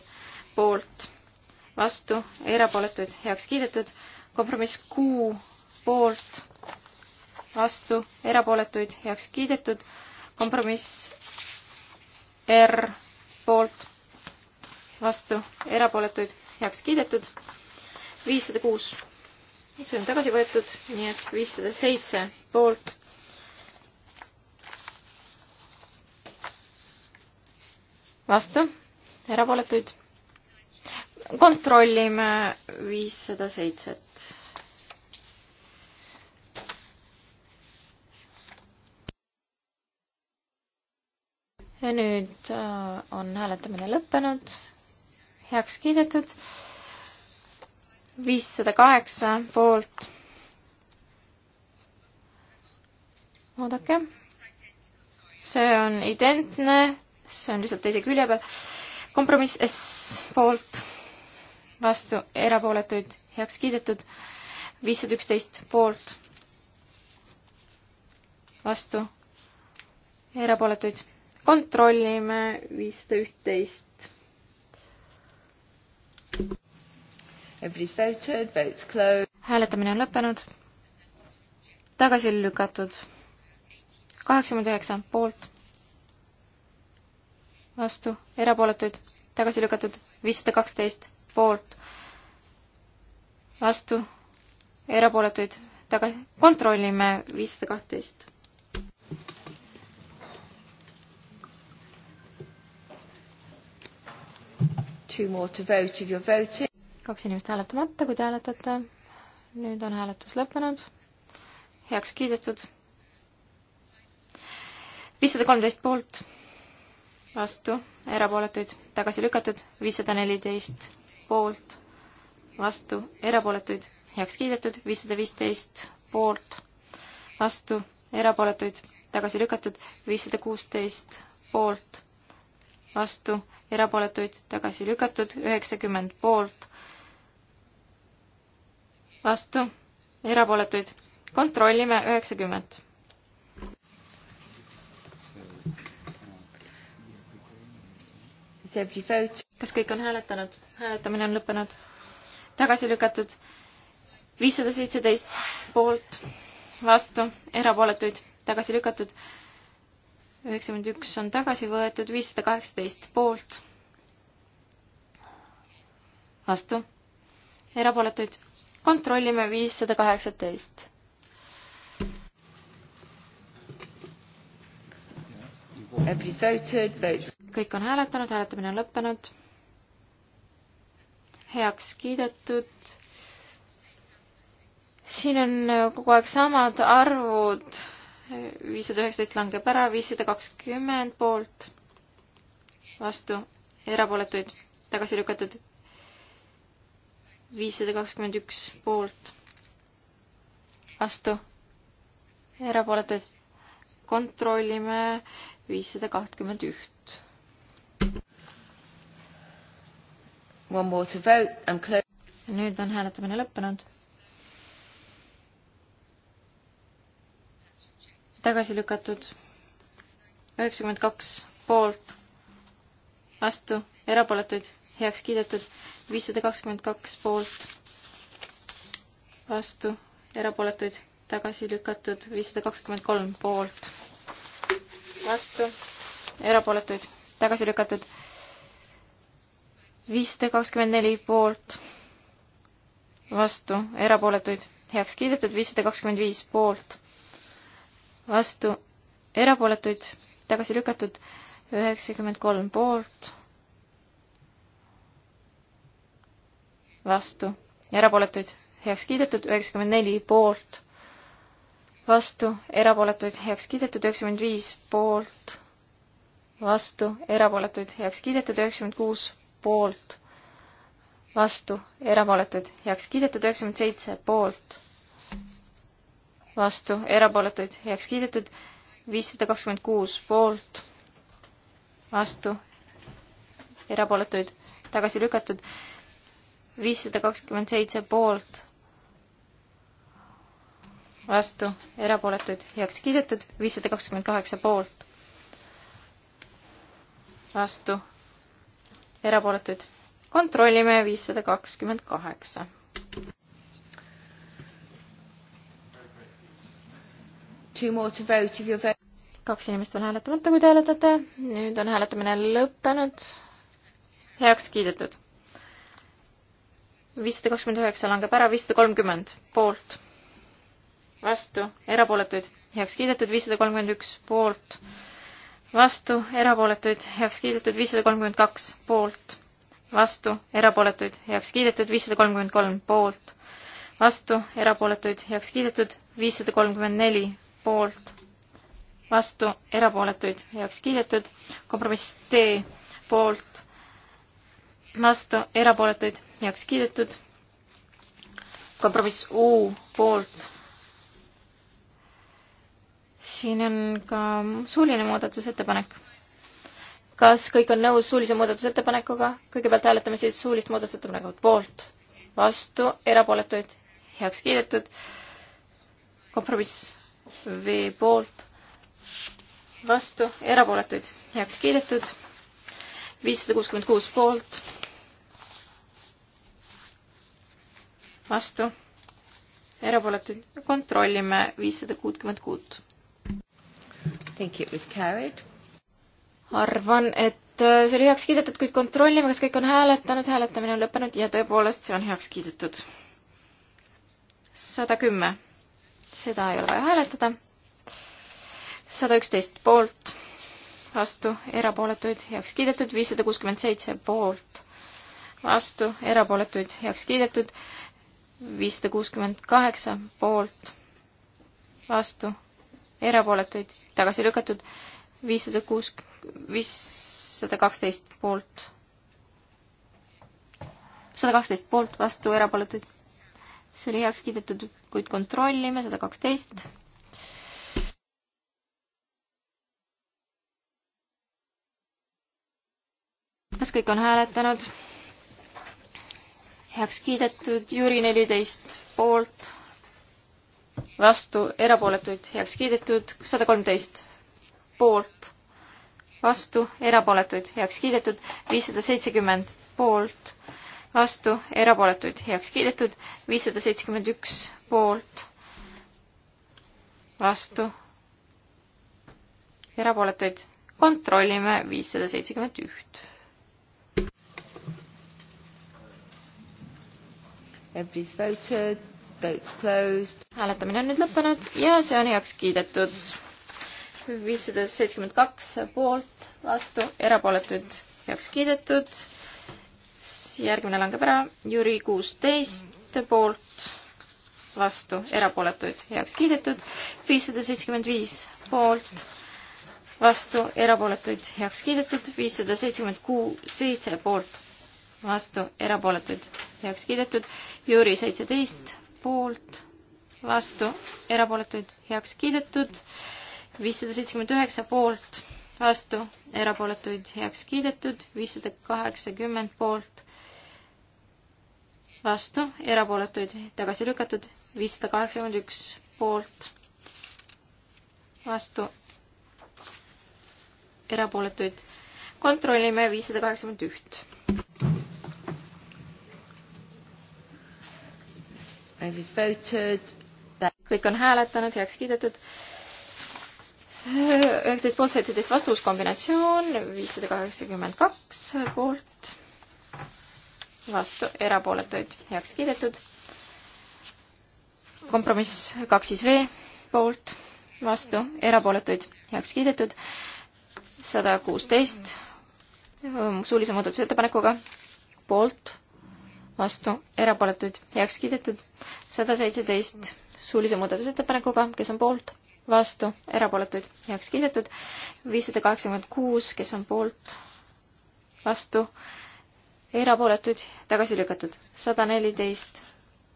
poolt, vastu, erapooletuid, heaks kiidetud, kompromiss Q poolt, vastu, erapooletuid, heaks kiidetud, kompromiss R poolt, vastu, erapooletuid, heaks kiidetud, viissada kuus see on tagasi võetud, nii et viissada seitse poolt. vastu, erapooletuid. kontrollime viissada seitset. ja nüüd äh, on hääletamine lõppenud, heaks kiidetud viissada kaheksa poolt. oodake. see on identne, see on lihtsalt teise külje peal. kompromiss S poolt, vastu, erapooletuid heaks kiidetud. viissada üksteist poolt, vastu, erapooletuid. kontrollime viissada ühtteist hääletamine on lõppenud. tagasi lükatud. kaheksakümmend üheksa poolt, vastu, erapooletuid, tagasi lükatud, viissada kaksteist poolt, vastu, erapooletuid, tagasi, kontrollime viissada kahtteist. Two more to vote if you're voting kaks inimest hääletamata, kui te hääletate. nüüd on hääletus lõppenud, heaks kiidetud. viissada kolmteist poolt, vastu, erapooletuid, tagasi lükatud, viissada neliteist poolt, vastu, erapooletuid, heaks kiidetud, viissada viisteist poolt, vastu, erapooletuid, tagasi lükatud, viissada kuusteist poolt, vastu, erapooletuid tagasi lükatud, üheksakümmend poolt, vastu, erapooletuid. kontrollime üheksakümmend. kas kõik on hääletanud? hääletamine on lõppenud. tagasi lükatud viissada seitseteist poolt, vastu, erapooletuid, tagasi lükatud. üheksakümmend üks on tagasi võetud, viissada kaheksateist poolt, vastu, erapooletuid kontrollime viissada kaheksateist. kõik on hääletanud, hääletamine on lõppenud. heaks kiidetud. siin on kogu aeg samad arvud. viissada üheksateist langeb ära, viissada kakskümmend poolt, vastu, erapooletuid, tagasi lükatud viissada kakskümmend üks poolt, vastu, erapooletuid. kontrollime viissada kakskümmend üht. One more to vote and close. nüüd on hääletamine lõppenud. tagasi lükatud üheksakümmend kaks poolt, vastu, erapooletuid, heaks kiidetud viissada kakskümmend kaks poolt, vastu, erapooletuid tagasi lükatud, viissada kakskümmend kolm poolt, vastu, erapooletuid tagasi lükatud, viissada kakskümmend neli poolt, vastu, erapooletuid heaks kiidetud, viissada kakskümmend viis poolt, vastu, erapooletuid tagasi lükatud, üheksakümmend kolm poolt vastu, erapooletuid heaks kiidetud, üheksakümmend neli poolt, vastu, erapooletuid heaks kiidetud, üheksakümmend viis poolt, vastu, erapooletuid heaks kiidetud, üheksakümmend kuus poolt, vastu, erapooletuid heaks kiidetud, üheksakümmend seitse poolt, vastu, erapooletuid heaks kiidetud, viissada kakskümmend kuus poolt, vastu, erapooletuid tagasi lükatud viissada kakskümmend seitse poolt, vastu, erapooletuid heaks kiidetud, viissada kakskümmend kaheksa poolt, vastu, erapooletuid. kontrollime viissada kakskümmend kaheksa. Two more to vote if you vote kaks inimest on hääletamata, kui te hääletate. nüüd on hääletamine lõppenud. heaks kiidetud viissada kakskümmend üheksa langeb ära, viissada kolmkümmend poolt, vastu, erapooletuid, heaks kiidetud, viissada kolmkümmend üks poolt, vastu, erapooletuid, heaks kiidetud, viissada kolmkümmend kaks poolt, vastu, erapooletuid, heaks kiidetud, viissada kolmkümmend kolm poolt, vastu, erapooletuid, heaks kiidetud, viissada kolmkümmend neli poolt, vastu, erapooletuid, heaks kiidetud, kompromiss D poolt vastu, erapooletuid heaks kiidetud. kompromiss U poolt. siin on ka suuline muudatusettepanek. kas kõik on nõus suulise muudatusettepanekuga? kõigepealt hääletame siis suulist muudatusettepanekut poolt, vastu, erapooletuid heaks kiidetud. kompromiss V poolt, vastu, erapooletuid heaks kiidetud. viissada kuuskümmend kuus poolt vastu, erapooletuid, kontrollime viissada kuutkümmend kuut. Think it was carried. arvan, et äh, see oli heaks kiidetud, kuid kontrollime, kas kõik on hääletanud, hääletamine on lõppenud ja tõepoolest, see on heaks kiidetud. sada kümme, seda ei ole vaja hääletada. sada üksteist poolt, vastu, erapooletuid, heaks kiidetud, viissada kuuskümmend seitse poolt, vastu, erapooletuid, heaks kiidetud, viissada kuuskümmend kaheksa poolt, vastu, erapooletuid tagasi lükatud, viissada kuus, viissada kaksteist poolt, sada kaksteist poolt, vastu, erapooletuid. see oli heaks kiidetud, kuid kontrollime, sada kaksteist. kas kõik on hääletanud? heaks kiidetud, Jüri neliteist poolt, vastu, erapooletuid heaks kiidetud, sada kolmteist poolt, vastu, erapooletuid heaks kiidetud, viissada seitsekümmend poolt, vastu, erapooletuid heaks kiidetud, viissada seitsekümmend üks poolt, vastu, erapooletuid kontrollime viissada seitsekümmend üht Everybody's voted, votes closed. hääletamine on nüüd lõppenud ja see on heaks kiidetud. viissada seitsekümmend kaks poolt, vastu, erapooletuid heaks kiidetud. järgmine langeb ära, Jüri kuusteist poolt, vastu, erapooletuid heaks kiidetud. viissada seitsekümmend viis poolt, vastu, erapooletuid heaks kiidetud. viissada seitsekümmend kuus, seitse poolt, vastu, erapooletuid heaks kiidetud, Jüri seitseteist poolt, vastu, erapooletuid heaks kiidetud, viissada seitsekümmend üheksa poolt, vastu, erapooletuid heaks kiidetud, viissada kaheksakümmend poolt, vastu, erapooletuid tagasi lükatud, viissada kaheksakümmend üks poolt, vastu, erapooletuid kontrollime viissada kaheksakümmend üht kõik on hääletanud, heaks kiidetud. üheksateist poolt, seitseteist vastus, kombinatsioon viissada kaheksakümmend kaks poolt, vastu, erapooletuid heaks kiidetud. kompromiss kaks siis V poolt, vastu, erapooletuid heaks kiidetud. sada kuusteist suulise muudatusettepanekuga poolt vastu, erapooletuid heaks kiidetud. sada seitseteist suulise muudatusettepanekuga, kes on poolt, vastu, erapooletuid heaks kiidetud. viissada kaheksakümmend kuus, kes on poolt, vastu, erapooletuid tagasi lükatud. sada neliteist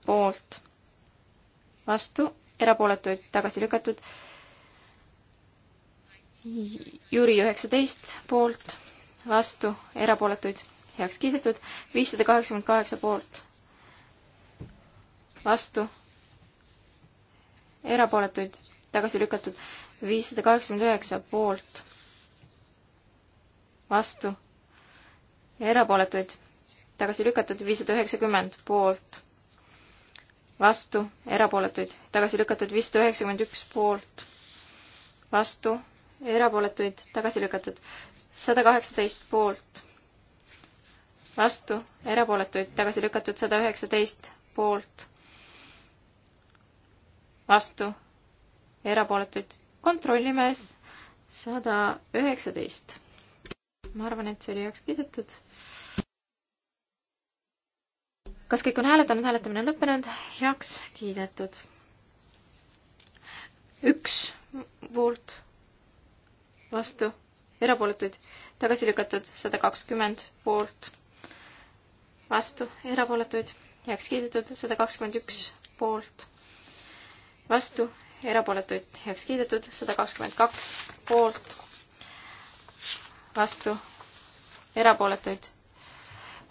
poolt, vastu, erapooletuid tagasi lükatud. Jüri üheksateist poolt, vastu, erapooletuid heaks kiidetud, viissada kaheksakümmend kaheksa poolt, vastu, erapooletuid tagasi lükatud, viissada kaheksakümmend üheksa poolt, vastu, erapooletuid tagasi lükatud, viissada üheksakümmend poolt, vastu, erapooletuid tagasi lükatud, viissada üheksakümmend üks poolt, vastu, erapooletuid tagasi lükatud, sada kaheksateist poolt vastu, erapooletuid tagasi lükatud sada üheksateist poolt, vastu, erapooletuid. kontrollime sada üheksateist. ma arvan, et see oli heaks kiidetud. kas kõik on hääletanud, hääletamine on lõppenud, heaks kiidetud. üks poolt, vastu, erapooletuid tagasi lükatud sada kakskümmend poolt vastu, erapooletuid heaks kiidetud, sada kakskümmend üks poolt, vastu, erapooletuid heaks kiidetud, sada kakskümmend kaks poolt, vastu, erapooletuid.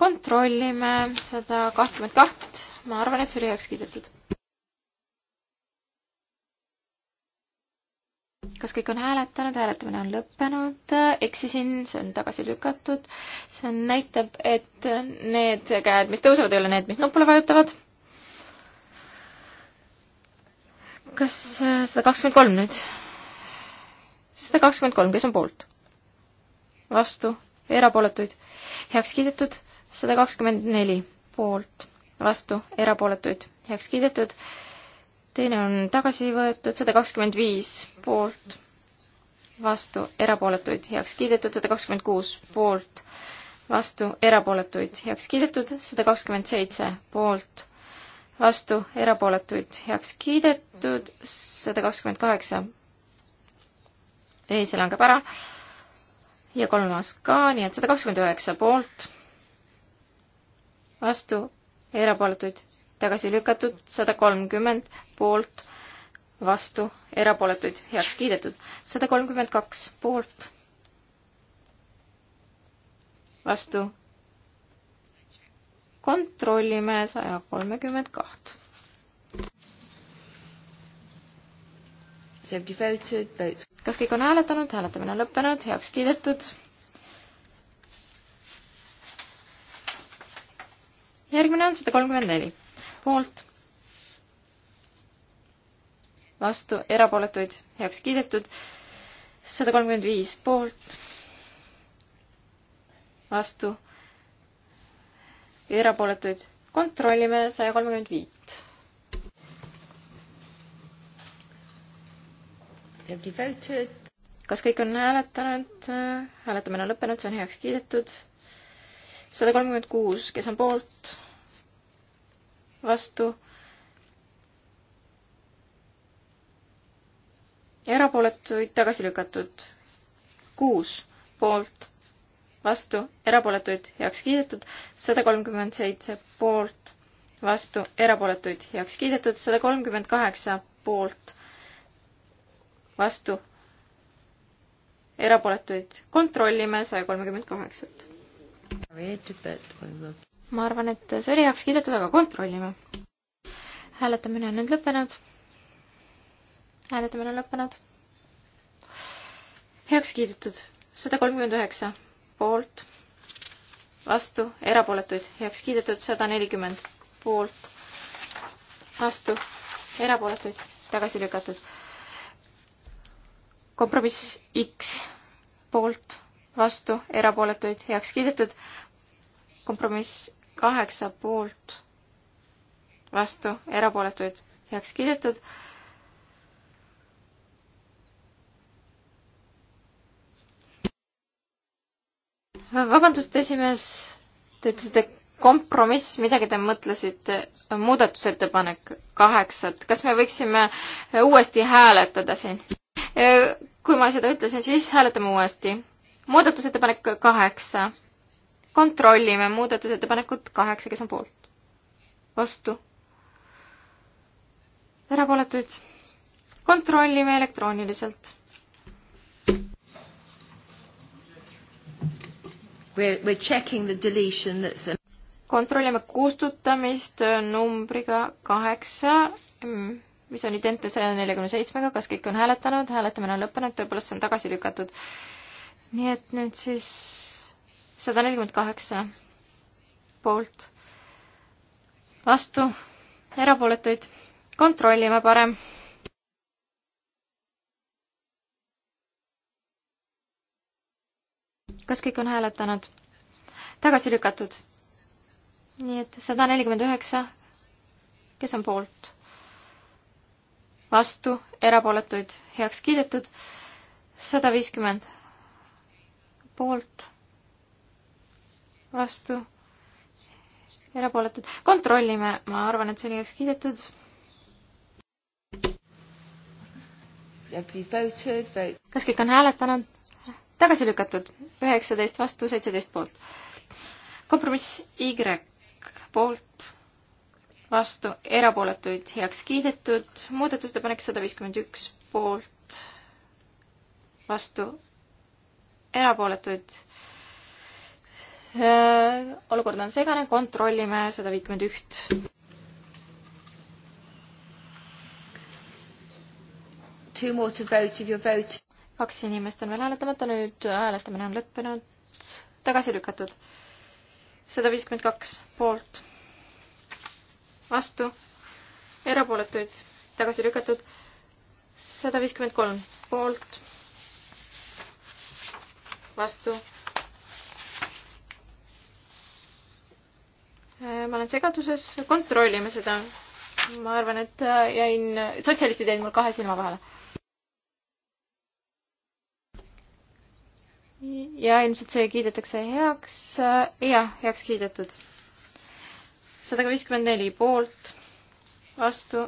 kontrollime sada kakskümmend kaht, ma arvan, et see oli heaks kiidetud kas kõik on hääletanud, hääletamine on lõppenud, eksisin, see on tagasi lükatud. see näitab, et need käed, mis tõusevad, ei ole need, mis nupule vajutavad. kas äh, sada kakskümmend kolm nüüd? sada kakskümmend kolm, kes on poolt? vastu, erapooletuid, heaks kiidetud, sada kakskümmend neli poolt, vastu, erapooletuid, heaks kiidetud teine on tagasi võetud, sada kakskümmend viis poolt, vastu, erapooletuid heaks kiidetud, sada kakskümmend kuus poolt, vastu, erapooletuid heaks kiidetud, sada kakskümmend seitse poolt, vastu, erapooletuid heaks kiidetud, sada kakskümmend kaheksa. ei, see langeb ära. ja kolmas ka, nii et sada kakskümmend üheksa poolt, vastu, erapooletuid tagasi lükatud, sada kolmkümmend poolt, vastu, erapooletuid heaks kiidetud, sada kolmkümmend kaks poolt, vastu. kontrollime saja kolmekümmend kaht. kas kõik on hääletanud, hääletamine on lõppenud, heaks kiidetud järgmine on sada kolmkümmend neli poolt, vastu, erapooletuid heaks kiidetud, sada kolmkümmend viis poolt, vastu, erapooletuid kontrollime saja kolmekümmend viit. kas kõik on hääletanud? hääletamine on lõppenud, see on heaks kiidetud. sada kolmkümmend kuus, kes on poolt? vastu. erapooletuid tagasi lükatud kuus poolt, vastu, erapooletuid heaks kiidetud, sada kolmkümmend seitse poolt, vastu, erapooletuid heaks kiidetud, sada kolmkümmend kaheksa poolt, vastu, erapooletuid kontrollime saja kolmekümmend kaheksat ma arvan, et see oli heaks kiidetud, aga kontrollime. hääletamine on nüüd lõppenud. hääletamine on lõppenud. heaks kiidetud sada kolmkümmend üheksa poolt, vastu, erapooletuid, heaks kiidetud sada nelikümmend poolt, vastu, erapooletuid, tagasi lükatud. kompromiss X poolt, vastu, erapooletuid, heaks kiidetud kompromiss kaheksa poolt, vastu, erapooletuid heaks kiidetud. vabandust, esimees, te ütlesite kompromiss, midagi te mõtlesite, muudatusettepanek kaheksat, kas me võiksime uuesti hääletada siin? kui ma seda ütlesin, siis hääletame uuesti. muudatusettepanek kaheksa kontrollime muudatusettepanekut kaheksa, kes on poolt. vastu. erapooletuid. kontrollime elektrooniliselt. kontrollime kustutamist numbriga kaheksa, mm, mis on identne saja neljakümne seitsmega, kas kõik on hääletanud, hääletamine on lõppenud, tõepoolest see on tagasi lükatud. nii et nüüd siis sada nelikümmend kaheksa poolt, vastu, erapooletuid kontrollime parem. kas kõik on hääletanud? tagasi lükatud. nii et sada nelikümmend üheksa, kes on poolt? vastu, erapooletuid heaks kiidetud, sada viiskümmend poolt vastu, erapooletud. kontrollime, ma arvan, et see oli heaks kiidetud. kas kõik on hääletanud? tagasi lükatud, üheksateist vastu, seitseteist poolt. kompromiss Y poolt, vastu, erapooletuid heaks kiidetud, muudatusettepanek sada viiskümmend üks poolt, vastu, erapooletuid Äh, olukord on segane, kontrollime sada viitkümmend üht. Two more to vote if you vote. kaks inimest on veel hääletamata, nüüd hääletamine on lõppenud, tagasi lükatud. sada viiskümmend kaks poolt, vastu, erapooletuid, tagasi lükatud. sada viiskümmend kolm poolt, vastu Äh, ma olen segaduses, kontrollime seda. ma arvan, et äh, jäin, sotsialistid jäid mul kahe silma vahele. ja ilmselt see kiidetakse heaks, äh, jah, heaks kiidetud. sada viiskümmend neli poolt, vastu,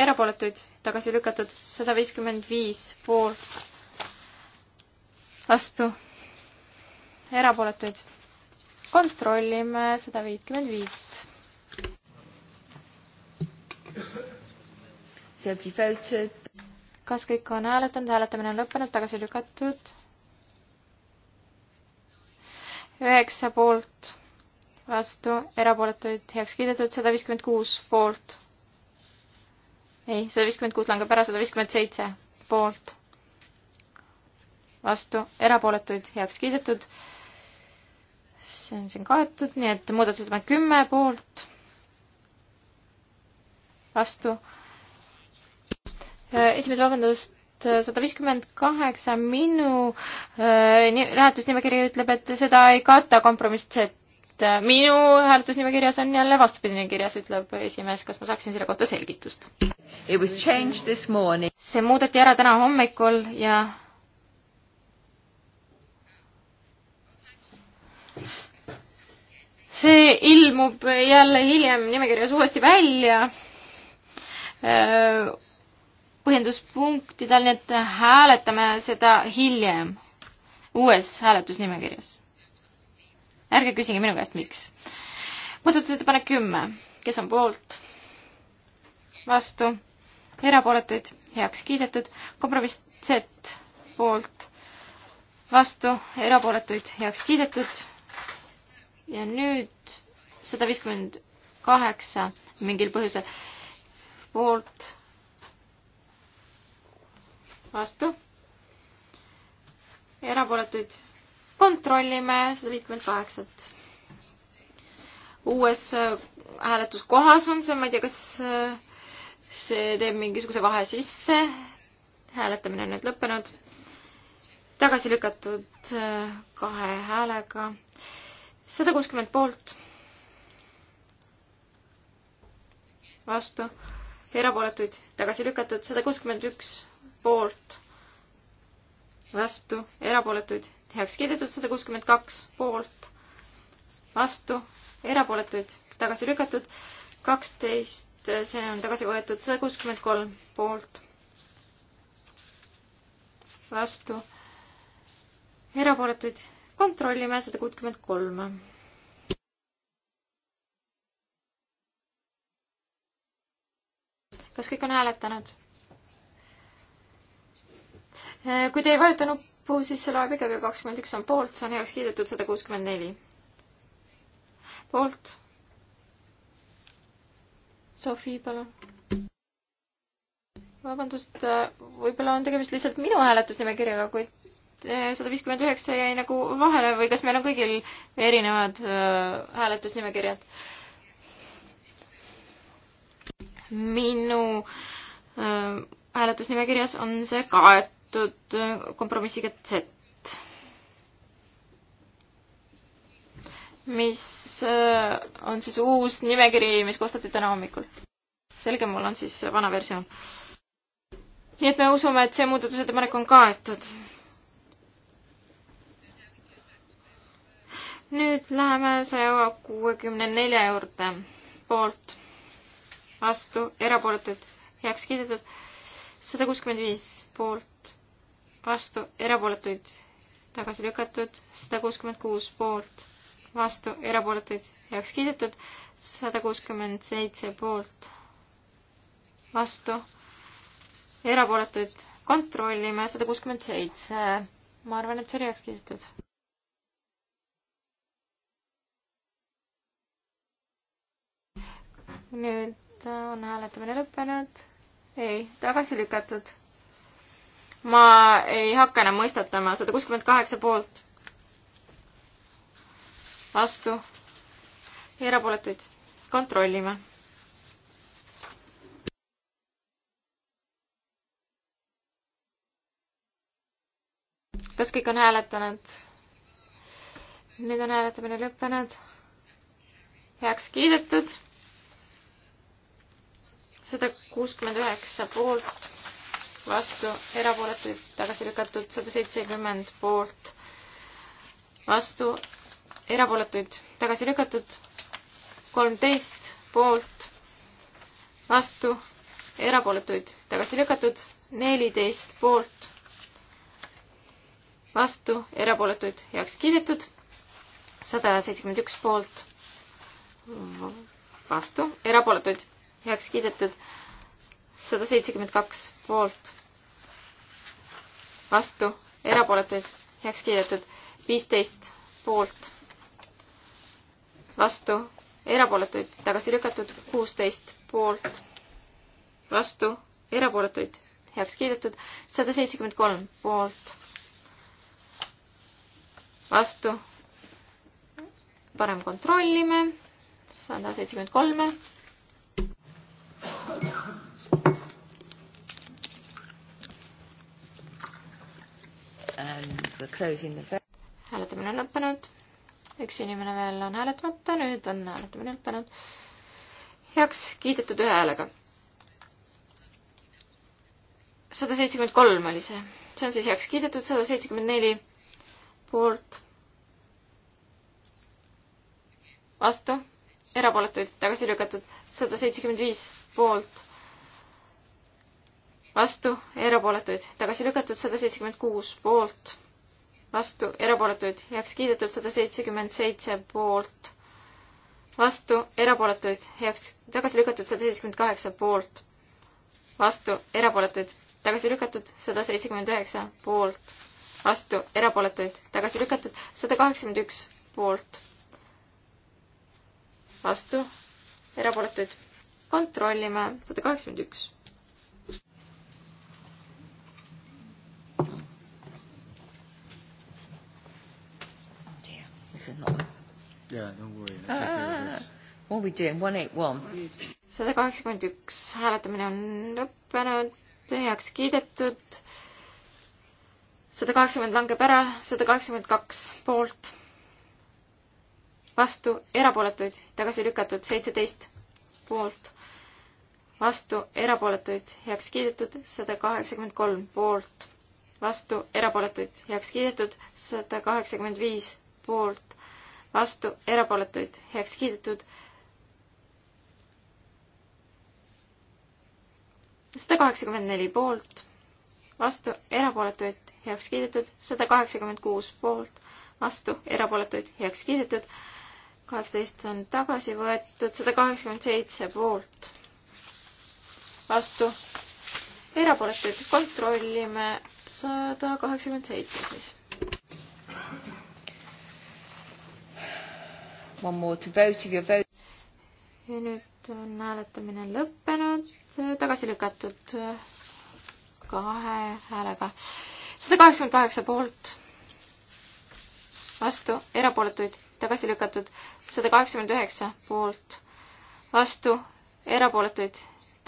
erapooletuid, tagasi lükatud, sada viiskümmend viis poolt, vastu, erapooletuid kontrollime sada viitkümmend viit. kas kõik on hääletanud, hääletamine on lõppenud, tagasi lükatud. üheksa poolt, vastu, erapooletuid heaks kiidetud, sada viiskümmend kuus poolt. ei, sada viiskümmend kuus langeb ära, sada viiskümmend seitse poolt, vastu, erapooletuid heaks kiidetud see on siin kaetud, nii et muudatusettepanek kümme poolt, vastu. Äh, esimese vabandust, äh, sada viiskümmend kaheksa minu äh, hääletusnimekiri ütleb, et seda ei kata kompromiss Z. minu hääletusnimekirjas on jälle vastupidine kirjas, ütleb esimees, kas ma saaksin selle kohta selgitust? see muudeti ära täna hommikul ja see ilmub jälle hiljem nimekirjas uuesti välja põhjenduspunktidel, nii et hääletame seda hiljem uues hääletusnimekirjas. ärge küsige minu käest, miks. muudatusettepanek kümme, kes on poolt? vastu? erapooletuid? heaks kiidetud. kompromiss Z poolt? vastu? erapooletuid? heaks kiidetud ja nüüd sada viiskümmend kaheksa mingil põhjusel poolt, vastu, erapooletuid kontrollime sada viitkümmend kaheksat. uues äh, hääletuskohas on see, ma ei tea, kas äh, see teeb mingisuguse vahe sisse. hääletamine on nüüd lõppenud. tagasi lükatud äh, kahe häälega sada kuuskümmend poolt. vastu, erapooletuid tagasi lükatud, sada kuuskümmend üks poolt. vastu, erapooletuid heaks kiidetud, sada kuuskümmend kaks poolt. vastu, erapooletuid tagasi lükatud, kaksteist, see on tagasi võetud, sada kuuskümmend kolm poolt. vastu, erapooletuid kontrollime sada kuutkümmend kolme. kas kõik on hääletanud? kui te ei vajuta nuppu, siis see loeb ikkagi kakskümmend üks on poolt, see on heaks kiidetud sada kuuskümmend neli. poolt. Sofi, palun. vabandust, äh, võib-olla on tegemist lihtsalt minu hääletusnimekirjaga, kuid Eh, sada viiskümmend üheksa jäi nagu vahele või kas meil on kõigil erinevad eh, hääletusnimekirjad? minu eh, hääletusnimekirjas on see kaetud kompromissiga Z, mis on siis uus nimekiri, mis koostati täna hommikul. selge, mul on siis vana versioon. nii et me usume, et see muudatusettepanek on kaetud nüüd läheme saja kuuekümne nelja juurde. poolt, vastu, erapooletud, heaks kiidetud. sada kuuskümmend viis poolt, vastu, erapooletuid, tagasi lükatud. sada kuuskümmend kuus poolt, vastu, erapooletuid, heaks kiidetud. sada kuuskümmend seitse poolt, vastu, erapooletuid. kontrollime sada kuuskümmend seitse. ma arvan, et see oli heaks kiidetud. nüüd äh, on hääletamine lõppenud. ei, tagasi lükatud. ma ei hakka enam mõistatama, sada kuuskümmend kaheksa poolt. vastu. erapooletuid kontrollime kas kõik on hääletanud? nüüd on hääletamine lõppenud. heaks kiidetud sada kuuskümmend üheksa poolt, vastu, erapooletuid tagasi lükatud, sada seitsekümmend poolt, vastu, erapooletuid tagasi lükatud, kolmteist poolt, vastu, erapooletuid tagasi lükatud, neliteist poolt, vastu, erapooletuid heaks kiidetud, sada seitsekümmend üks poolt, vastu, erapooletuid heaks kiidetud. sada seitsekümmend kaks poolt, vastu, erapooletuid, heaks kiidetud. viisteist poolt, vastu, erapooletuid, tagasi lükatud. kuusteist poolt, vastu, erapooletuid, heaks kiidetud. sada seitsekümmend kolm poolt, vastu, parem kontrollime sada seitsekümmend kolme hääletamine on lõppenud. üks inimene veel on hääletamata, nüüd on hääletamine lõppenud. heaks kiidetud ühe häälega. sada seitsekümmend kolm oli see, see on siis heaks kiidetud, sada seitsekümmend neli poolt. vastu, erapooletuid tagasi lükatud, sada seitsekümmend viis poolt vastu, erapooletuid tagasi lükatud sada seitsekümmend kuus, poolt, vastu, erapooletuid heaks kiidetud sada seitsekümmend seitse poolt, vastu, erapooletuid heaks, tagasi lükatud sada seitsekümmend kaheksa poolt, vastu, erapooletuid tagasi lükatud sada seitsekümmend üheksa poolt, vastu, erapooletuid tagasi lükatud sada kaheksakümmend üks poolt, vastu, erapooletuid kontrollime sada kaheksakümmend üks this is not. Yeah, don't worry. Ah, ah, ah, what are we doing? 181. sada kaheksakümmend üks hääletamine on lõppenud, heaks kiidetud. sada kaheksakümmend langeb ära, sada kaheksakümmend kaks poolt, vastu, erapooletuid, tagasi lükatud, seitseteist poolt, vastu, erapooletuid, heaks kiidetud, sada kaheksakümmend kolm poolt, vastu, erapooletuid, heaks kiidetud, sada kaheksakümmend viis poolt, vastu, erapooletuid heaks kiidetud. sada kaheksakümmend neli poolt, vastu, erapooletuid heaks kiidetud, sada kaheksakümmend kuus poolt, vastu, erapooletuid heaks kiidetud, kaheksateist on tagasi võetud, sada kaheksakümmend seitse poolt, vastu, erapooletuid kontrollime sada kaheksakümmend seitse siis One more to vote if you vote. ja nüüd on hääletamine lõppenud, tagasi lükatud kahe häälega. sada kaheksakümmend kaheksa poolt, vastu, erapooletuid, tagasi lükatud, sada kaheksakümmend üheksa poolt, vastu, erapooletuid,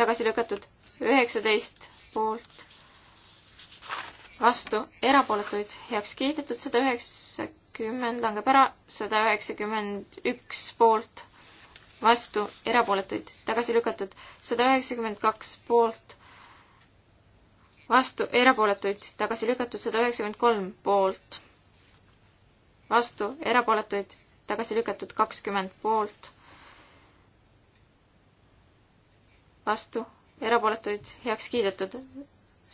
tagasi lükatud, üheksateist poolt, vastu, erapooletuid, heaks kiidetud, sada üheksa kümmend langeb ära, sada üheksakümmend üks poolt, vastu, erapooletuid tagasi lükatud, sada üheksakümmend kaks poolt, vastu, erapooletuid tagasi lükatud, sada üheksakümmend kolm poolt, vastu, erapooletuid tagasi lükatud, kakskümmend poolt, vastu, erapooletuid heaks kiidetud,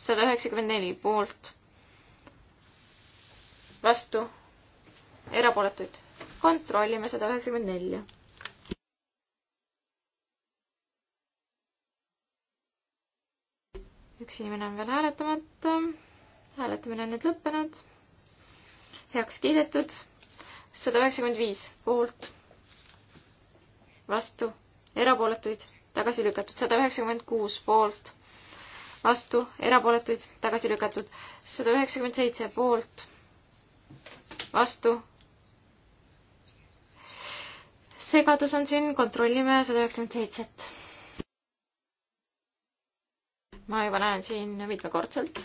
sada üheksakümmend neli poolt, vastu erapooletuid. kontrollime sada üheksakümmend nelja. üks inimene on veel hääletamata. hääletamine on nüüd lõppenud. heaks kiidetud. sada üheksakümmend viis poolt, vastu, erapooletuid, tagasi lükatud, sada üheksakümmend kuus poolt vastu, erapooletuid tagasi lükatud, sada üheksakümmend seitse poolt, vastu, segadus on siin, kontrollime sada üheksakümmend seitset. ma juba näen siin mitmekordselt.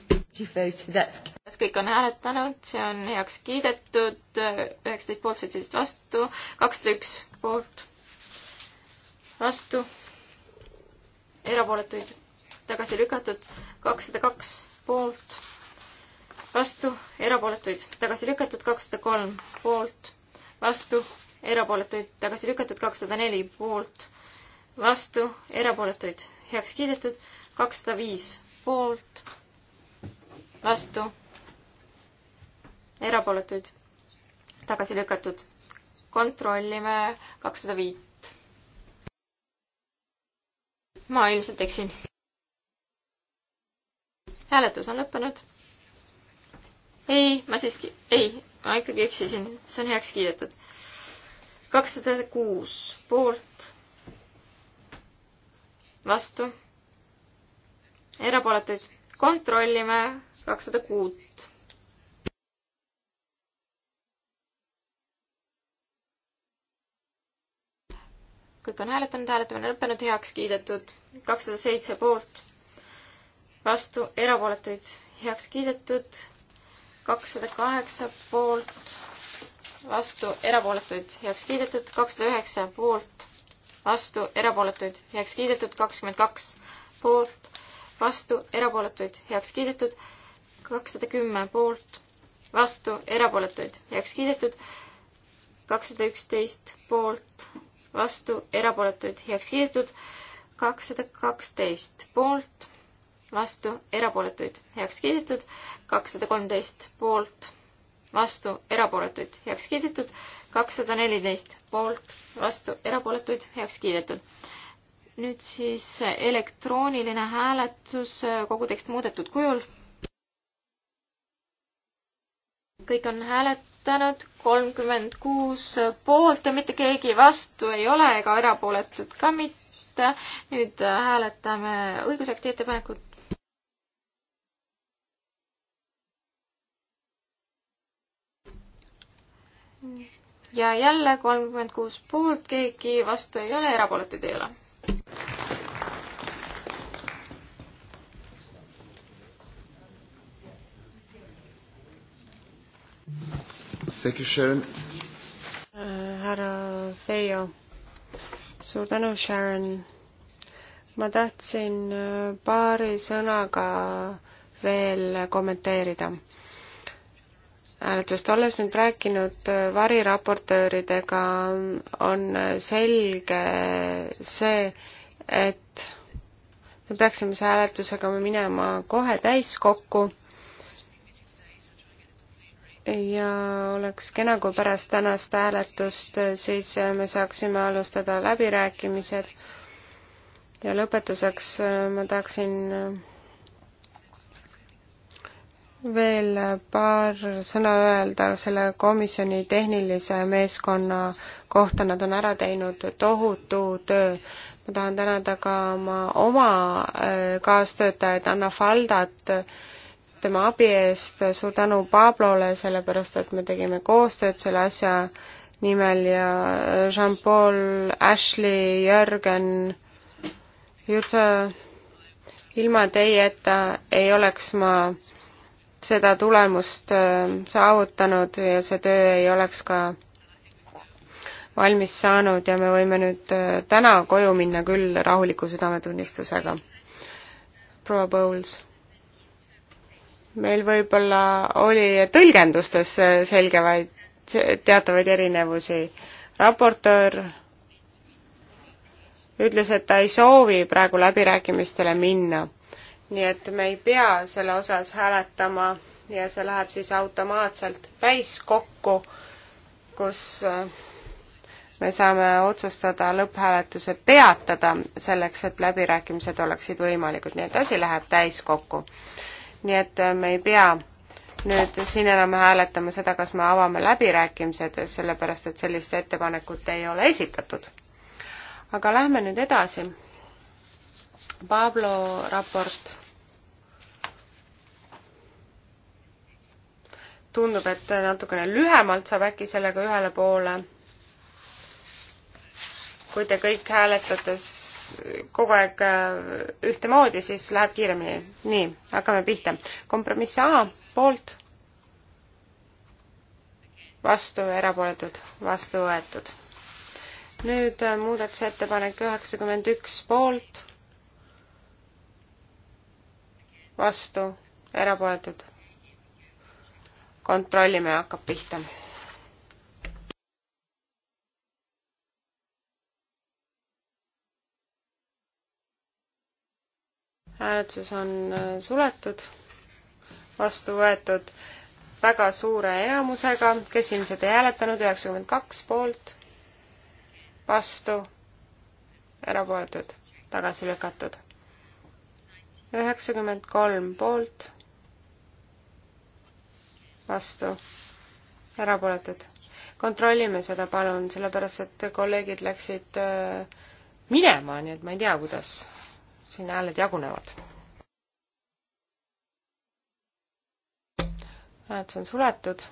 kas kõik on hääletanud, see on heaks kiidetud, üheksateist poolt, seitseteist vastu, kakssada üks poolt, vastu, erapooletuid tagasi lükatud, kakssada kaks poolt, vastu, erapooletuid tagasi lükatud, kakssada kolm poolt, vastu, erapooletuid tagasi lükatud, kakssada neli poolt, vastu, erapooletuid heaks kiidetud, kakssada viis poolt, vastu, erapooletuid tagasi lükatud. kontrollime kakssada viit. ma ilmselt eksin. hääletus on lõppenud. ei, ma siiski, ei, ma ikkagi eksisin, see on heaks kiidetud kakssada kuus poolt, vastu, erapooletuid. kontrollime kakssada kuut. kõik on hääletanud, hääletamine lõppenud, heaks kiidetud. kakssada seitse poolt, vastu, erapooletuid heaks kiidetud. kakssada kaheksa poolt vastu, erapooletuid heaks kiidetud, kakssada üheksa poolt, vastu, erapooletuid heaks kiidetud, kakskümmend kaks poolt, vastu, erapooletuid heaks kiidetud, kakssada kümme poolt, vastu, erapooletuid heaks kiidetud, kakssada üksteist poolt, vastu, erapooletuid heaks kiidetud, kakssada kaksteist poolt, vastu, erapooletuid heaks kiidetud, kakssada kolmteist poolt vastu, erapooletuid, heaks kiidetud. kakssada neliteist poolt, vastu, erapooletuid, heaks kiidetud. nüüd siis elektrooniline hääletus, kogu tekst muudetud kujul. kõik on hääletanud, kolmkümmend kuus poolt ja mitte keegi vastu ei ole ega erapooletud ka mitte. nüüd hääletame õigusakti ettepanekut ja jälle kolmkümmend kuus poolt, keegi vastu ei ole, erapooletuid ei ole. härra Feio, suur tänu, Sharon. ma tahtsin äh, paari sõnaga veel kommenteerida hääletust olles nüüd rääkinud äh, variraportööridega, on äh, selge see, et me peaksime see hääletusega minema kohe täiskokku ja oleks kena, kui pärast tänast hääletust äh, siis me saaksime alustada läbirääkimised ja lõpetuseks ma tahaksin veel paar sõna öelda selle komisjoni tehnilise meeskonna kohta, nad on ära teinud tohutu töö. ma tahan tänada ka oma oma äh, kaastöötajaid Anna Faldat tema abi eest, suur tänu Pablole, sellepärast et me tegime koostööd selle asja nimel ja Jean-Paul, Ashley, Jörgen, Jürgen, ilma teieta ei oleks ma seda tulemust äh, saavutanud ja see töö ei oleks ka valmis saanud ja me võime nüüd äh, täna koju minna küll rahuliku südametunnistusega. proua Põuls. meil võib-olla oli tõlgendustes äh, selgevaid, teatavaid erinevusi. raportöör ütles, et ta ei soovi praegu läbirääkimistele minna nii et me ei pea selle osas hääletama ja see läheb siis automaatselt täiskokku, kus äh, me saame otsustada lõpphääletuse peatada selleks, et läbirääkimised oleksid võimalikud, nii et asi läheb täiskokku. nii et äh, me ei pea nüüd siin enam hääletama seda, kas me avame läbirääkimised, sellepärast et sellist ettepanekut ei ole esitatud. aga lähme nüüd edasi. Pablo raport tundub, et natukene lühemalt saab äkki sellega ühele poole. kui te kõik hääletates kogu aeg äh, ühtemoodi, siis läheb kiiremini. nii, hakkame pihta. kompromiss A poolt, vastu, erapooletud, vastu võetud. nüüd äh, muudatusettepanek üheksakümmend üks poolt, vastu, erapooletud, kontrollime, hakkab pihta. hääletus on äh, suletud, vastu võetud väga suure enamusega, kes ilmselt ei hääletanud, üheksakümmend kaks poolt, vastu, erapooletud, tagasi lükatud. üheksakümmend kolm poolt vastu, erapooletud. kontrollime seda, palun, sellepärast et kolleegid läksid äh, minema, nii et ma ei tea, kuidas siin hääled jagunevad. hääled on suletud,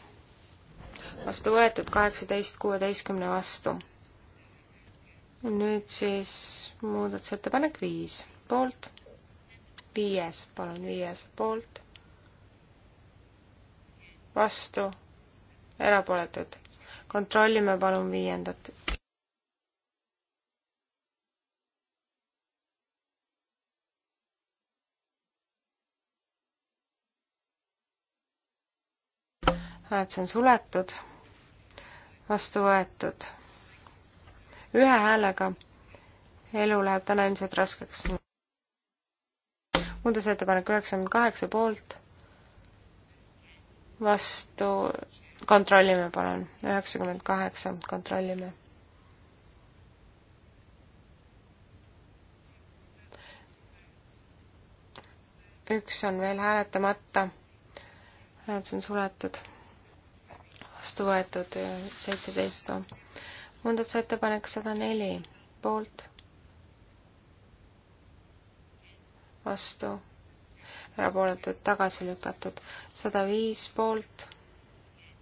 vastu võetud kaheksateist kuueteistkümne vastu. nüüd siis muudatusettepanek viis, poolt, viies, palun, viies, poolt vastu, erapooletud. kontrollime palun viiendat. näed, see on suletud, vastu võetud. ühe häälega elu läheb täna ilmselt raskeks. muudatusettepanek üheksakümmend kaheksa poolt vastu, kontrollime palun, üheksakümmend kaheksa, kontrollime. üks on veel hääletamata, hääletus on suletud, vastu võetud seitseteist. muudatusettepanek sada neli, poolt, vastu erapooletud, tagasi lükatud. sada viis poolt,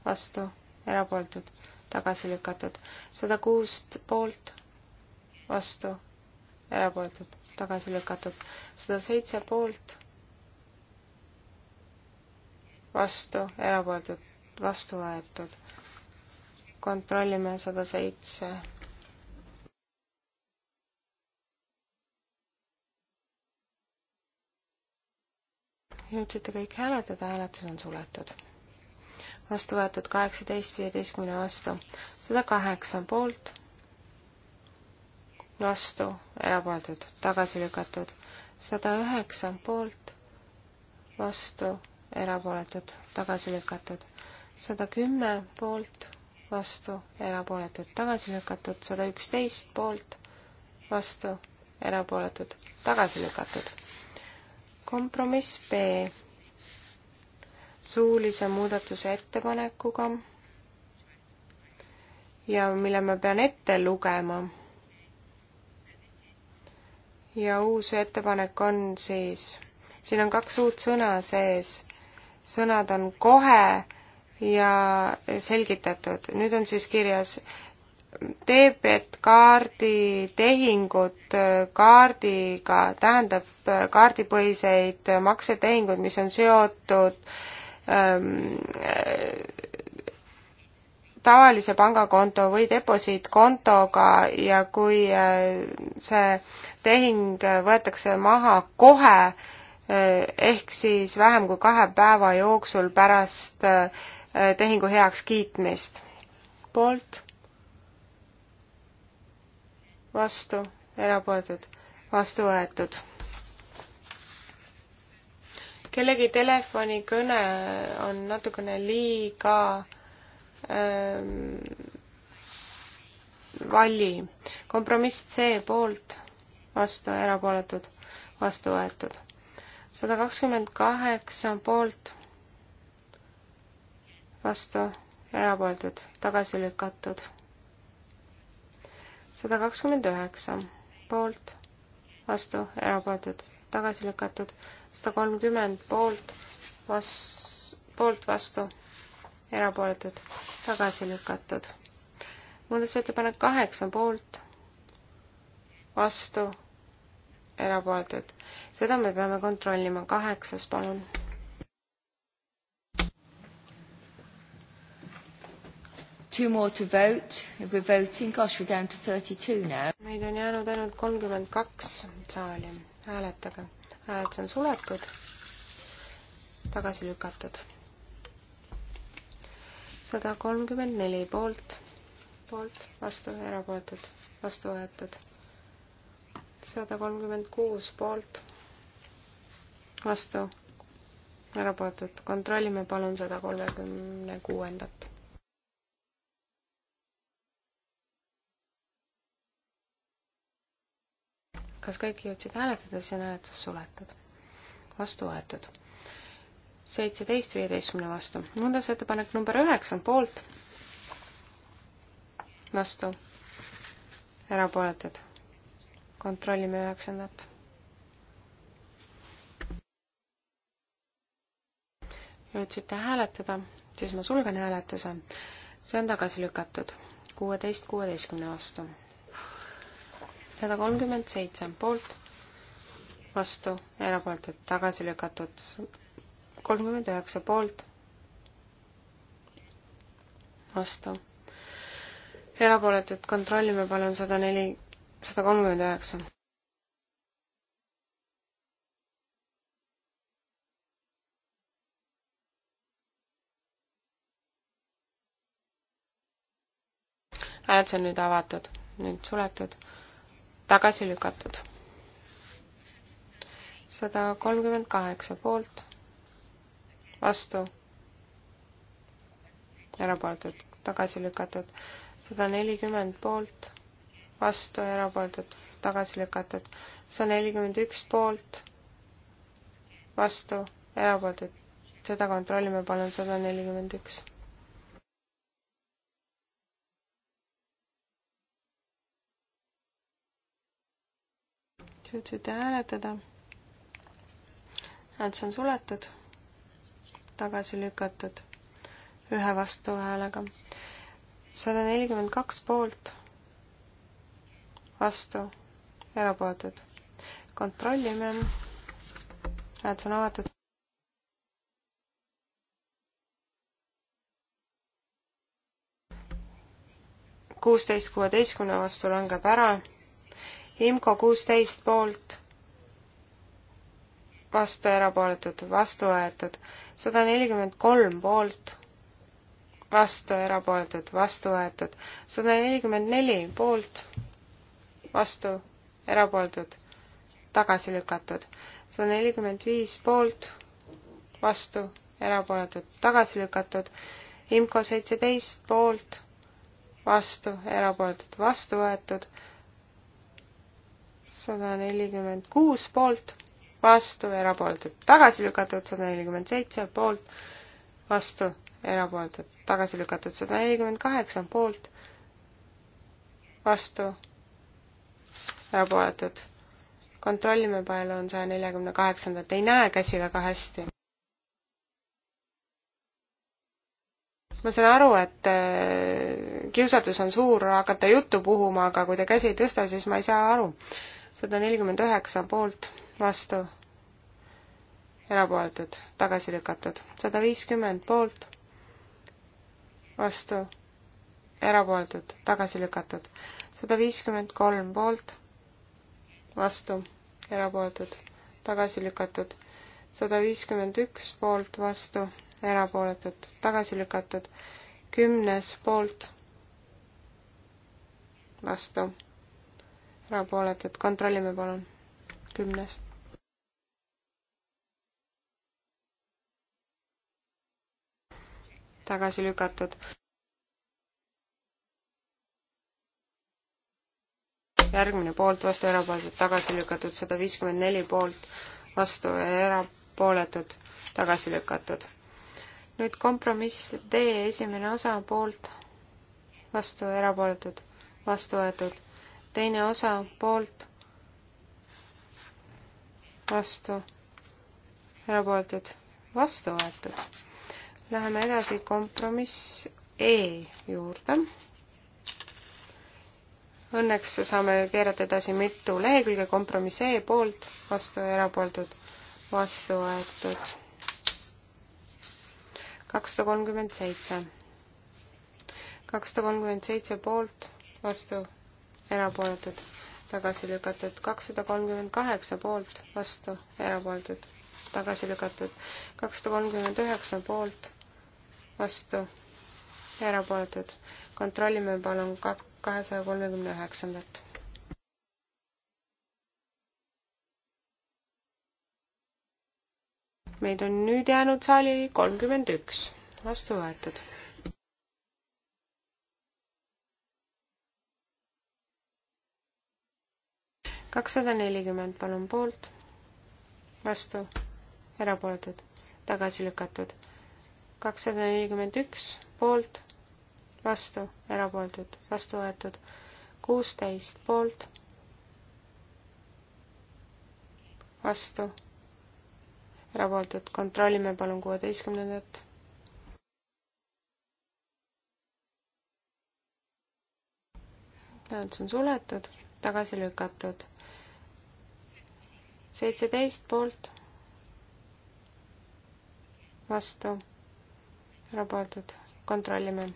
vastu, erapooletud, tagasi lükatud. sada kuus poolt, vastu, erapooletud, tagasi lükatud. sada seitse poolt, vastu, erapooletud, vastu võetud. kontrollime sada seitse jõudsite kõik hääletada, hääletus on suletud. vastu võetud kaheksateist, viieteistkümne vastu, sada kaheksa poolt, vastu, erapooletud, tagasi lükatud, sada üheksa poolt, vastu, erapooletud, tagasi lükatud, sada kümme poolt, vastu, erapooletud, tagasi lükatud, sada üksteist poolt, vastu, erapooletud, tagasi lükatud kompromiss B suulise muudatuse ettepanekuga ja mille ma pean ette lugema. ja uus ettepanek on siis, siin on kaks uut sõna sees, sõnad on kohe ja selgitatud, nüüd on siis kirjas debetkaardi tehingud kaardiga tähendab kaardipõhiseid maksetehinguid, mis on seotud ähm, tavalise pangakonto või deposiitkontoga ja kui äh, see tehing võetakse maha kohe, äh, ehk siis vähem kui kahe päeva jooksul pärast äh, tehingu heakskiitmist. poolt vastu, erapooletud, vastu võetud. kellegi telefonikõne on natukene liiga ähm, vali. kompromiss C poolt, vastu, erapooletud, vastu võetud. sada kakskümmend kaheksa poolt, vastu, erapooletud, tagasi lükatud sada kakskümmend üheksa poolt, vastu, erapooletud, tagasi lükatud, sada kolmkümmend poolt, vas-, poolt, vastu, erapooletud, tagasi lükatud. muudatusettepanek kaheksa poolt, vastu, erapooletud. seda me peame kontrollima, kaheksas palun Two more to vote. If we're voting, gosh, we're down to 32 now. meid on jäänud ainult kolmkümmend kaks saali. hääletage. hääletus on suletud, tagasi lükatud. sada kolmkümmend neli poolt, poolt, vastu, erapooletud, vastu võetud. sada kolmkümmend kuus poolt, vastu, erapooletud. kontrollime palun sada kolmekümne kuuendat kas kõik jõudsid hääletada, siis on hääletus suletud. vastu võetud. seitseteist viieteistkümne vastu. muudatusettepanek number üheksa poolt. vastu. erapooletud. kontrollime üheksandat. jõudsite hääletada, siis ma sulgen hääletuse. see on tagasi lükatud. kuueteist kuueteistkümne vastu sada kolmkümmend seitse poolt, vastu, erapooletud, tagasi lükatud, kolmkümmend üheksa poolt, vastu. erapooletud kontrollime palun sada neli, sada kolmkümmend üheksa. hääletus on nüüd avatud, nüüd suletud tagasi lükatud. sada kolmkümmend kaheksa poolt, vastu, erapooletud, tagasi lükatud. sada nelikümmend poolt, vastu, erapooletud, tagasi lükatud. sada nelikümmend üks poolt, vastu, erapooletud. seda kontrollime palun, sada nelikümmend üks jõudsite hääletada. hääletus on suletud, tagasi lükatud ühe vastuhäälega. sada nelikümmend kaks poolt, vastu, erapooletud. kontrollime, hääletus on avatud. kuusteist kuueteistkümne vastu langeb ära IMCO kuusteist poolt, vastu erapooletud, vastu võetud, sada nelikümmend kolm poolt, vastu erapooletud, vastu võetud, sada nelikümmend neli poolt, vastu erapooletud, tagasi lükatud, sada nelikümmend viis poolt, vastu erapooletud, tagasi lükatud, IMCO seitseteist poolt, vastu erapooletud, vastu võetud, sada nelikümmend kuus poolt, vastu, erapooletud, tagasi lükatud, sada nelikümmend seitse poolt, vastu, erapooletud, tagasi lükatud, sada nelikümmend kaheksa poolt, vastu, erapooletud. kontrollime palun saja neljakümne kaheksandat, ei näe käsi väga hästi. ma saan aru, et äh, kiusatus on suur hakata juttu puhuma, aga kui te käsi ei tõsta, siis ma ei saa aru sada nelikümmend üheksa poolt, vastu, erapooletud, tagasi lükatud. sada viiskümmend poolt, vastu, erapooletud, tagasi lükatud. sada viiskümmend kolm poolt, vastu, erapooletud, tagasi lükatud. sada viiskümmend üks poolt, vastu, erapooletud, tagasi lükatud. kümnes poolt, vastu erapooletud, kontrollime palun, kümnes. tagasi lükatud. järgmine poolt, vastu, erapooletud, tagasi lükatud, sada viiskümmend neli poolt, vastu ja erapooletud, tagasi lükatud. nüüd kompromiss D esimene osa poolt, vastu, erapooletud, vastu võetud teine osa poolt, vastu, erapooletud, vastu võetud. Läheme edasi kompromiss E juurde. Õnneks saame keerata edasi mitu lehekülge kompromiss E poolt, vastu, erapooletud, vastu võetud. kakssada kolmkümmend seitse kakssada kolmkümmend seitse poolt, vastu, erapooletud, tagasi lükatud, kakssada kolmkümmend kaheksa poolt, vastu, erapooletud, tagasi lükatud, kakssada kolmkümmend üheksa poolt, vastu, erapooletud. kontrollime palun kahesaja kolmekümne üheksandat. meid on nüüd jäänud saali kolmkümmend üks, vastu võetud kakssada nelikümmend, palun poolt, vastu, erapooletud, tagasi lükatud. kakssada nelikümmend üks, poolt, vastu, erapooletud, vastu võetud. kuusteist poolt, vastu, erapooletud, kontrollime palun kuueteistkümnendat näed, see on suletud, tagasi lükatud seitseteist poolt, vastu, erapooletud, kontrollime.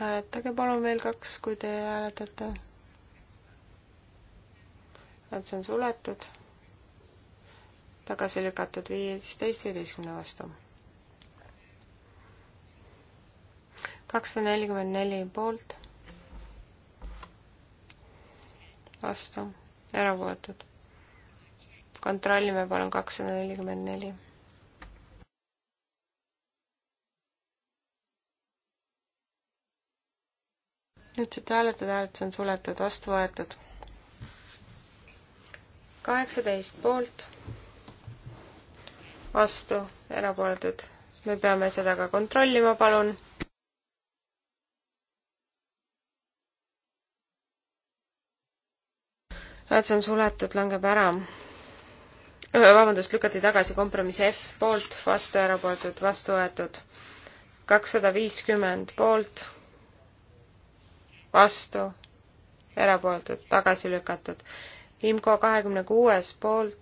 hääletage palun veel kaks, kui te hääletate. et see on suletud, tagasi lükatud viieteist, viieteistkümne vastu kakssada nelikümmend neli poolt, vastu, erapooletud. kontrollime palun kakssada nelikümmend neli. nüüd saate hääletada, hääletus on suletud, vastu võetud. kaheksateist poolt, vastu, erapooletud. me peame seda ka kontrollima, palun näed, see on suletud, langeb ära. vabandust, lükati tagasi kompromiss F poolt, vastu erapooletud, vastu võetud. kakssada viiskümmend poolt, vastu, erapooletud, tagasi lükatud. IMCO kahekümne kuues poolt,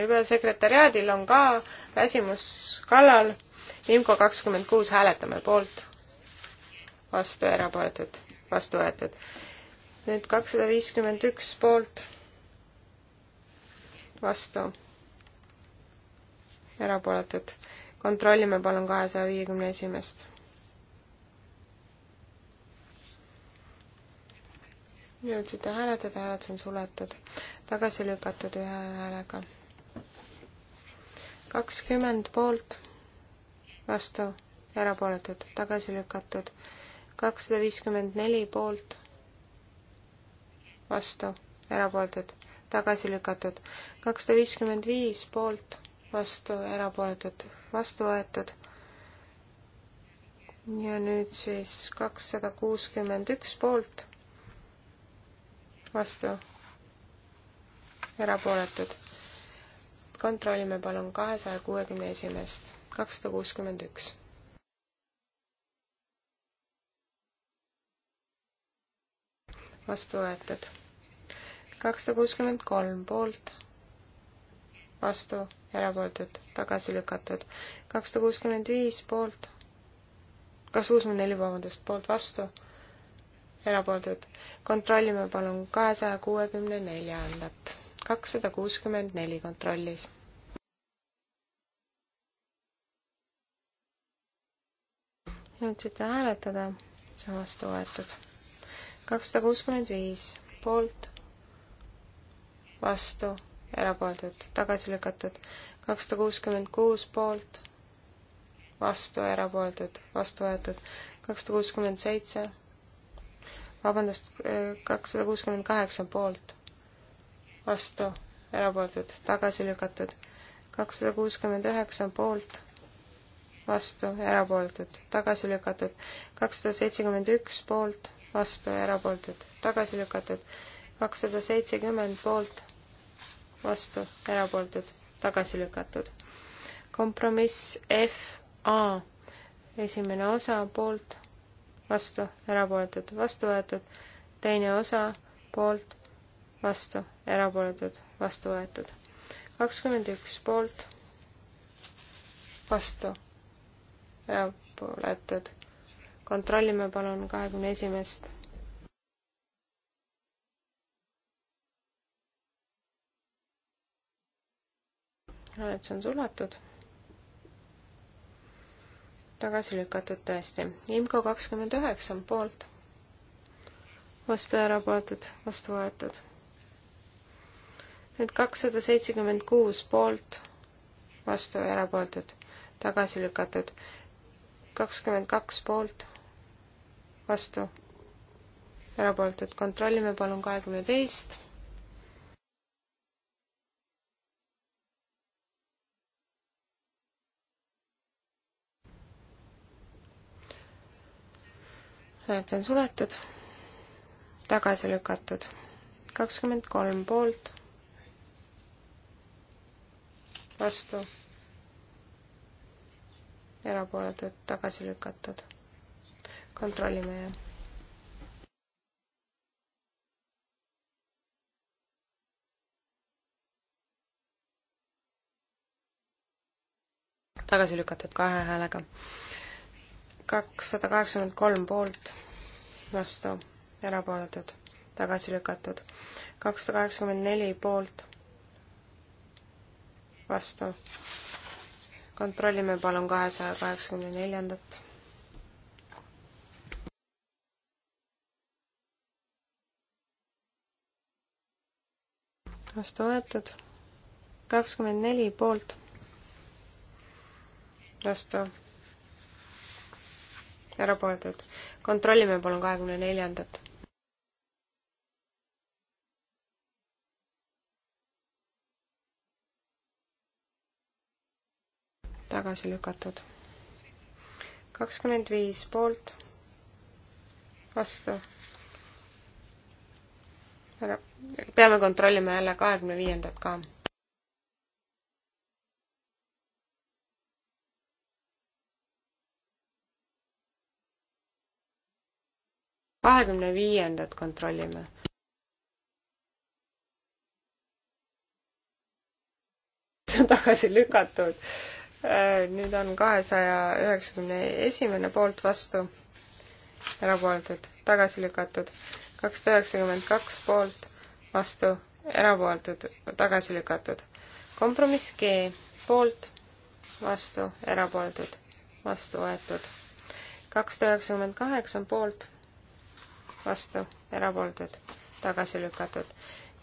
juba sekretäriaadil on ka väsimus kallal. IMCO kakskümmend kuus hääletame poolt vastu, erapooletud, vastu võetud. nüüd kakssada viiskümmend üks poolt, vastu, erapooletud. kontrollime palun kahesaja viiekümne esimest. jõudsite hääletada, hääletus on suletud, tagasi lükatud ühe häälega. kakskümmend poolt, vastu, erapooletud, tagasi lükatud kakssada viiskümmend neli poolt, vastu, erapooletud, tagasi lükatud. kakssada viiskümmend viis poolt, vastu, erapooletud, vastu võetud. ja nüüd siis kakssada kuuskümmend üks poolt, vastu, erapooletud. kontrollime palun kahesaja kuuekümne esimest, kakssada kuuskümmend üks vastu võetud. kakssada kuuskümmend kolm poolt, vastu, erapooletud, tagasi lükatud. kakssada kuuskümmend viis poolt, kakssada kuuskümmend neli, vabandust, poolt vastu, erapooletud. kontrollime palun kahesaja kuuekümne neljandat. kakssada kuuskümmend neli kontrollis jõudsite hääletada, see on vastu võetud kakssada kuuskümmend viis poolt, vastu, erapooletud, tagasi lükatud. kakssada kuuskümmend kuus poolt, vastu, erapooletud, vastu võetud. kakssada kuuskümmend seitse, vabandust, kakssada kuuskümmend kaheksa poolt, vastu, erapooletud, tagasi lükatud. kakssada kuuskümmend üheksa poolt vastu, erapooletud, tagasi lükatud, kakssada seitsekümmend üks poolt, vastu ja erapooletud tagasi lükatud, kakssada seitsekümmend poolt, vastu, erapooletud, tagasi lükatud. kompromiss FA, esimene osa poolt, vastu, erapooletud, vastu võetud, teine osa poolt, vastu, erapooletud, vastu võetud. kakskümmend üks poolt, vastu, erapooletud kontrollime palun kahekümne esimest. hääletus on suletud. tagasi lükatud tõesti. IMCO kakskümmend üheksa on poolt. vastu erapooletud, vastu võetud. nüüd kakssada seitsekümmend kuus poolt, vastu erapooletud, tagasi lükatud. kakskümmend kaks poolt vastu, erapooletud, kontrollime palun kahekümne teist. näed, see on suletud, tagasi lükatud, kakskümmend kolm poolt, vastu, erapooletud, tagasi lükatud kontrollime jah. tagasi lükatud kahe häälega. kakssada kaheksakümmend kolm poolt, vastu, erapooletud, tagasi lükatud. kakssada kaheksakümmend neli poolt, vastu. kontrollime palun kahesaja kaheksakümne neljandat vastu võetud. kakskümmend neli poolt, vastu, erapooletud. kontrollime palun kahekümne neljandat. tagasi lükatud. kakskümmend viis poolt, vastu aga peame kontrollima jälle kahekümne viiendat ka. kahekümne viiendat kontrollime. see on tagasi lükatud. Äh, nüüd on kahesaja üheksakümne esimene poolt vastu, erapooletud, tagasi lükatud kakssada üheksakümmend kaks poolt, vastu, erapooletud, tagasi lükatud. kompromiss G poolt, vastu, erapooletud, vastu võetud. kakssada üheksakümmend kaheksa poolt, vastu, erapooletud, tagasi lükatud.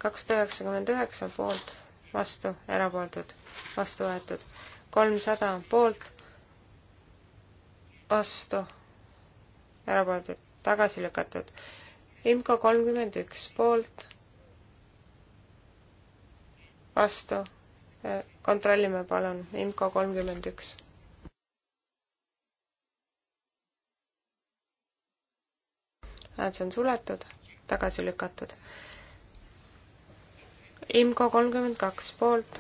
kakssada üheksakümmend üheksa poolt, vastu, erapooletud, vastu võetud. kolmsada poolt, vastu, erapooletud, tagasi lükatud IMCO kolmkümmend üks poolt, vastu. Äh, kontrollime palun, IMCO kolmkümmend üks. näed, see on suletud, tagasi lükatud. IMCO kolmkümmend kaks poolt,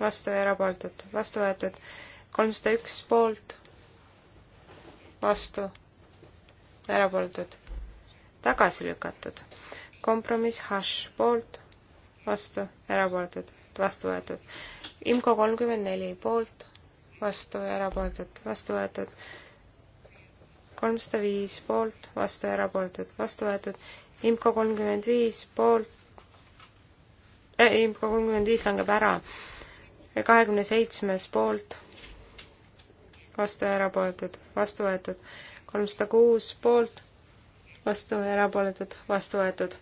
vastu ja erapooletud, vastu võetud kolmsada üks poolt, vastu, erapooletud tagasi lükatud. kompromiss hash poolt, vastu, erapooletud, vastu võetud. IMCO kolmkümmend neli poolt, vastu, erapooletud, vastu võetud. kolmsada viis poolt, vastu, erapooletud, vastu võetud. IMCO kolmkümmend viis poolt äh,, eh, IMCO kolmkümmend viis langeb ära. kahekümne seitsmes poolt, vastu, erapooletud, vastu võetud. kolmsada kuus poolt, vastu, erapooletud, vastu võetud.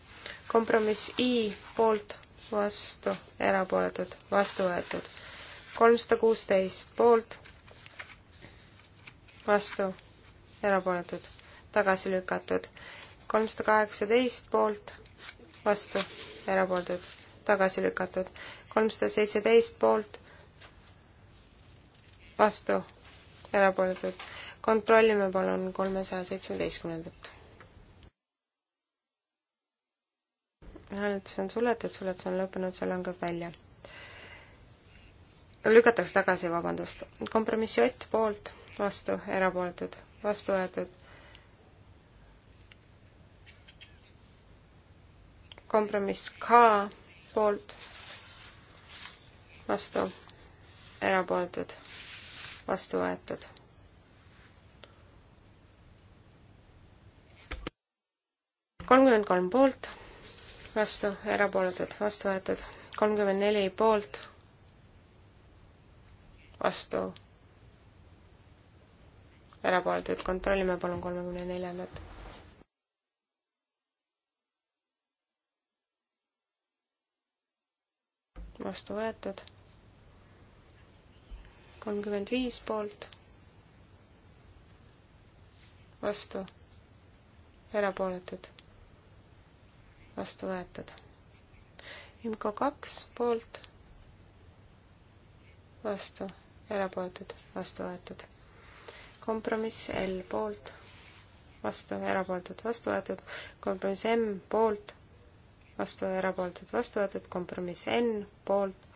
kompromiss I poolt, vastu, erapooletud, vastu võetud. kolmsada kuusteist poolt, vastu, erapooletud, tagasi lükatud. kolmsada kaheksateist poolt, vastu, erapooletud, tagasi lükatud. kolmsada seitseteist poolt, vastu, erapooletud. kontrollime palun kolmesaja seitsmeteistkümnendat. hääletus on suletud, suletus on lõppenud, see langeb välja. lükatakse tagasi, vabandust. kompromissi Ott poolt, vastu, erapooletud, vastu võetud. kompromiss K poolt, vastu, erapooletud, vastu võetud kolmkümmend kolm poolt, vastu, erapooletud, vastu võetud, kolmkümmend neli poolt, vastu, erapooletud, kontrollime palun kolmekümne neljandat. vastu võetud, kolmkümmend viis poolt, vastu, erapooletud vastu võetud. IMCO kaks poolt, vastu, erapooletud, vastu võetud. kompromiss L poolt, vastu, erapooletud, vastu võetud. kompromiss M poolt, vastu, erapooletud, vastu võetud. kompromiss N poolt,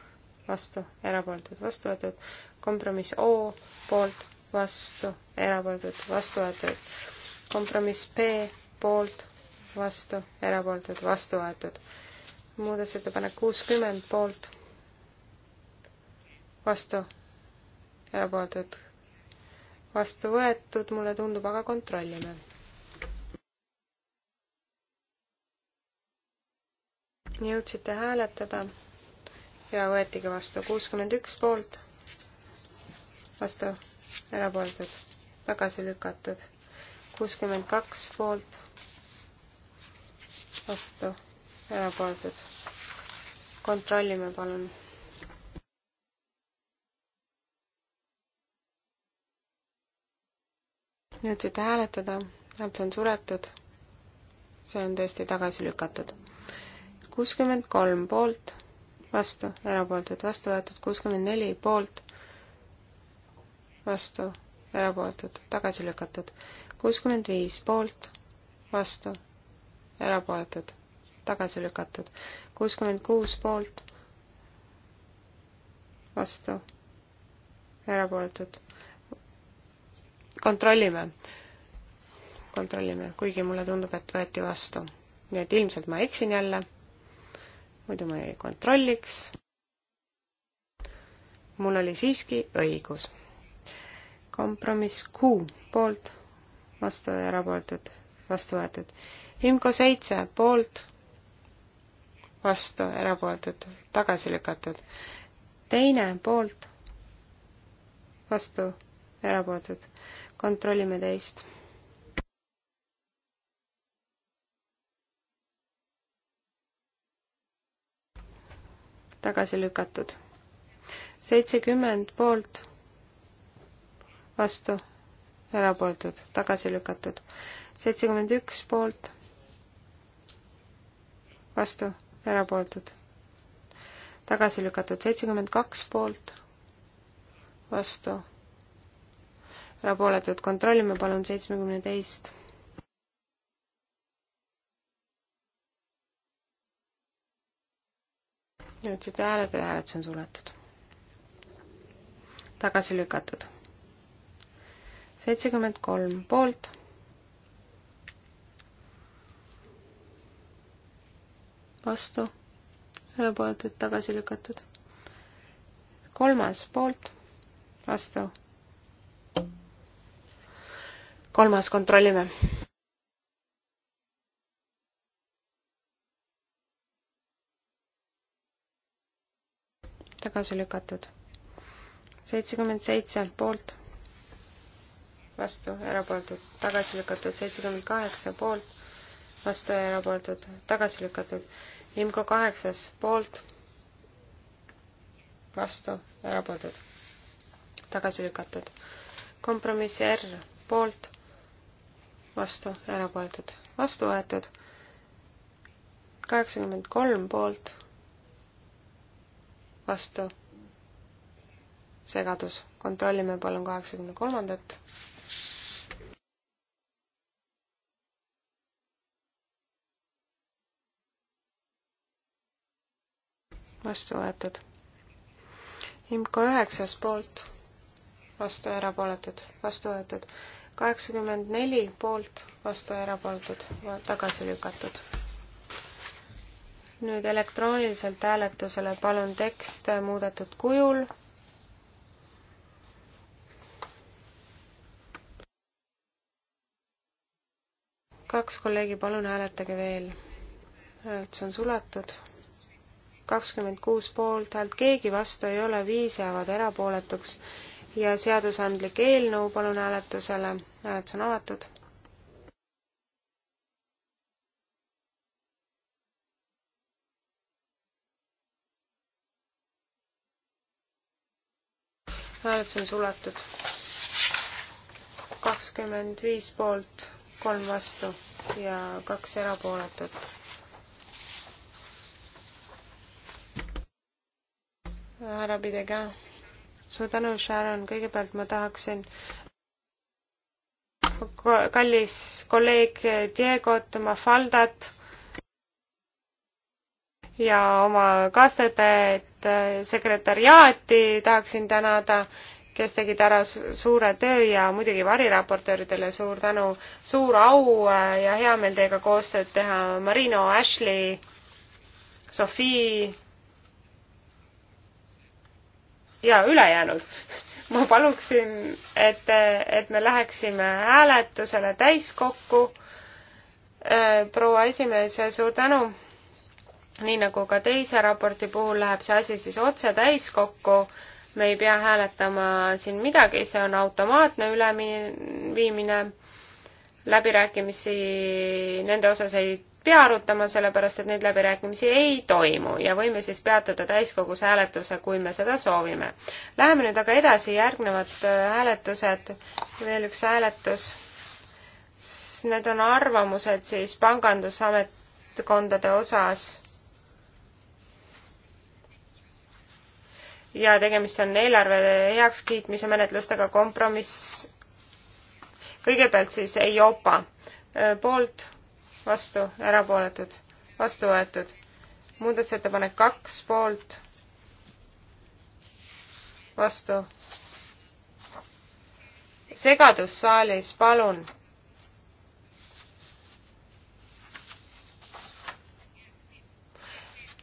vastu, erapooletud, vastu võetud. kompromiss O poolt, vastu, erapooletud, vastu võetud. kompromiss P poolt, vastu, erapooletud, vastu võetud. muudatusettepanek kuuskümmend poolt, vastu, erapooletud, vastu võetud, mulle tundub, aga kontrollime. jõudsite hääletada ja võetigi vastu kuuskümmend üks poolt, vastu, erapooletud, tagasi lükatud kuuskümmend kaks poolt, vastu, erapooletud. kontrollime, palun. nüüd võite hääletada, häält on suletud. see on tõesti tagasi lükatud. kuuskümmend kolm poolt, vastu, erapooletud, vastu võetud kuuskümmend neli poolt, vastu, erapooletud, tagasi lükatud. kuuskümmend viis poolt, vastu erapooletud, tagasi lükatud. kuuskümmend kuus poolt, vastu, erapooletud. kontrollime, kontrollime, kuigi mulle tundub, et võeti vastu. nii et ilmselt ma eksin jälle, muidu ma ei kontrolliks. mul oli siiski õigus. kompromiss Q poolt, vastu ja erapooletud, vastu võetud IMCO seitse poolt, vastu, erapooletud, tagasi lükatud. teine poolt, vastu, erapooletud. kontrollime teist. tagasi lükatud. seitsekümmend poolt, vastu, erapooletud, tagasi lükatud. seitsekümmend üks poolt vastu, erapooletud. tagasi lükatud seitsekümmend kaks poolt, vastu, erapooletud. kontrollime palun seitsmekümne teist. nüüd seda hääled ja hääletus on suletud. tagasi lükatud. seitsekümmend kolm poolt vastu, erapooletud, tagasi lükatud. kolmas poolt, vastu. kolmas, kontrollime. tagasi lükatud. seitsekümmend seitse poolt vastu, erapooletud, tagasi lükatud, seitsekümmend kaheksa poolt, vastu ja erapooletud, tagasi lükatud, IMCO kaheksas poolt, vastu, erapooletud, tagasi lükatud. kompromiss R poolt, vastu, erapooletud, vastu võetud. kaheksakümmend kolm poolt, vastu, segadus. kontrollime palun kaheksakümne kolmandat vastu võetud. IMCO üheksas poolt, vastu erapooletud, vastu võetud. kaheksakümmend neli poolt, vastu erapooletud, tagasi lükatud. nüüd elektrooniliselt hääletusele palun tekst muudetud kujul kaks kolleegi, palun hääletage veel. hääletus on suletud kakskümmend kuus poolthäält, keegi vastu ei ole, viis jäävad erapooletuks ja seadusandlik eelnõu palun hääletusele, hääletus on avatud. hääletus on suletud. kakskümmend viis poolt, kolm vastu ja kaks erapooletut härra Pidega. suur tänu, Sharon, kõigepealt ma tahaksin kallis kolleeg Diegot Mafaldat ja oma kaastöötajat sekretariaati tahaksin tänada, kes tegid ära suure töö ja muidugi variraportööridele suur tänu, suur au ja hea meel teiega koostööd teha, Marino, Ashley, Sophie ja ülejäänud. ma paluksin, et, et me läheksime hääletusele täiskokku. Äh, proua esimees, suur tänu. nii nagu ka teise raporti puhul läheb see asi siis otse täiskokku. me ei pea hääletama siin midagi, see on automaatne üleviimine läbirääkimisi nende osas ei pea arutama, sellepärast et neid läbirääkimisi ei toimu ja võime siis peatada täiskogus hääletuse, kui me seda soovime. Läheme nüüd aga edasi, järgnevad äh, hääletused, veel üks hääletus. Need on arvamused siis pangandusametkondade osas. ja tegemist on eelarve heakskiitmise menetlustega kompromiss. kõigepealt siis EIOPA äh, poolt vastu, erapooletud, vastu võetud. muudatusettepanek kaks poolt, vastu. segadus saalis, palun.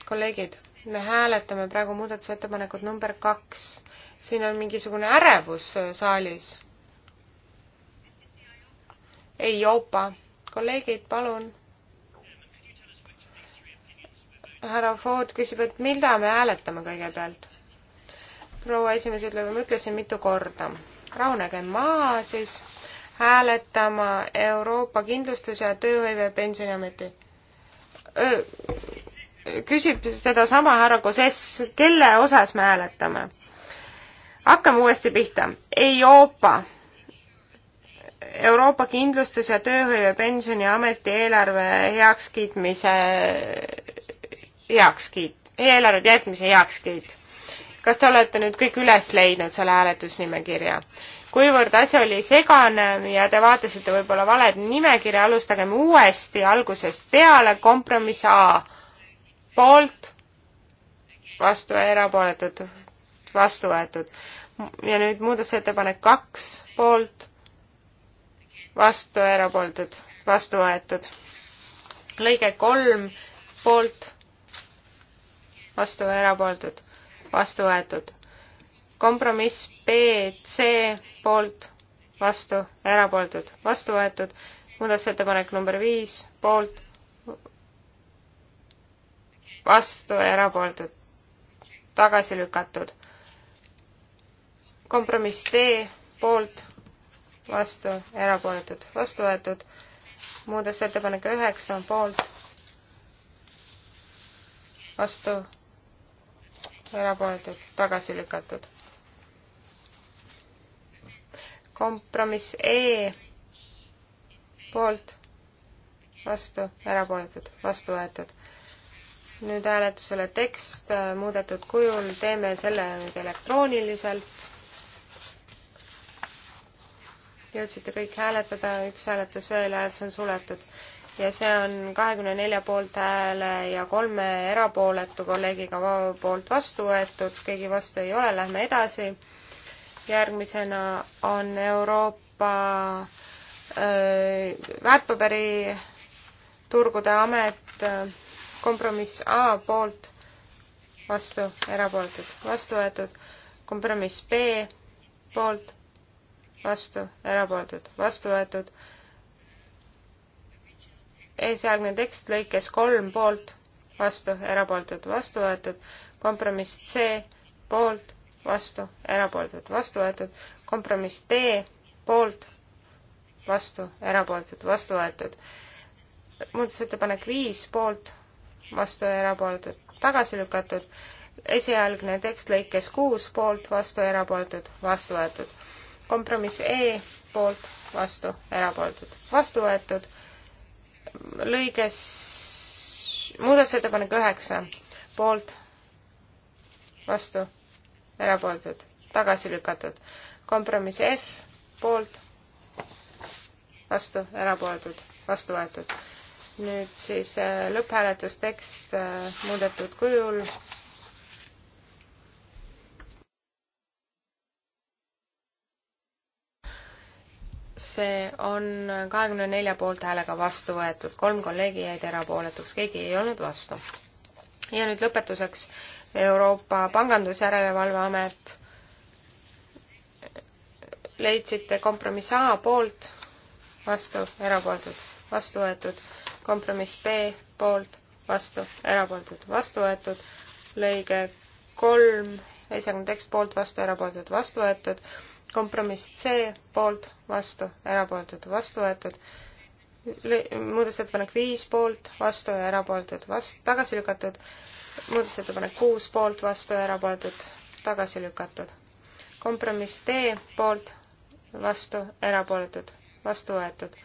kolleegid, me hääletame praegu muudatusettepanekut number kaks. siin on mingisugune ärevus saalis. ei joopa kolleegid, palun. härra Ford küsib, et mida me hääletame kõigepealt? proua esimees ütleb, ma ütlesin mitu korda. rahunege maha siis hääletama Euroopa Kindlustus- ja Tööhõive Pensioniameti. küsib sedasama härra Koses, kelle osas me hääletame? hakkame uuesti pihta. Euroopa Euroopa Kindlustus- ja Tööhõivepensioniameti eelarve heakskiitmise heakskiit, eelarve jätmise heakskiit. kas te olete nüüd kõik üles leidnud selle hääletusnimekirja? kuivõrd asi oli segane ja te vaatasite võib-olla valed nimekirja, alustagem uuesti algusest peale, kompromiss A poolt, vastu ja erapooletud, vastu võetud. ja nüüd muudatusettepanek kaks poolt vastu, erapooletud, vastu võetud. lõige kolm, poolt, vastu, erapooletud, vastu võetud. kompromiss B, C, poolt, vastu, erapooletud, vastu võetud. muudatusettepanek number viis, poolt, vastu, erapooletud, tagasi lükatud. kompromiss D, poolt vastu, erapooletud, vastu võetud. muudatusettepanek üheksa poolt, vastu, erapooletud, tagasi lükatud. kompromiss E poolt, vastu, erapooletud, vastu võetud. nüüd hääletusele tekst äh, muudetud kujul, teeme selle nüüd elektrooniliselt jõudsite kõik hääletada, üks hääletas veel, hääletus on suletud. ja see on kahekümne nelja poolthääle ja kolme erapooletu kolleegiga poolt vastu võetud, keegi vastu ei ole, lähme edasi. järgmisena on Euroopa öö, väärtpaberiturgude amet, kompromiss A poolt, vastu, erapooletud, vastu võetud, kompromiss B poolt vastu, erapooletud, vastu võetud. esialgne tekst lõikes kolm poolt, vastu, erapooletud, vastu võetud. kompromiss C poolt, vastu, erapooletud, vastu võetud. kompromiss D poolt, vastu, erapooletud, vastu võetud. muudatusettepanek viis poolt, vastu, erapooletud, tagasi lükatud. esialgne tekst lõikes kuus poolt, vastu, erapooletud, vastu võetud kompromiss E poolt, vastu, erapooletud, vastu võetud. lõiges, muudatusettepanek üheksa, poolt, vastu, erapooletud, tagasi lükatud. kompromiss F poolt, vastu, erapooletud, vastu võetud. nüüd siis äh, lõpphääletustekst äh, muudetud kujul see on kahekümne nelja poolthäälega vastu võetud, kolm kolleegi jäid erapooletuks, keegi ei olnud vastu. ja nüüd lõpetuseks Euroopa Pangandusjärelevalve Amet. leidsite kompromiss A poolt, vastu, erapooletud, vastu võetud, kompromiss B poolt, vastu, erapooletud, vastu võetud, lõige kolm, esialgne tekst poolt, vastu, erapooletud, vastu võetud kompromiss C poolt, vastu, erapooletud, vastu võetud. muudatusettepanek viis poolt, vastu ja erapooletud, vast-, tagasi lükatud. muudatusettepanek kuus poolt, vastu ja erapooletud, tagasi lükatud. kompromiss D poolt, vastu, erapooletud, vastu võetud.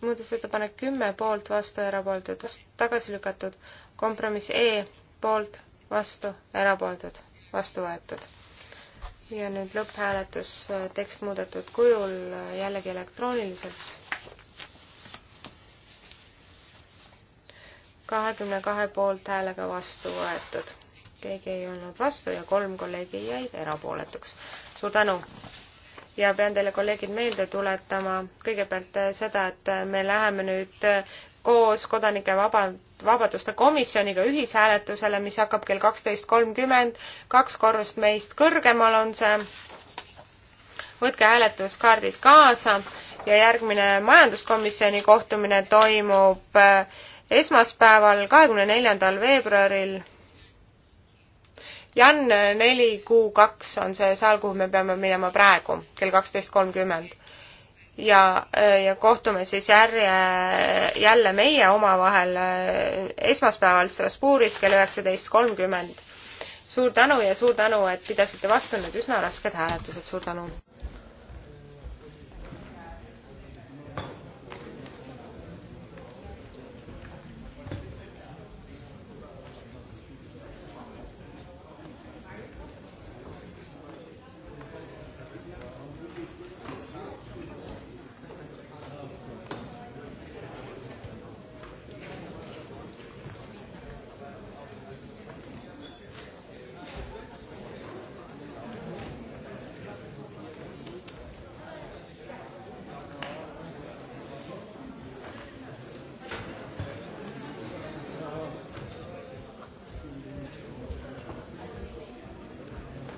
muudatusettepanek kümme poolt, vastu, erapooletud, tagasi lükatud. kompromiss E poolt, vastu, erapooletud, vastu võetud ja nüüd lõpphääletus, äh, tekst muudetud kujul, äh, jällegi elektrooniliselt. kahekümne kahe poolthäälega vastu võetud. keegi ei olnud vastu ja kolm kolleegi jäid erapooletuks. suur tänu! ja pean teile, kolleegid, meelde tuletama kõigepealt äh, seda, et me läheme nüüd koos kodanike vaba, vabaduste komisjoniga ühishääletusele, mis hakkab kell kaksteist kolmkümmend, kaks korrust meist kõrgemal on see. võtke hääletuskaardid kaasa ja järgmine majanduskomisjoni kohtumine toimub äh, esmaspäeval, kahekümne neljandal veebruaril. Jan neli kuu kaks on see saal, kuhu me peame minema praegu kell kaksteist kolmkümmend ja, ja kohtume siis järje, jälle meie omavahel äh, esmaspäeval Strasbourgis kell üheksateist kolmkümmend. suur tänu ja suur tänu, et pidasite vastu need üsna rasked hääletused, suur tänu!